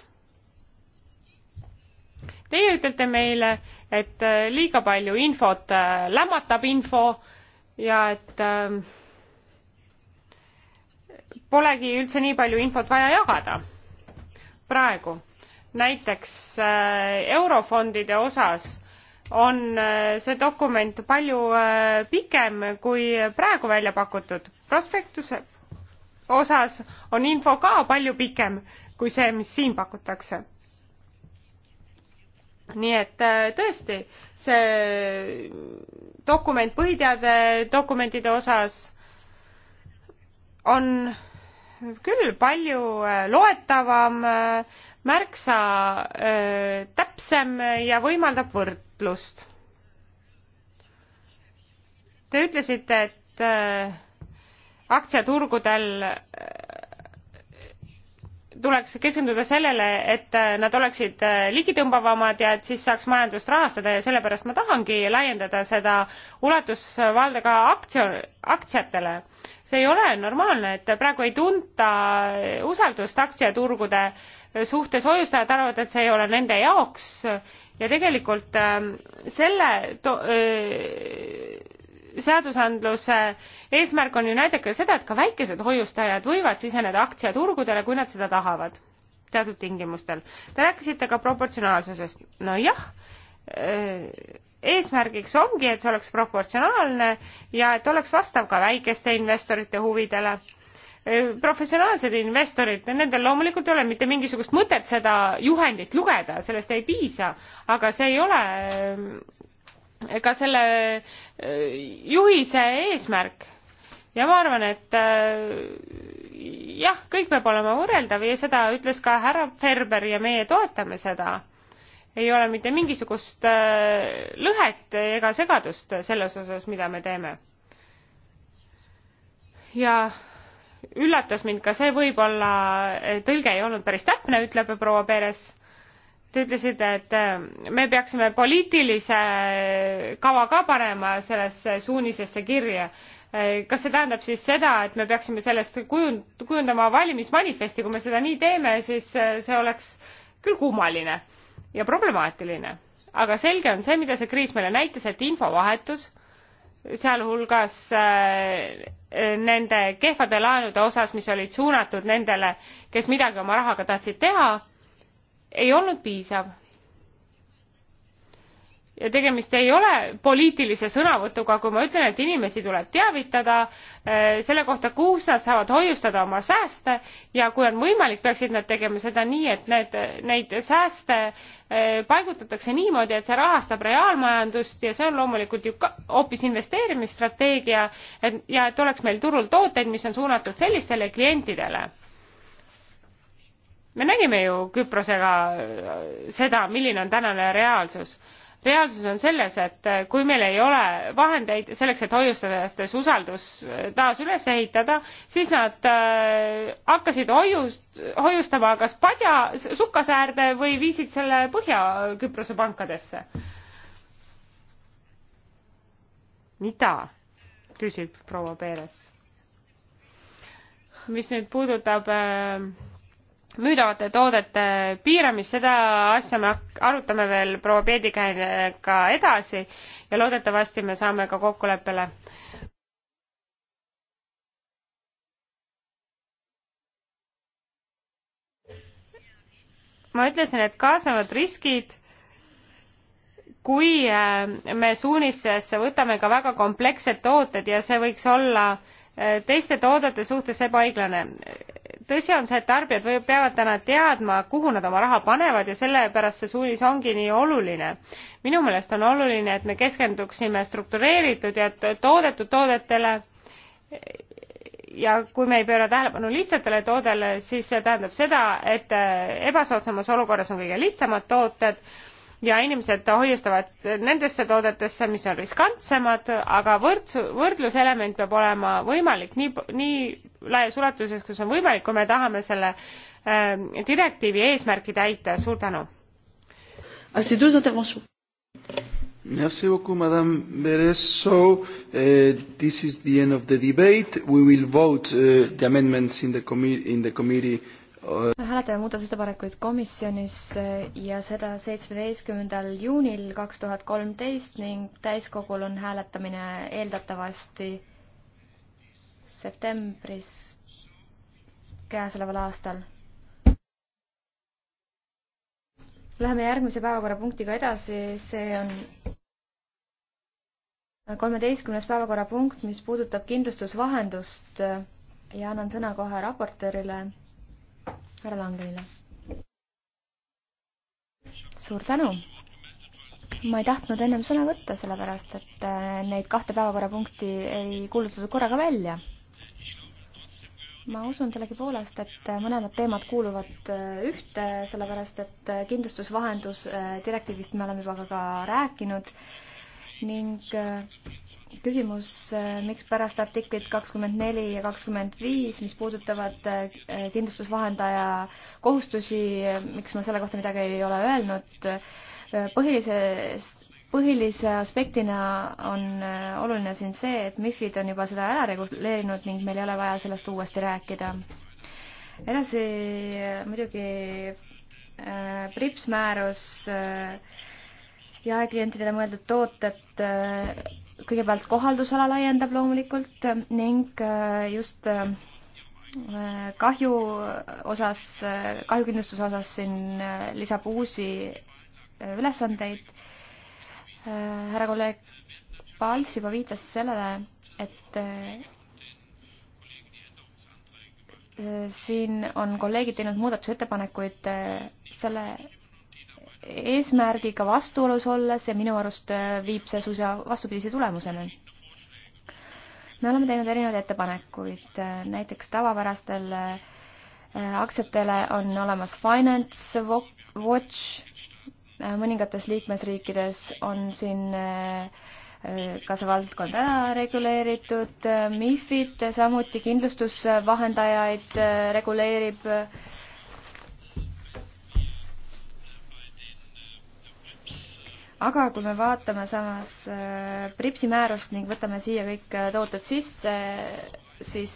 Teie ütlete meile, et äh, liiga palju infot äh, lämmatab info ja et äh, polegi üldse nii palju infot vaja jagada praegu. näiteks eurofondide osas on see dokument palju pikem kui praegu välja pakutud. prospektuse osas on info ka palju pikem kui see, mis siin pakutakse nii et äh, tõesti, see dokument põhiteade dokumentide osas on küll palju äh, loetavam, äh, märksa täpsem ja võimaldab võrdlust. Te ütlesite, et aktsiaturgudel tuleks keskenduda sellele et äh, nad oleksid äh, ligitõmbavamad ja et siis saaks majandust rahastada ja sellepärast ma tahangi laiendada seda ulatusvalda ka aktsio- aktsiatele see ei ole normaalne et praegu ei tunta usaldust aktsiaturgude suhtes hoiustajad arvavad et see ei ole nende jaoks ja tegelikult ähm, selle to- öö, äh, seadusandluse eesmärk on ju näidata seda, et ka väikesed hoiustajad võivad siseneda aktsiaturgudele, kui nad seda tahavad, teatud tingimustel. Te rääkisite ka proportsionaalsusest. nojah, eh, eesmärgiks ongi, et see oleks proportsionaalne ja et oleks vastav ka väikeste investorite huvidele eh, professionaalsed investorid, nendel loomulikult ei ole mitte mingisugust mõtet seda juhendit lugeda, sellest ei piisa, aga see ei ole eh, ka selle äh, juhise eesmärk ja ma arvan, et äh, jah, kõik peab olema võrreldav ja seda ütles ka härra Ferber ja meie toetame seda. ei ole mitte mingisugust äh, lõhet ega segadust selles osas, mida me teeme. ja üllatas mind ka see, võib-olla tõlge ei olnud päris täpne, ütleb proua Peres Te ütlesite, et äh, me peaksime poliitilise äh, kava ka panema sellesse suunisesse kirja. Äh, kas see tähendab siis seda, et me peaksime sellest kujund-, kujundama valimismanifesti, kui me seda nii teeme, siis see oleks küll kummaline ja problemaatiline. aga selge on see, mida see kriis meile näitas, et infovahetus, sealhulgas nende kehvade laenude osas, mis olid suunatud nendele, kes midagi oma rahaga tahtsid teha ei olnud piisav. ja tegemist ei ole poliitilise sõnavõtuga, kui ma ütlen, et inimesi tuleb teavitada eh, selle kohta, kus nad saavad hoiustada oma sääste ja kui on võimalik, peaksid nad tegema seda nii, et need, neid sääste eh, paigutatakse niimoodi, et see rahastab reaalmajandust ja see on loomulikult ju ka, hoopis investeerimisstrateegia, et ja et oleks meil turul tooteid, mis on suunatud sellistele klientidele me nägime ju Küprosega äh, seda, milline on tänane reaalsus. reaalsus on selles, et äh, kui meil ei ole vahendeid selleks, et hoiustajates usaldus äh, taas üles ehitada, siis nad hakkasid hoiust, hoiustama kas padja sukas äärde või viisid selle Põhja-Küprose pankadesse. mida? küsib proua Peeres. mis nüüd puudutab äh, müüdavate toodete piiramist, seda asja me arutame veel proua Peedikäinega edasi ja loodetavasti me saame ka kokkuleppele. ma ütlesin, et kaasnevad riskid, kui äh, me suunistesse võtame ka väga komplekssed tooted ja see võiks olla äh, teiste toodete suhtes ebaõiglane tõsi on see, et tarbijad või peavad täna teadma, kuhu nad oma raha panevad ja sellepärast see suunis ongi nii oluline. minu meelest on oluline, et me keskenduksime struktureeritud ja toodetud toodetele ja kui me ei pööra tähelepanu lihtsatele toodele, siis see tähendab seda, et ebasoodsamas olukorras on kõige lihtsamad tooted ja inimesed hoiustavad nendesse toodetesse, mis on riskantsemad, aga võrdsu, võrdluselement peab olema võimalik nii, nii laias ulatuses, kus on võimalik, kui me tahame selle äh, direktiivi eesmärki täita. suur tänu. Ah, Merci beaucoup, Madame Beres. So, uh, this is the end of the debate. We will vote uh, the amendments in the, commi in the committee hääletame muudatusettepanekuid komisjonis eh, ja seda seitsmeteistkümnendal juunil kaks tuhat kolmteist ning täiskogul on hääletamine eeldatavasti septembris käesoleval aastal. Läheme järgmise päevakorrapunktiga edasi, see on kolmeteistkümnes päevakorrapunkt, mis puudutab kindlustusvahendust eh, ja annan sõna kohe raportöörile härra Langenile. suur tänu. ma ei tahtnud ennem sõna võtta, sellepärast et äh, neid kahte päevakorrapunkti ei kuulutatud korraga välja. ma usun sellegipoolest, et äh, mõlemad teemad kuuluvad äh, ühte, sellepärast et kindlustusvahendus direktiivist me oleme juba ka rääkinud ning äh, küsimus, äh, miks pärast artiklit kakskümmend neli ja kakskümmend viis, mis puudutavad äh, kindlustusvahendaja kohustusi, miks ma selle kohta midagi ei ole öelnud, põhilises põhilise aspektina on oluline siin see, et MIFID on juba seda ära reguleerinud ning meil ei ole vaja sellest uuesti rääkida. edasi muidugi äh, prips määrus äh, jaeklientidele mõeldud tooted äh, kõigepealt kohaldusala laiendab loomulikult äh, ning äh, just kahju osas, kahjukindlustuse osas siin lisab uusi ülesandeid. härra kolleeg Paals juba viitas sellele, et siin on kolleegid teinud muudatusettepanekuid selle eesmärgiga vastuolus olles ja minu arust äh, viib see suisa vastupidise tulemuseni. me oleme teinud erinevaid ettepanekuid, äh, näiteks tavapärastel äh, aktsiatele on olemas finance watch, mõningates liikmesriikides on siin ka see valdkond ära reguleeritud, MIFID samuti kindlustusvahendajaid reguleerib aga kui me vaatame samas äh, Pripsi määrust ning võtame siia kõik äh, tooted sisse, siis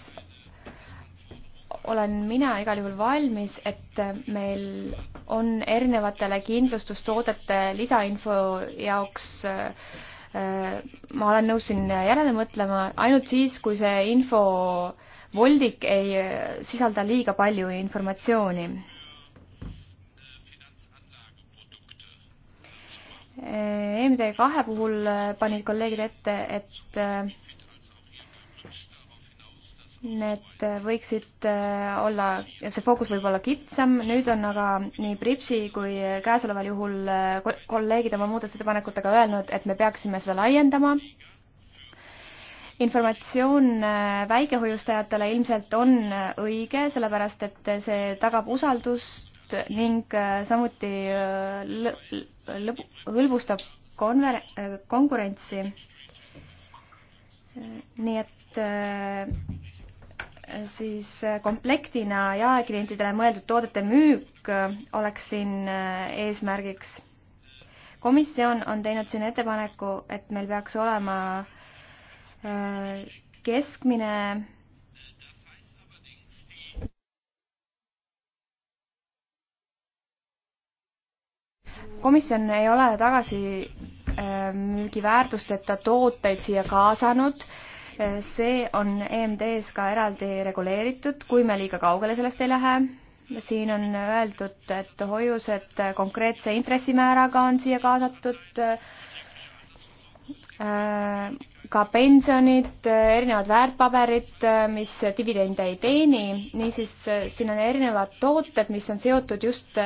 olen mina igal juhul valmis, et äh, meil on erinevatele kindlustustoodete lisainfo jaoks ma olen nõus siin järele mõtlema, ainult siis, kui see info voldik ei sisalda liiga palju informatsiooni MD kahe puhul äh, panid kolleegid ette, et äh, need võiksid äh, olla, see fookus võib olla kitsam, nüüd on aga nii Pripsi kui käesoleval juhul kolleegid oma muudatusettepanekutega öelnud, et me peaksime seda laiendama informatsioon väikehoiustajatele ilmselt on õige, sellepärast et see tagab usaldust ning samuti lõbu-, hõlbustab konver-, konkurentsi. nii et äh, siis komplektina jaeklientidele mõeldud toodete müük äh, oleks siin äh, eesmärgiks. komisjon on teinud siin ettepaneku, et meil peaks olema keskmine komisjon ei ole tagasi äh, müügiväärtusteta tooteid siia kaasanud. Äh, see on EMD-s ka eraldi reguleeritud, kui me liiga kaugele sellest ei lähe. siin on öeldud, et hoiused konkreetse intressimääraga on siia kaasatud. Äh, ka pensionid, erinevad väärtpaberid, mis dividende ei teeni, niisiis siin on erinevad tooted, mis on seotud just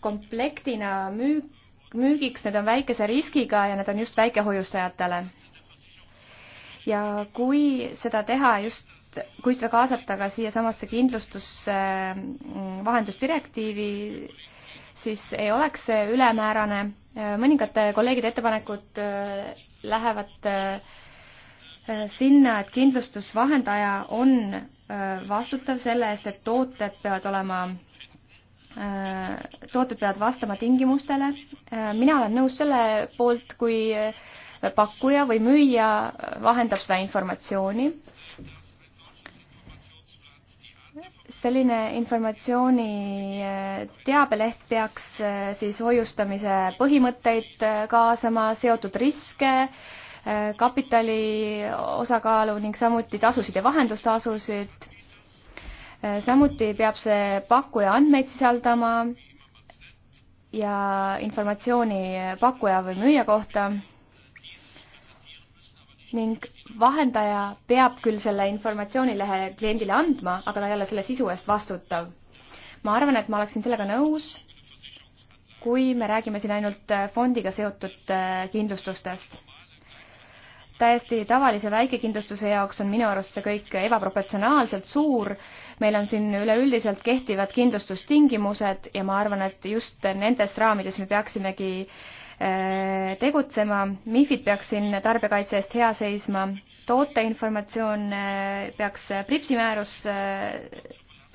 komplektina müük, müügiks, need on väikese riskiga ja need on just väikehoiustajatele. ja kui seda teha just, kui seda kaasata ka siiasamasse kindlustusvahendusdirektiivi, mm, siis ei oleks see ülemäärane. mõningad kolleegide ettepanekud äh, lähevad äh, sinna, et kindlustusvahendaja on äh, vastutav selle eest, et tooted peavad olema Äh, tooted peavad vastama tingimustele. Äh, mina olen nõus selle poolt, kui äh, pakkuja või müüja vahendab seda informatsiooni. selline informatsiooni teabeleht peaks siis hoiustamise põhimõtteid kaasama, seotud riske, kapitali osakaalu ning samuti tasusid ja vahendustasusid samuti peab see pakkuja andmeid sisaldama ja informatsiooni pakkuja või müüja kohta ning vahendaja peab küll selle informatsioonilehe kliendile andma, aga ta ei ole selle sisu eest vastutav. ma arvan, et ma oleksin sellega nõus, kui me räägime siin ainult fondiga seotud äh, kindlustustest. täiesti tavalise väikekindlustuse jaoks on minu arust see kõik ebaproportsionaalselt suur meil on siin üleüldiselt kehtivad kindlustustingimused ja ma arvan, et just nendes raamides me peaksimegi äh, tegutsema, MIFID peaks siin tarbijakaitse eest hea seisma, tooteinformatsioon äh, peaks äh, Pripsi määrus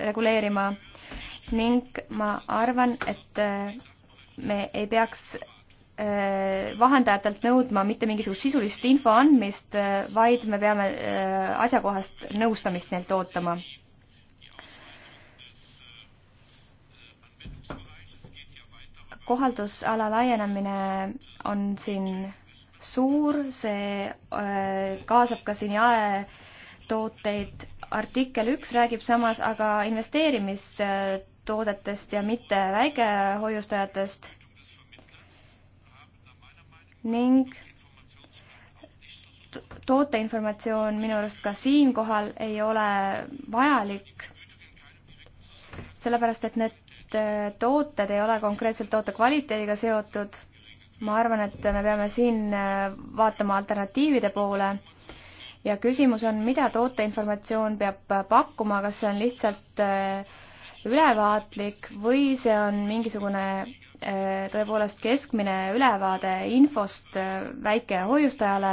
reguleerima ning ma arvan, et me ei peaks vahendajatelt nõudma mitte mingisugust sisulist info andmist, vaid me peame asjakohast nõustamist neilt ootama. kohaldusala laienemine on siin suur, see äh, kaasab ka siin jaetooteid. artikkel üks räägib samas aga investeerimistoodetest ja mitte väikehoiustajatest ning tooteinformatsioon minu arust ka siinkohal ei ole vajalik, sellepärast et need Äh, tooted ei ole konkreetselt toote kvaliteediga seotud. ma arvan, et me peame siin äh, vaatama alternatiivide poole ja küsimus on, mida tooteinformatsioon peab äh, pakkuma, kas see on lihtsalt ülevaatlik või see on mingisugune tõepoolest keskmine ülevaade infost väikehoiustajale.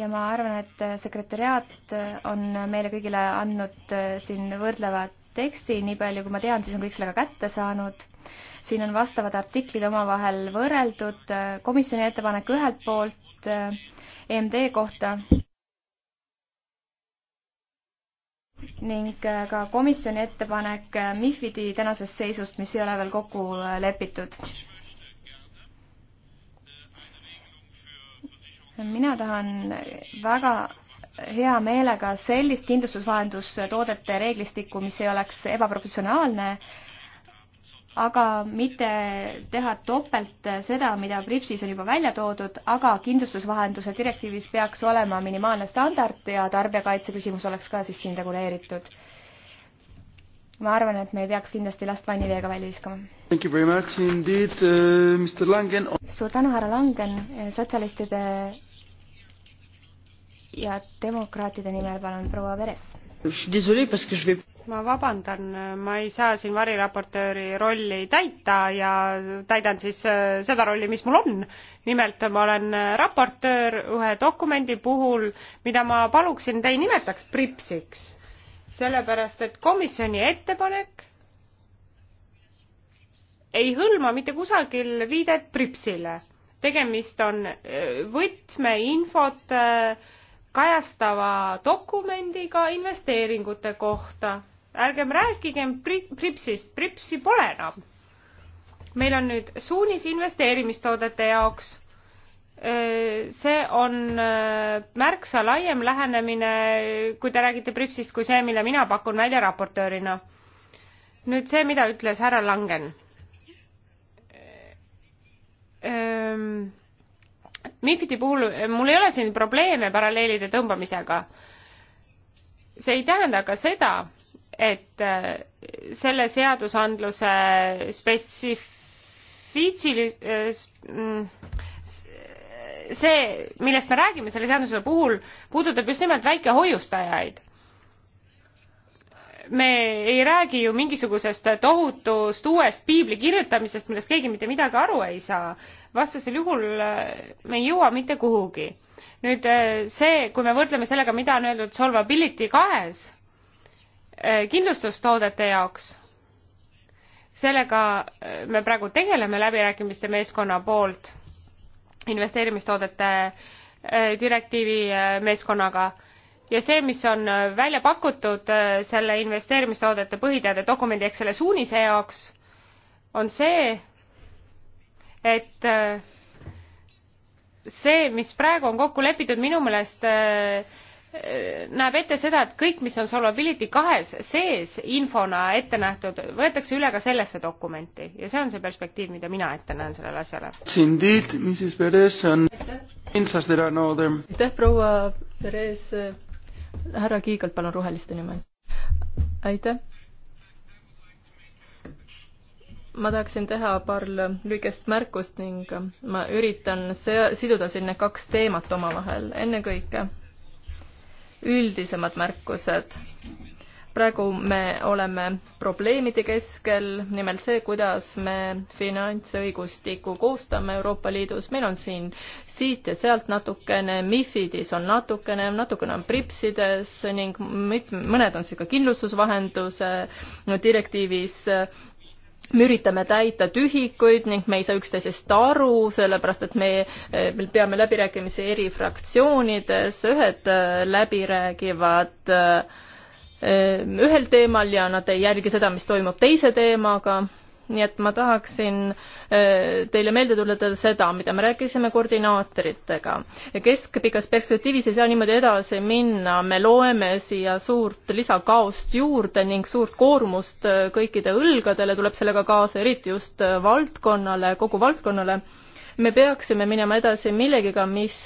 ja ma arvan, et sekretäriaat on meile kõigile andnud siin võrdlevad teksti, nii palju kui ma tean, siis on kõik selle ka kätte saanud. siin on vastavad artiklid omavahel võrreldud, komisjoni ettepanek ühelt poolt EMD eh, kohta ning eh, ka komisjoni ettepanek eh, MIFID-i tänasest seisust, mis ei ole veel kokku lepitud. mina tahan väga hea meelega sellist kindlustusvahendustoodete reeglistikku, mis ei oleks ebaprofessionaalne, aga mitte teha topelt seda, mida Pripsis on juba välja toodud, aga kindlustusvahenduse direktiivis peaks olema minimaalne standard ja tarbijakaitse küsimus oleks ka siis siin reguleeritud. ma arvan, et me ei peaks kindlasti last vanniveega välja viskama. Uh, suur tänu, härra Langen, sotsialistide ja demokraatide nimel palun proua Veres. ma vabandan, ma ei saa siin variraportööri rolli täita ja täidan siis äh, seda rolli, mis mul on. nimelt ma olen raportöör ühe dokumendi puhul, mida ma paluksin, te ei nimetaks pripsiks, sellepärast et komisjoni ettepanek ei hõlma mitte kusagil viidet pripsile. tegemist on äh, võtmeinfot äh, kajastava dokumendiga investeeringute kohta. ärgem rääkigem Pripsist, Pripsi pole enam. meil on nüüd suunis investeerimistoodete jaoks. see on märksa laiem lähenemine, kui te räägite Pripsist, kui see, mille mina pakun välja raportöörina. nüüd see, mida ütles härra Langen. Um... MIFIDi puhul eh, mul ei ole siin probleeme paralleelide tõmbamisega. see ei tähenda aga seda, et eh, selle seadusandluse spetsiifitsilis-, eh, mm, see, millest me räägime selle seaduse puhul, puudutab just nimelt väikehoiustajaid. me ei räägi ju mingisugusest tohutust uuest piibli kirjutamisest, millest keegi mitte midagi aru ei saa vastasel juhul äh, me ei jõua mitte kuhugi. nüüd äh, see, kui me võrdleme sellega, mida on öeldud solvability kahes äh, kindlustustoodete jaoks, sellega me praegu tegeleme läbirääkimiste meeskonna poolt investeerimistoodete direktiivi meeskonnaga ja see, mis on välja pakutud selle investeerimistoodete põhiteade dokumendi ehk selle suunise jaoks, on see, et äh, see, mis praegu on kokku lepitud, minu meelest äh, äh, näeb ette seda, et kõik, mis on Solvability kahes sees infona ette nähtud, võetakse üle ka sellesse dokumenti ja see on see perspektiiv, mida mina ette näen sellele asjale. aitäh, proua Perez. härra Kiigalt, palun roheliste nimel. aitäh ma tahaksin teha paar lühikest märkust ning ma üritan see, siduda siin need kaks teemat omavahel. ennekõike üldisemad märkused. praegu me oleme probleemide keskel, nimelt see, kuidas me finantsõigustikku koostame Euroopa Liidus. meil on siin siit ja sealt natukene, MIFIDis on natukene, natukene on Pripsides ning mõned on siis ka kindlustusvahenduse direktiivis me üritame täita tühikuid ning me ei saa üksteisest aru, sellepärast et me, me peame läbirääkimisi eri fraktsioonides, ühed äh, läbi räägivad äh, ühel teemal ja nad ei jälgi seda, mis toimub teise teemaga nii et ma tahaksin äh, teile meelde tuletada seda, mida me rääkisime koordinaatoritega. keskpikas perspektiivis ei saa niimoodi edasi minna, me loeme siia suurt lisakaost juurde ning suurt koormust äh, kõikide õlgadele tuleb sellega kaasa, eriti just äh, valdkonnale, kogu valdkonnale me peaksime minema edasi millegiga, mis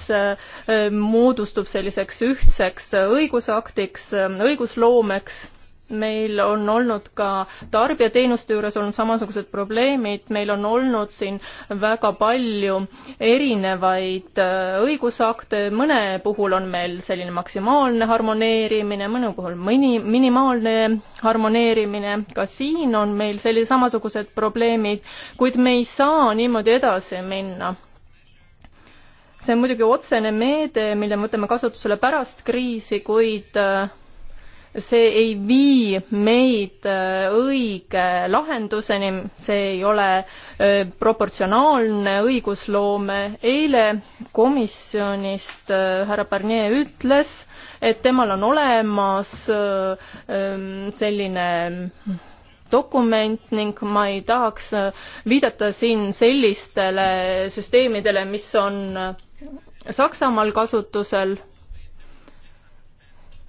moodustub selliseks ühtseks õigusaktiks, õigusloomeks meil on olnud ka tarbijateenuste juures olnud samasugused probleemid, meil on olnud siin väga palju erinevaid äh, õigusakte, mõne puhul on meil selline maksimaalne harmoneerimine, mõne puhul mõni, minimaalne harmoneerimine, ka siin on meil sellised samasugused probleemid, kuid me ei saa niimoodi edasi minna see on muidugi otsene meede, mille me võtame kasutusele pärast kriisi, kuid äh, see ei vii meid äh, õige lahenduseni, see ei ole äh, proportsionaalne õigusloome. eile komisjonist äh, härra Barnier ütles, et temal on olemas ähm, selline dokument ning ma ei tahaks viidata siin sellistele süsteemidele, mis on Saksamaal kasutusel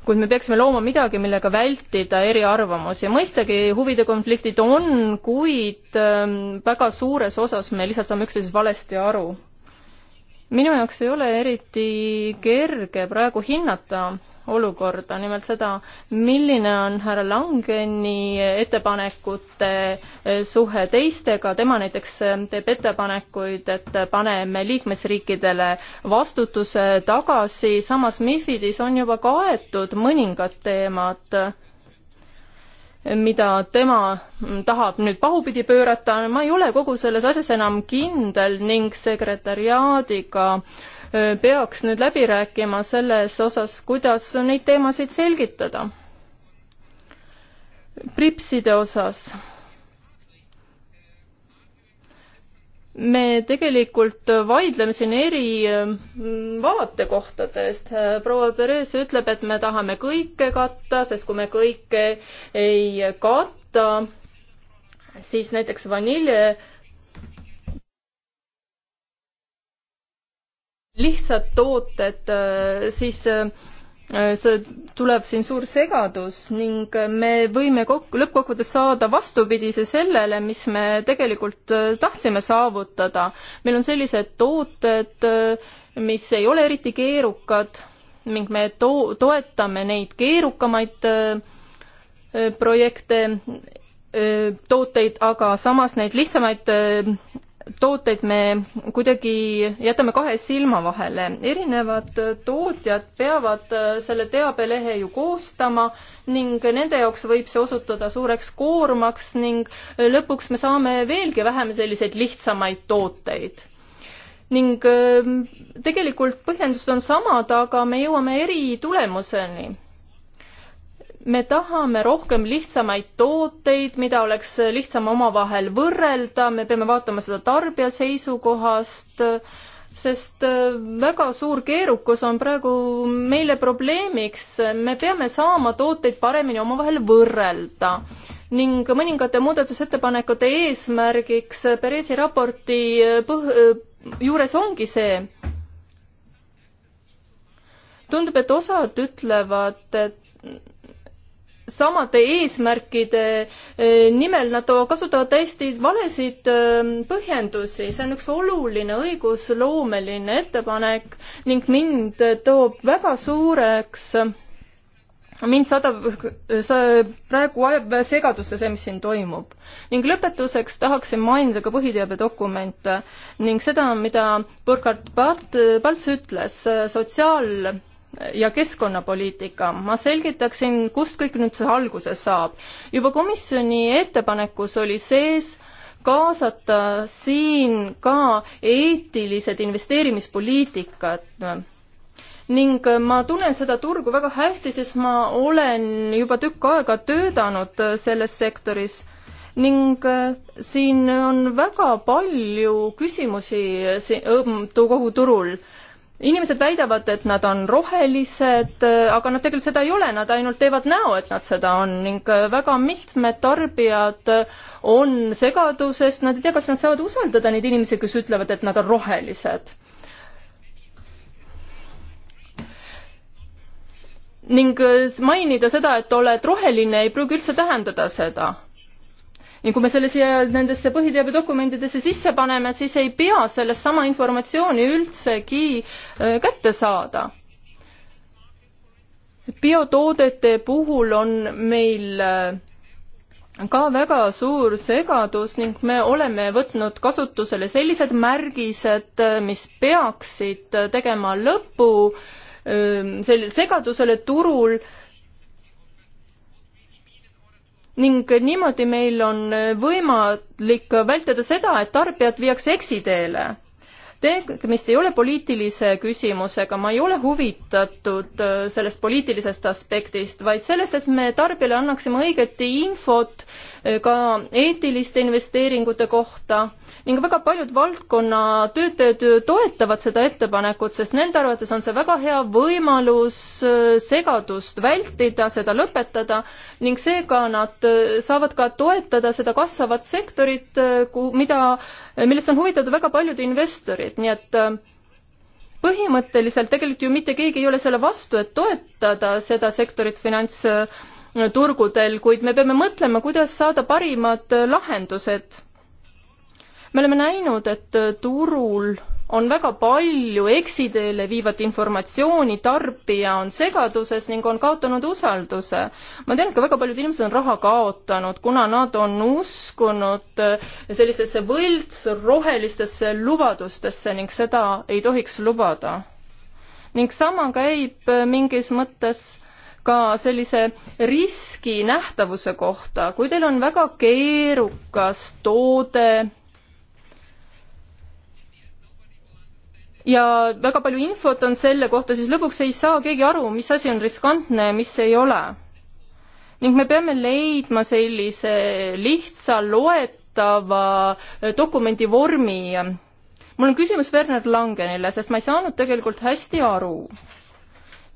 kuid me peaksime looma midagi, millega vältida eriarvamusi. mõistagi huvide konfliktid on, kuid ähm, väga suures osas me lihtsalt saame üksteisest valesti aru. minu jaoks ei ole eriti kerge praegu hinnata olukorda, nimelt seda, milline on härra Langeni ettepanekute eh, suhe teistega, tema näiteks eh, teeb ettepanekuid, et paneme liikmesriikidele vastutuse tagasi, samas MIFIDis on juba kaetud mõningad teemad, mida tema tahab nüüd pahupidi pöörata, ma ei ole kogu selles asjas enam kindel ning sekretäriaadiga äh, peaks nüüd läbi rääkima selles osas, kuidas neid teemasid selgitada. pripside osas. me tegelikult vaidleme siin eri vaatekohtadest. proua Perez ütleb, et me tahame kõike katta, sest kui me kõike ei katta, siis näiteks vanilje lihtsad tooted, äh, siis äh, see tuleb siin suur segadus ning me võime kokku, lõppkokkuvõttes saada vastupidise sellele, mis me tegelikult äh, tahtsime saavutada. meil on sellised tooted, mis ei ole eriti keerukad ning me to-, toetame neid keerukamaid projekte, tooteid, aga samas neid lihtsamaid tooteid me kuidagi jätame kahe silma vahele. erinevad tootjad peavad äh, selle teabelehe ju koostama ning nende jaoks võib see osutuda suureks koormaks ning lõpuks me saame veelgi vähem selliseid lihtsamaid tooteid ning ähm, tegelikult põhjendused on samad, aga me jõuame eri tulemuseni me tahame rohkem lihtsamaid tooteid, mida oleks lihtsam omavahel võrrelda, me peame vaatama seda tarbija seisukohast, sest äh, väga suur keerukus on praegu meile probleemiks, me peame saama tooteid paremini omavahel võrrelda ning mõningate muudatusettepanekute eesmärgiks Perezi raporti äh, põh-, äh, juures ongi see, tundub, et osad ütlevad, et samade eesmärkide eh, nimel, nad kasutavad täiesti valesid eh, põhjendusi, see on üks oluline õigusloomeline ettepanek ning mind toob väga suureks mind saadab, see praegu ajab segadusse see, mis siin toimub. ning lõpetuseks tahaksin mainida ka põhiteabedokumente ning seda, mida Burkhard Palts ütles sotsiaal- ja keskkonnapoliitika. ma selgitaksin, kust kõik nüüd see alguse saab. juba komisjoni ettepanekus oli sees kaasata siin ka eetilised investeerimispoliitikad ning ma tunnen seda turgu väga hästi, sest ma olen juba tükk aega töötanud selles sektoris ning äh, siin on väga palju küsimusi kogu turul inimesed väidavad, et nad on rohelised, äh, aga nad tegelikult seda ei ole, nad ainult teevad näo, et nad seda on ning äh, väga mitmed tarbijad äh, on segaduses, nad ei tea, kas nad saavad usaldada neid inimesi, kes ütlevad, et nad on rohelised. ning mainida seda, et oled roheline, ei pruugi üldse tähendada seda ja kui me selle siia nendesse põhiteabedokumentidesse sisse paneme, siis ei pea sellest sama informatsiooni üldsegi äh, kätte saada. biotoodete puhul on meil äh, ka väga suur segadus ning me oleme võtnud kasutusele sellised märgised, äh, mis peaksid tegema lõpu sellisele segadusele turul ning niimoodi meil on võimalik vältida seda, et tarbijad viiakse eksiteele. tegemist ei ole poliitilise küsimusega, ma ei ole huvitatud äh, sellest poliitilisest aspektist, vaid sellest, et me tarbijale annaksime õiget infot äh, ka eetiliste investeeringute kohta ning väga paljud valdkonna töötajad toetavad seda ettepanekut, sest nende arvates on see väga hea võimalus äh, segadust vältida, seda lõpetada ning seega nad äh, saavad ka toetada seda kasvavat sektorit, äh, mida, millest on huvitatud väga paljud investorid, nii et põhimõtteliselt tegelikult ju mitte keegi ei ole selle vastu, et toetada seda sektorit finants turgudel, kuid me peame mõtlema, kuidas saada parimad lahendused me oleme näinud, et äh, turul on väga palju eksiteele viivat informatsiooni, tarbija on segaduses ning on kaotanud usalduse. ma tean, et ka väga paljud inimesed on raha kaotanud, kuna nad on uskunud äh, sellistesse võltsrohelistesse lubadustesse ning seda ei tohiks lubada. ning sama käib äh, mingis mõttes ka sellise riski nähtavuse kohta, kui teil on väga keerukas toode, ja väga palju infot on selle kohta, siis lõpuks ei saa keegi aru, mis asi on riskantne ja mis ei ole. ning me peame leidma sellise lihtsa loetava eh, dokumendi vormi. mul on küsimus Werner Langenile, sest ma ei saanud tegelikult hästi aru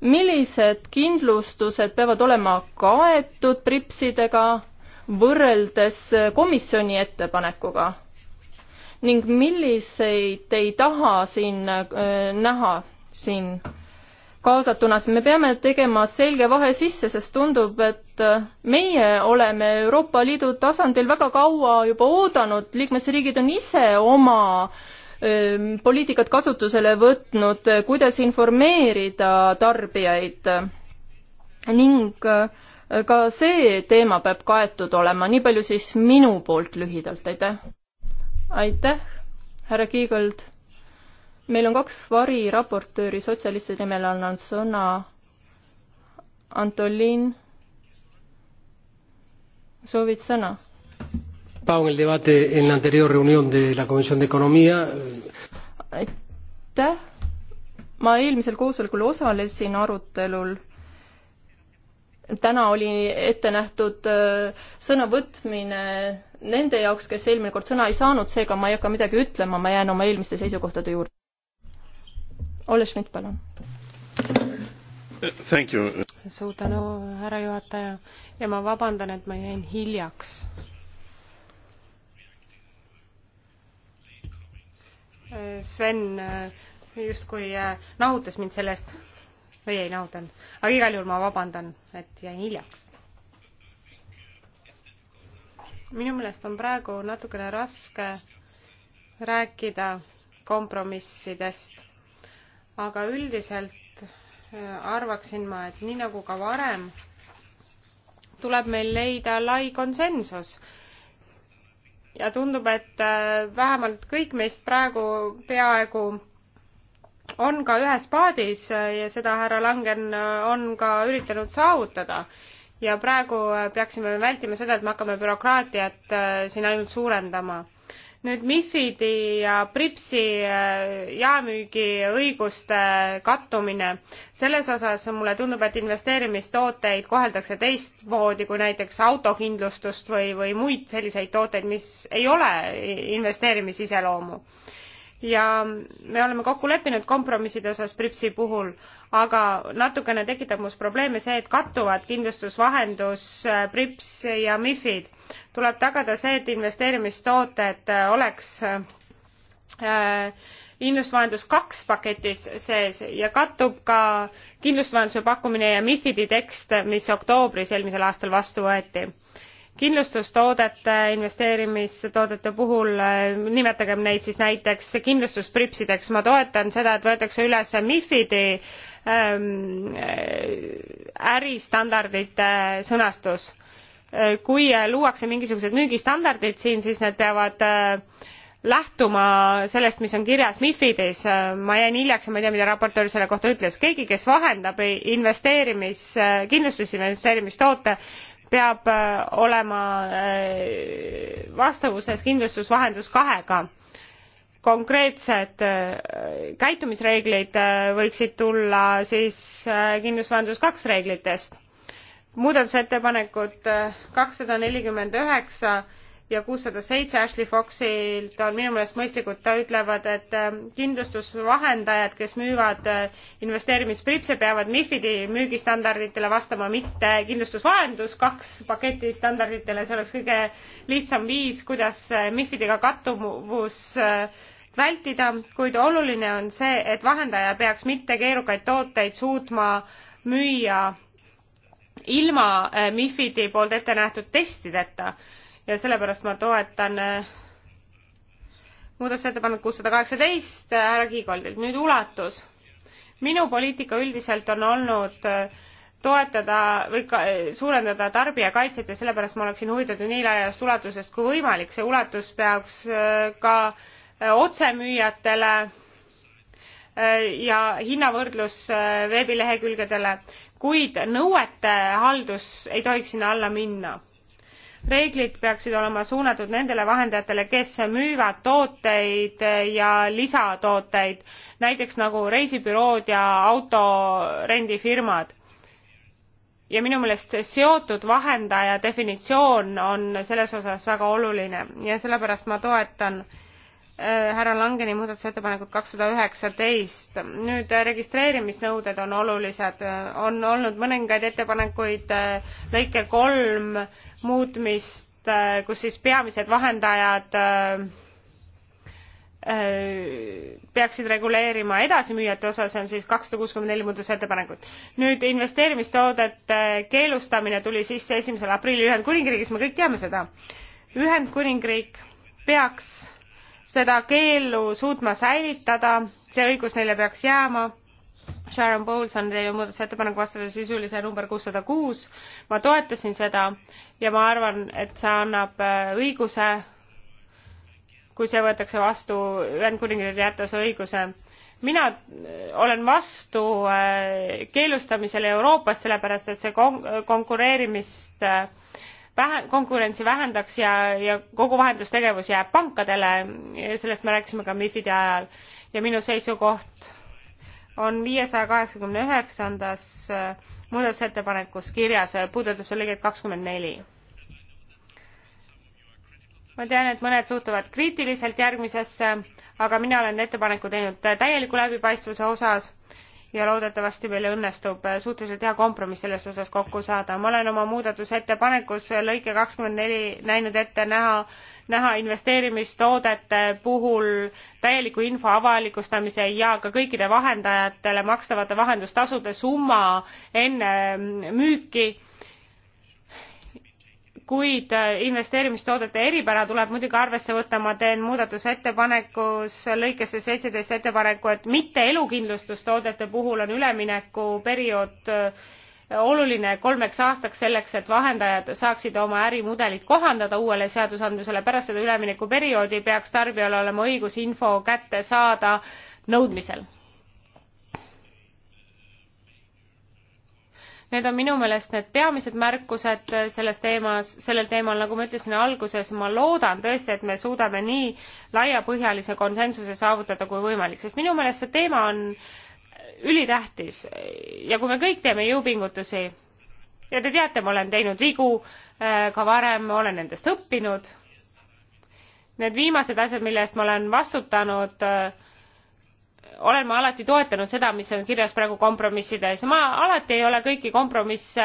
millised kindlustused peavad olema kaetud pripsidega võrreldes eh, komisjoni ettepanekuga? ning milliseid ei taha siin äh, näha siin kaasatuna, siis me peame tegema selge vahe sisse, sest tundub, et äh, meie oleme Euroopa Liidu tasandil väga kaua juba oodanud, liikmesriigid on ise oma ähm, poliitikat kasutusele võtnud, äh, kuidas informeerida tarbijaid ning ka see teema peab kaetud olema, nii palju siis minu poolt lühidalt, aitäh aitäh, härra Kiigold. meil on kaks variraportööri, sotsialistide nimel annan sõna Antolin. soovid sõna? en el debate en la anterior reunión de la Comisión de Economía. Aitäh. ma eelmisel koosolekul osalesin arutelul täna oli ette nähtud äh, sõnavõtmine nende jaoks, kes eelmine kord sõna ei saanud, seega ma ei hakka midagi ütlema, ma jään oma eelmiste seisukohtade juurde. Olle Schmidt, palun. suur tänu, härra juhataja ja ma vabandan, et ma jäin hiljaks. Sven äh, justkui äh, nahutas mind sellest või ei nõudan. aga igal juhul ma vabandan, et jäin hiljaks. minu meelest on praegu natukene raske rääkida kompromissidest, aga üldiselt äh, arvaksin ma, et nii nagu ka varem, tuleb meil leida lai konsensus ja tundub, et äh, vähemalt kõik meist praegu peaaegu on ka ühes paadis ja seda härra Langen on ka üritanud saavutada. ja praegu peaksime vältima seda, et me hakkame bürokraatiat äh, siin ainult suurendama nüüd MIFID-i ja Pripsi äh, jaemüügi õiguste kattumine, selles osas mulle tundub, et investeerimistooteid koheldakse teistmoodi kui näiteks autokindlustust või, või muid selliseid tooteid, mis ei ole investeerimise iseloomu ja me oleme kokku leppinud kompromisside osas pripsi puhul aga natukene tekitab must probleeme see et kattuvad kindlustusvahendus äh, prips ja mifid tuleb tagada see et investeerimistooted äh, oleks äh, kindlustusvahendus kaks paketis sees ja kattub ka kindlustusvahenduse pakkumine ja mifidi tekst mis oktoobris eelmisel aastal vastu võeti kindlustustoodete investeerimistoodete puhul eh, nimetagem neid siis näiteks kindlustuspripsideks ma toetan seda et võetakse üles mifidi ähm, äh, äristandardite sõnastus äh, kui äh, luuakse mingisugused müügistandardid siin siis need peavad lähtuma sellest mis on kirjas mifidis ma jäin hiljaks ja ma ei tea mida raportöör selle kohta ütles keegi kes vahendab investeerimis kindlustusinvesteerimistoote peab äh, olema äh, vastavuses kindlustusvahendus kahega. konkreetsed äh, käitumisreeglid võiksid tulla siis kindlustusvahendus kaks reeglitest. muudatusettepanekud kakssada nelikümmend üheksa ja kuussada seitse Ashley Foxilt on minu meelest mõistlikud, ta ütlevad, et ähm, kindlustusvahendajad, kes müüvad äh, investeerimispritse, peavad MIFID-i müügistandarditele vastama, mitte kindlustusvahendus, kaks paketi standarditele, see oleks kõige lihtsam viis, kuidas äh, MIFID-iga kattuvus äh, vältida, kuid oluline on see, et vahendaja peaks mitte keerukaid tooteid suutma müüa ilma MIFID-i poolt ette nähtud testideta ja sellepärast ma toetan äh, muudatusettepanek kuussada kaheksateist äh, härra Kiigoldilt. nüüd ulatus. minu poliitika üldiselt on olnud äh, toetada või ka, suurendada tarbijakaitset ja sellepärast ma oleksin huvitatud nii laiast ulatusest kui võimalik. see ulatus peaks ka otsemüüjatele ja hinnavõrdlus veebilehekülgedele, kuid nõuete haldus ei tohiks sinna alla minna reeglid peaksid olema suunatud nendele vahendajatele, kes müüvad tooteid ja lisatooteid, näiteks nagu reisibürood ja autorendifirmad. ja minu meelest seotud vahendaja definitsioon on selles osas väga oluline ja sellepärast ma toetan äh, Äh, härra Langeni muudatusettepanekut kakssada üheksateist. nüüd äh, registreerimisnõuded on olulised, äh, on olnud mõningaid ettepanekuid lõike kolm muutmist, kus siis peamised vahendajad peaksid reguleerima edasimüüjate osa, see on siis kakssada kuuskümmend neli muudatusettepanekut. nüüd investeerimistoodete keelustamine tuli sisse esimesel aprillil Ühendkuningriigis, me kõik teame seda. Ühendkuningriik peaks seda keellu suutma säilitada, see õigus neile peaks jääma. Sharon Bowles on teie muudatusettepaneku vastuse sisulise number kuussada kuus. ma toetasin seda ja ma arvan, et see annab äh, õiguse, kui see võetakse vastu, Ühendkuningriigi jättes õiguse mina äh, olen vastu äh, keelustamisele Euroopas, sellepärast et see kon-, konkureerimist äh, vähe, konkurentsi vähendaks ja, ja kogu vahendustegevus jääb pankadele, sellest me rääkisime ka MIFIDi ajal ja minu seisukoht on viiesaja kaheksakümne üheksandas äh, muudatusettepanekus kirjas, äh, puudutab see lõiget kakskümmend neli ma tean, et mõned suhtuvad kriitiliselt järgmisesse, aga mina olen ettepaneku teinud äh, täieliku läbipaistvuse osas ja loodetavasti meil õnnestub suhteliselt hea kompromiss selles osas kokku saada. ma olen oma muudatusettepanekus lõike kakskümmend neli näinud ette näha, näha investeerimistoodete puhul täieliku info avalikustamise ja ka kõikide vahendajatele makstavate vahendustasude summa enne müüki kuid äh, investeerimistoodete eripära tuleb muidugi arvesse võtta, ma teen muudatusettepanekus lõikesse seitseteist ettepaneku, et mitte elukindlustustoodete puhul on üleminekuperiood äh, oluline kolmeks aastaks selleks, et vahendajad saaksid oma ärimudelit kohandada uuele seadusandlusele. pärast seda üleminekuperioodi peaks tarbijal olema õigus info kätte saada nõudmisel Need on minu meelest need peamised märkused selles teemas, sellel teemal, nagu ma ütlesin alguses, ma loodan tõesti, et me suudame nii laiapõhjalise konsensuse saavutada kui võimalik, sest minu meelest see teema on ülitähtis ja kui me kõik teeme jõupingutusi ja te teate, ma olen teinud vigu äh, ka varem, ma olen nendest õppinud. Need viimased asjad, mille eest ma olen vastutanud äh, olen ma alati toetanud seda mis on kirjas praegu kompromissides ja ma alati ei ole kõiki kompromisse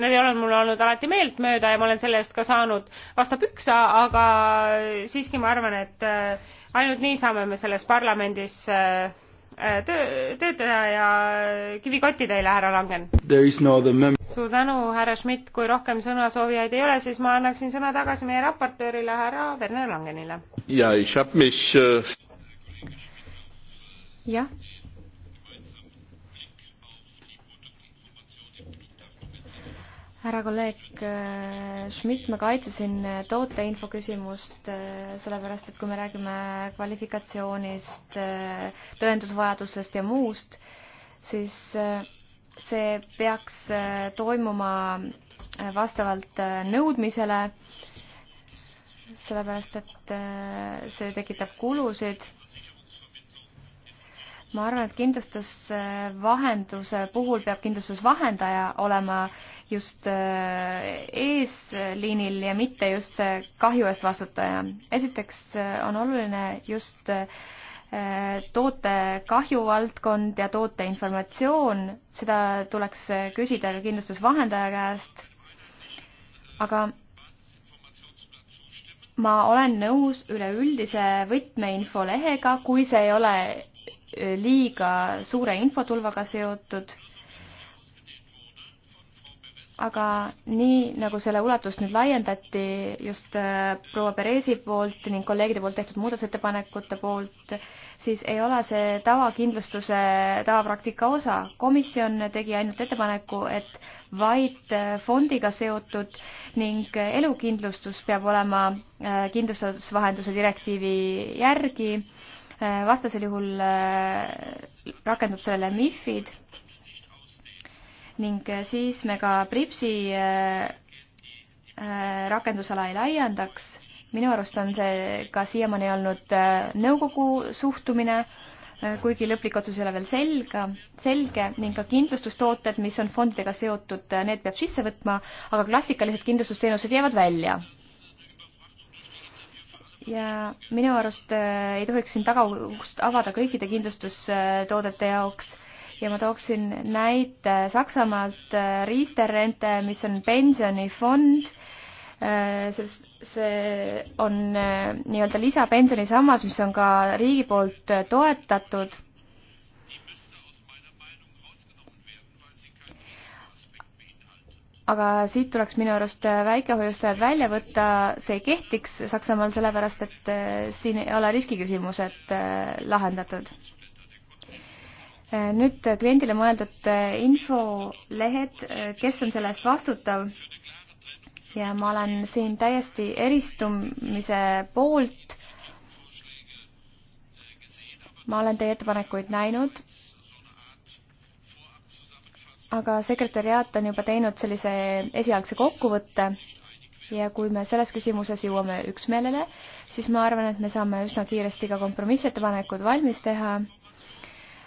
need ei ole mulle olnud alati meeltmööda ja ma olen selle eest ka saanud vastu püksa aga siiski ma arvan et äh, ainult nii saame me selles parlamendis äh, äh, töö töötada ja kivikottid ei lähe ära langen no suur tänu härra schmidt kui rohkem sõnasoovijaid ei ole siis ma annaksin sõna tagasi meie raportöörile härra werner langenile ja ich hab mich äh jah. härra kolleeg äh, Schmidt, ma kaitsesin äh, tooteinfo küsimust, äh, sellepärast et kui me räägime kvalifikatsioonist, tõendusvajadusest ja muust, siis see peaks toimuma vastavalt nõudmisele, sellepärast et see tekitab kulusid ma arvan, et kindlustusvahenduse puhul peab kindlustusvahendaja olema just äh, eesliinil ja mitte just see kahju eest vastutaja. esiteks äh, on oluline just äh, toote kahjuvaldkond ja toote informatsioon, seda tuleks küsida ka kindlustusvahendaja käest. aga ma olen nõus üleüldise võtmeinfolehega, kui see ei ole liiga suure infotulvaga seotud. aga nii, nagu selle ulatust nüüd laiendati just äh, proua Perezi poolt ning kolleegide poolt tehtud muudatusettepanekute poolt, siis ei ole see tavakindlustuse tavapraktika osa. komisjon tegi ainult ettepaneku, et vaid äh, fondiga seotud ning elukindlustus peab olema äh, kindlustusvahenduse direktiivi järgi Äh, vastasel juhul äh, rakendub sellele MIFID ning äh, siis me ka Pripsi rakendusala ei laiendaks. minu arust on see ka siiamaani olnud nõukogu suhtumine, kuigi lõplik otsus ei ole veel selge, selge ning ka kindlustustooted, mis on fondidega seotud, need peab sisse võtma, aga klassikalised kindlustusteenused jäävad välja ja minu arust äh, ei tohiks siin tagaukust avada kõikide kindlustustoodete jaoks ja ma tooksin näite Saksamaalt äh, Riisterrente, mis on pensionifond, äh, sest see on nii-öelda lisapensionisammas, mis on ka riigi poolt toetatud aga siit tuleks minu arust äh, väikehoiustajad välja võtta, see ei kehtiks Saksamaal, sellepärast et äh, siin ei ole riskiküsimused äh, lahendatud. nüüd kliendile mõeldud infolehed, kes on selle eest vastutav ja ma olen siin täiesti eristumise poolt. ma olen teie ettepanekuid näinud aga sekretäriaat on juba teinud sellise esialgse kokkuvõtte ja kui me selles küsimuses jõuame üksmeelele, siis ma arvan, et me saame üsna kiiresti ka kompromissettepanekud valmis teha,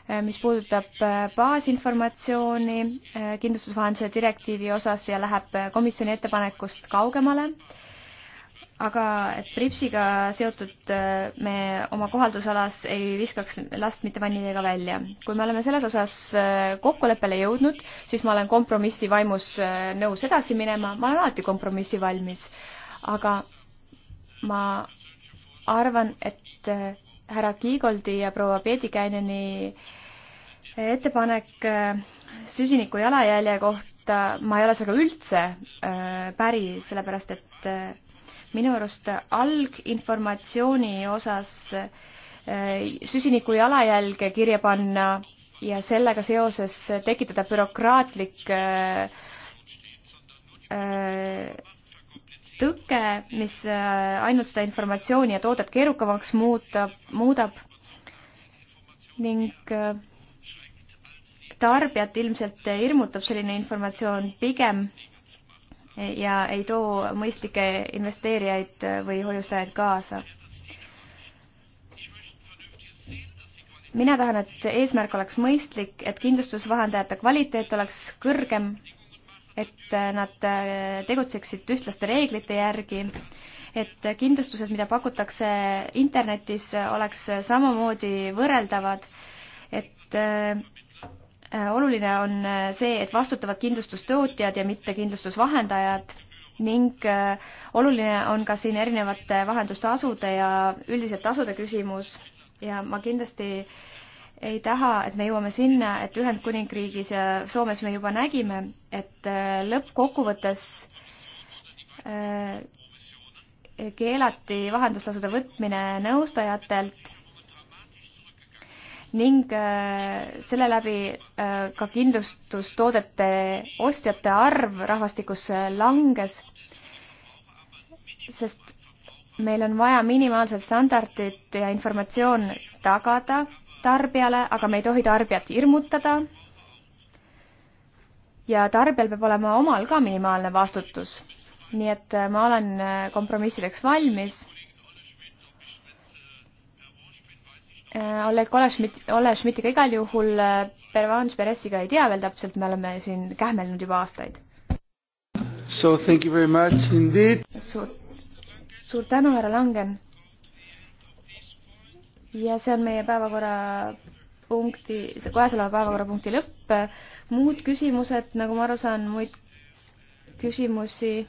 eh, mis puudutab eh, baasinformatsiooni eh, kindlustusvahenduse direktiivi osas ja läheb komisjoni ettepanekust kaugemale aga et Pripsiga seotud äh, me oma kohaldusalas ei viskaks last mitte vannidega välja. kui me oleme selles osas äh, kokkuleppele jõudnud, siis ma olen kompromissi vaimus äh, nõus edasi minema, ma olen alati kompromissi valmis. aga ma arvan, et härra Kiigoldi ja proua Peedikäineni ettepanek süsiniku jalajälje kohta, ma ei ole sellega üldse päri, sellepärast et minu arust alginformatsiooni osas äh, süsiniku jalajälge kirja panna ja sellega seoses tekitada bürokraatlik äh, äh, tõke, mis ainult seda informatsiooni ja toodet keerukamaks muutab, muudab ning tarbijat ilmselt hirmutab selline informatsioon pigem ja ei too mõistlikke investeerijaid või hoiustajaid kaasa. mina tahan, et eesmärk oleks mõistlik, et kindlustusvahendajate kvaliteet oleks kõrgem, et nad äh, tegutseksid ühtlaste reeglite järgi, et kindlustused, mida pakutakse internetis, oleks samamoodi võrreldavad, et äh, Äh, oluline on äh, see, et vastutavad kindlustustootjad ja mitte kindlustusvahendajad ning äh, oluline on ka siin erinevate vahendustasude ja üldiselt tasude küsimus ja ma kindlasti ei taha, et me jõuame sinna, et Ühendkuningriigis ja Soomes me juba nägime, et lõppkokkuvõttes keelati vahendustasude võtmine nõustajatelt ning äh, selle läbi äh, ka kindlustustoodete ostjate arv rahvastikus äh, langes, sest meil on vaja minimaalsed standardid ja informatsioon tagada tarbijale, aga me ei tohi tarbijat hirmutada. ja tarbijal peab olema omal ka minimaalne vastutus. nii et ma olen kompromissideks valmis Äh, Oleg Olešmit, Olešmitiga igal juhul, äh, Pervanš Peressiga ei tea veel täpselt, me oleme siin kähmelnud juba aastaid. So thank you very much indeed. suur, suur tänu, härra Langen. ja see on meie päevakorrapunkti, käesoleva päevakorrapunkti lõpp. muud küsimused, nagu ma aru saan, muid küsimusi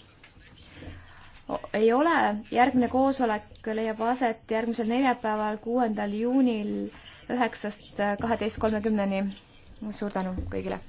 ei ole. järgmine koosolek leiab aset järgmisel neljapäeval, kuuendal juunil üheksast kaheteist kolmekümneni. suur tänu kõigile!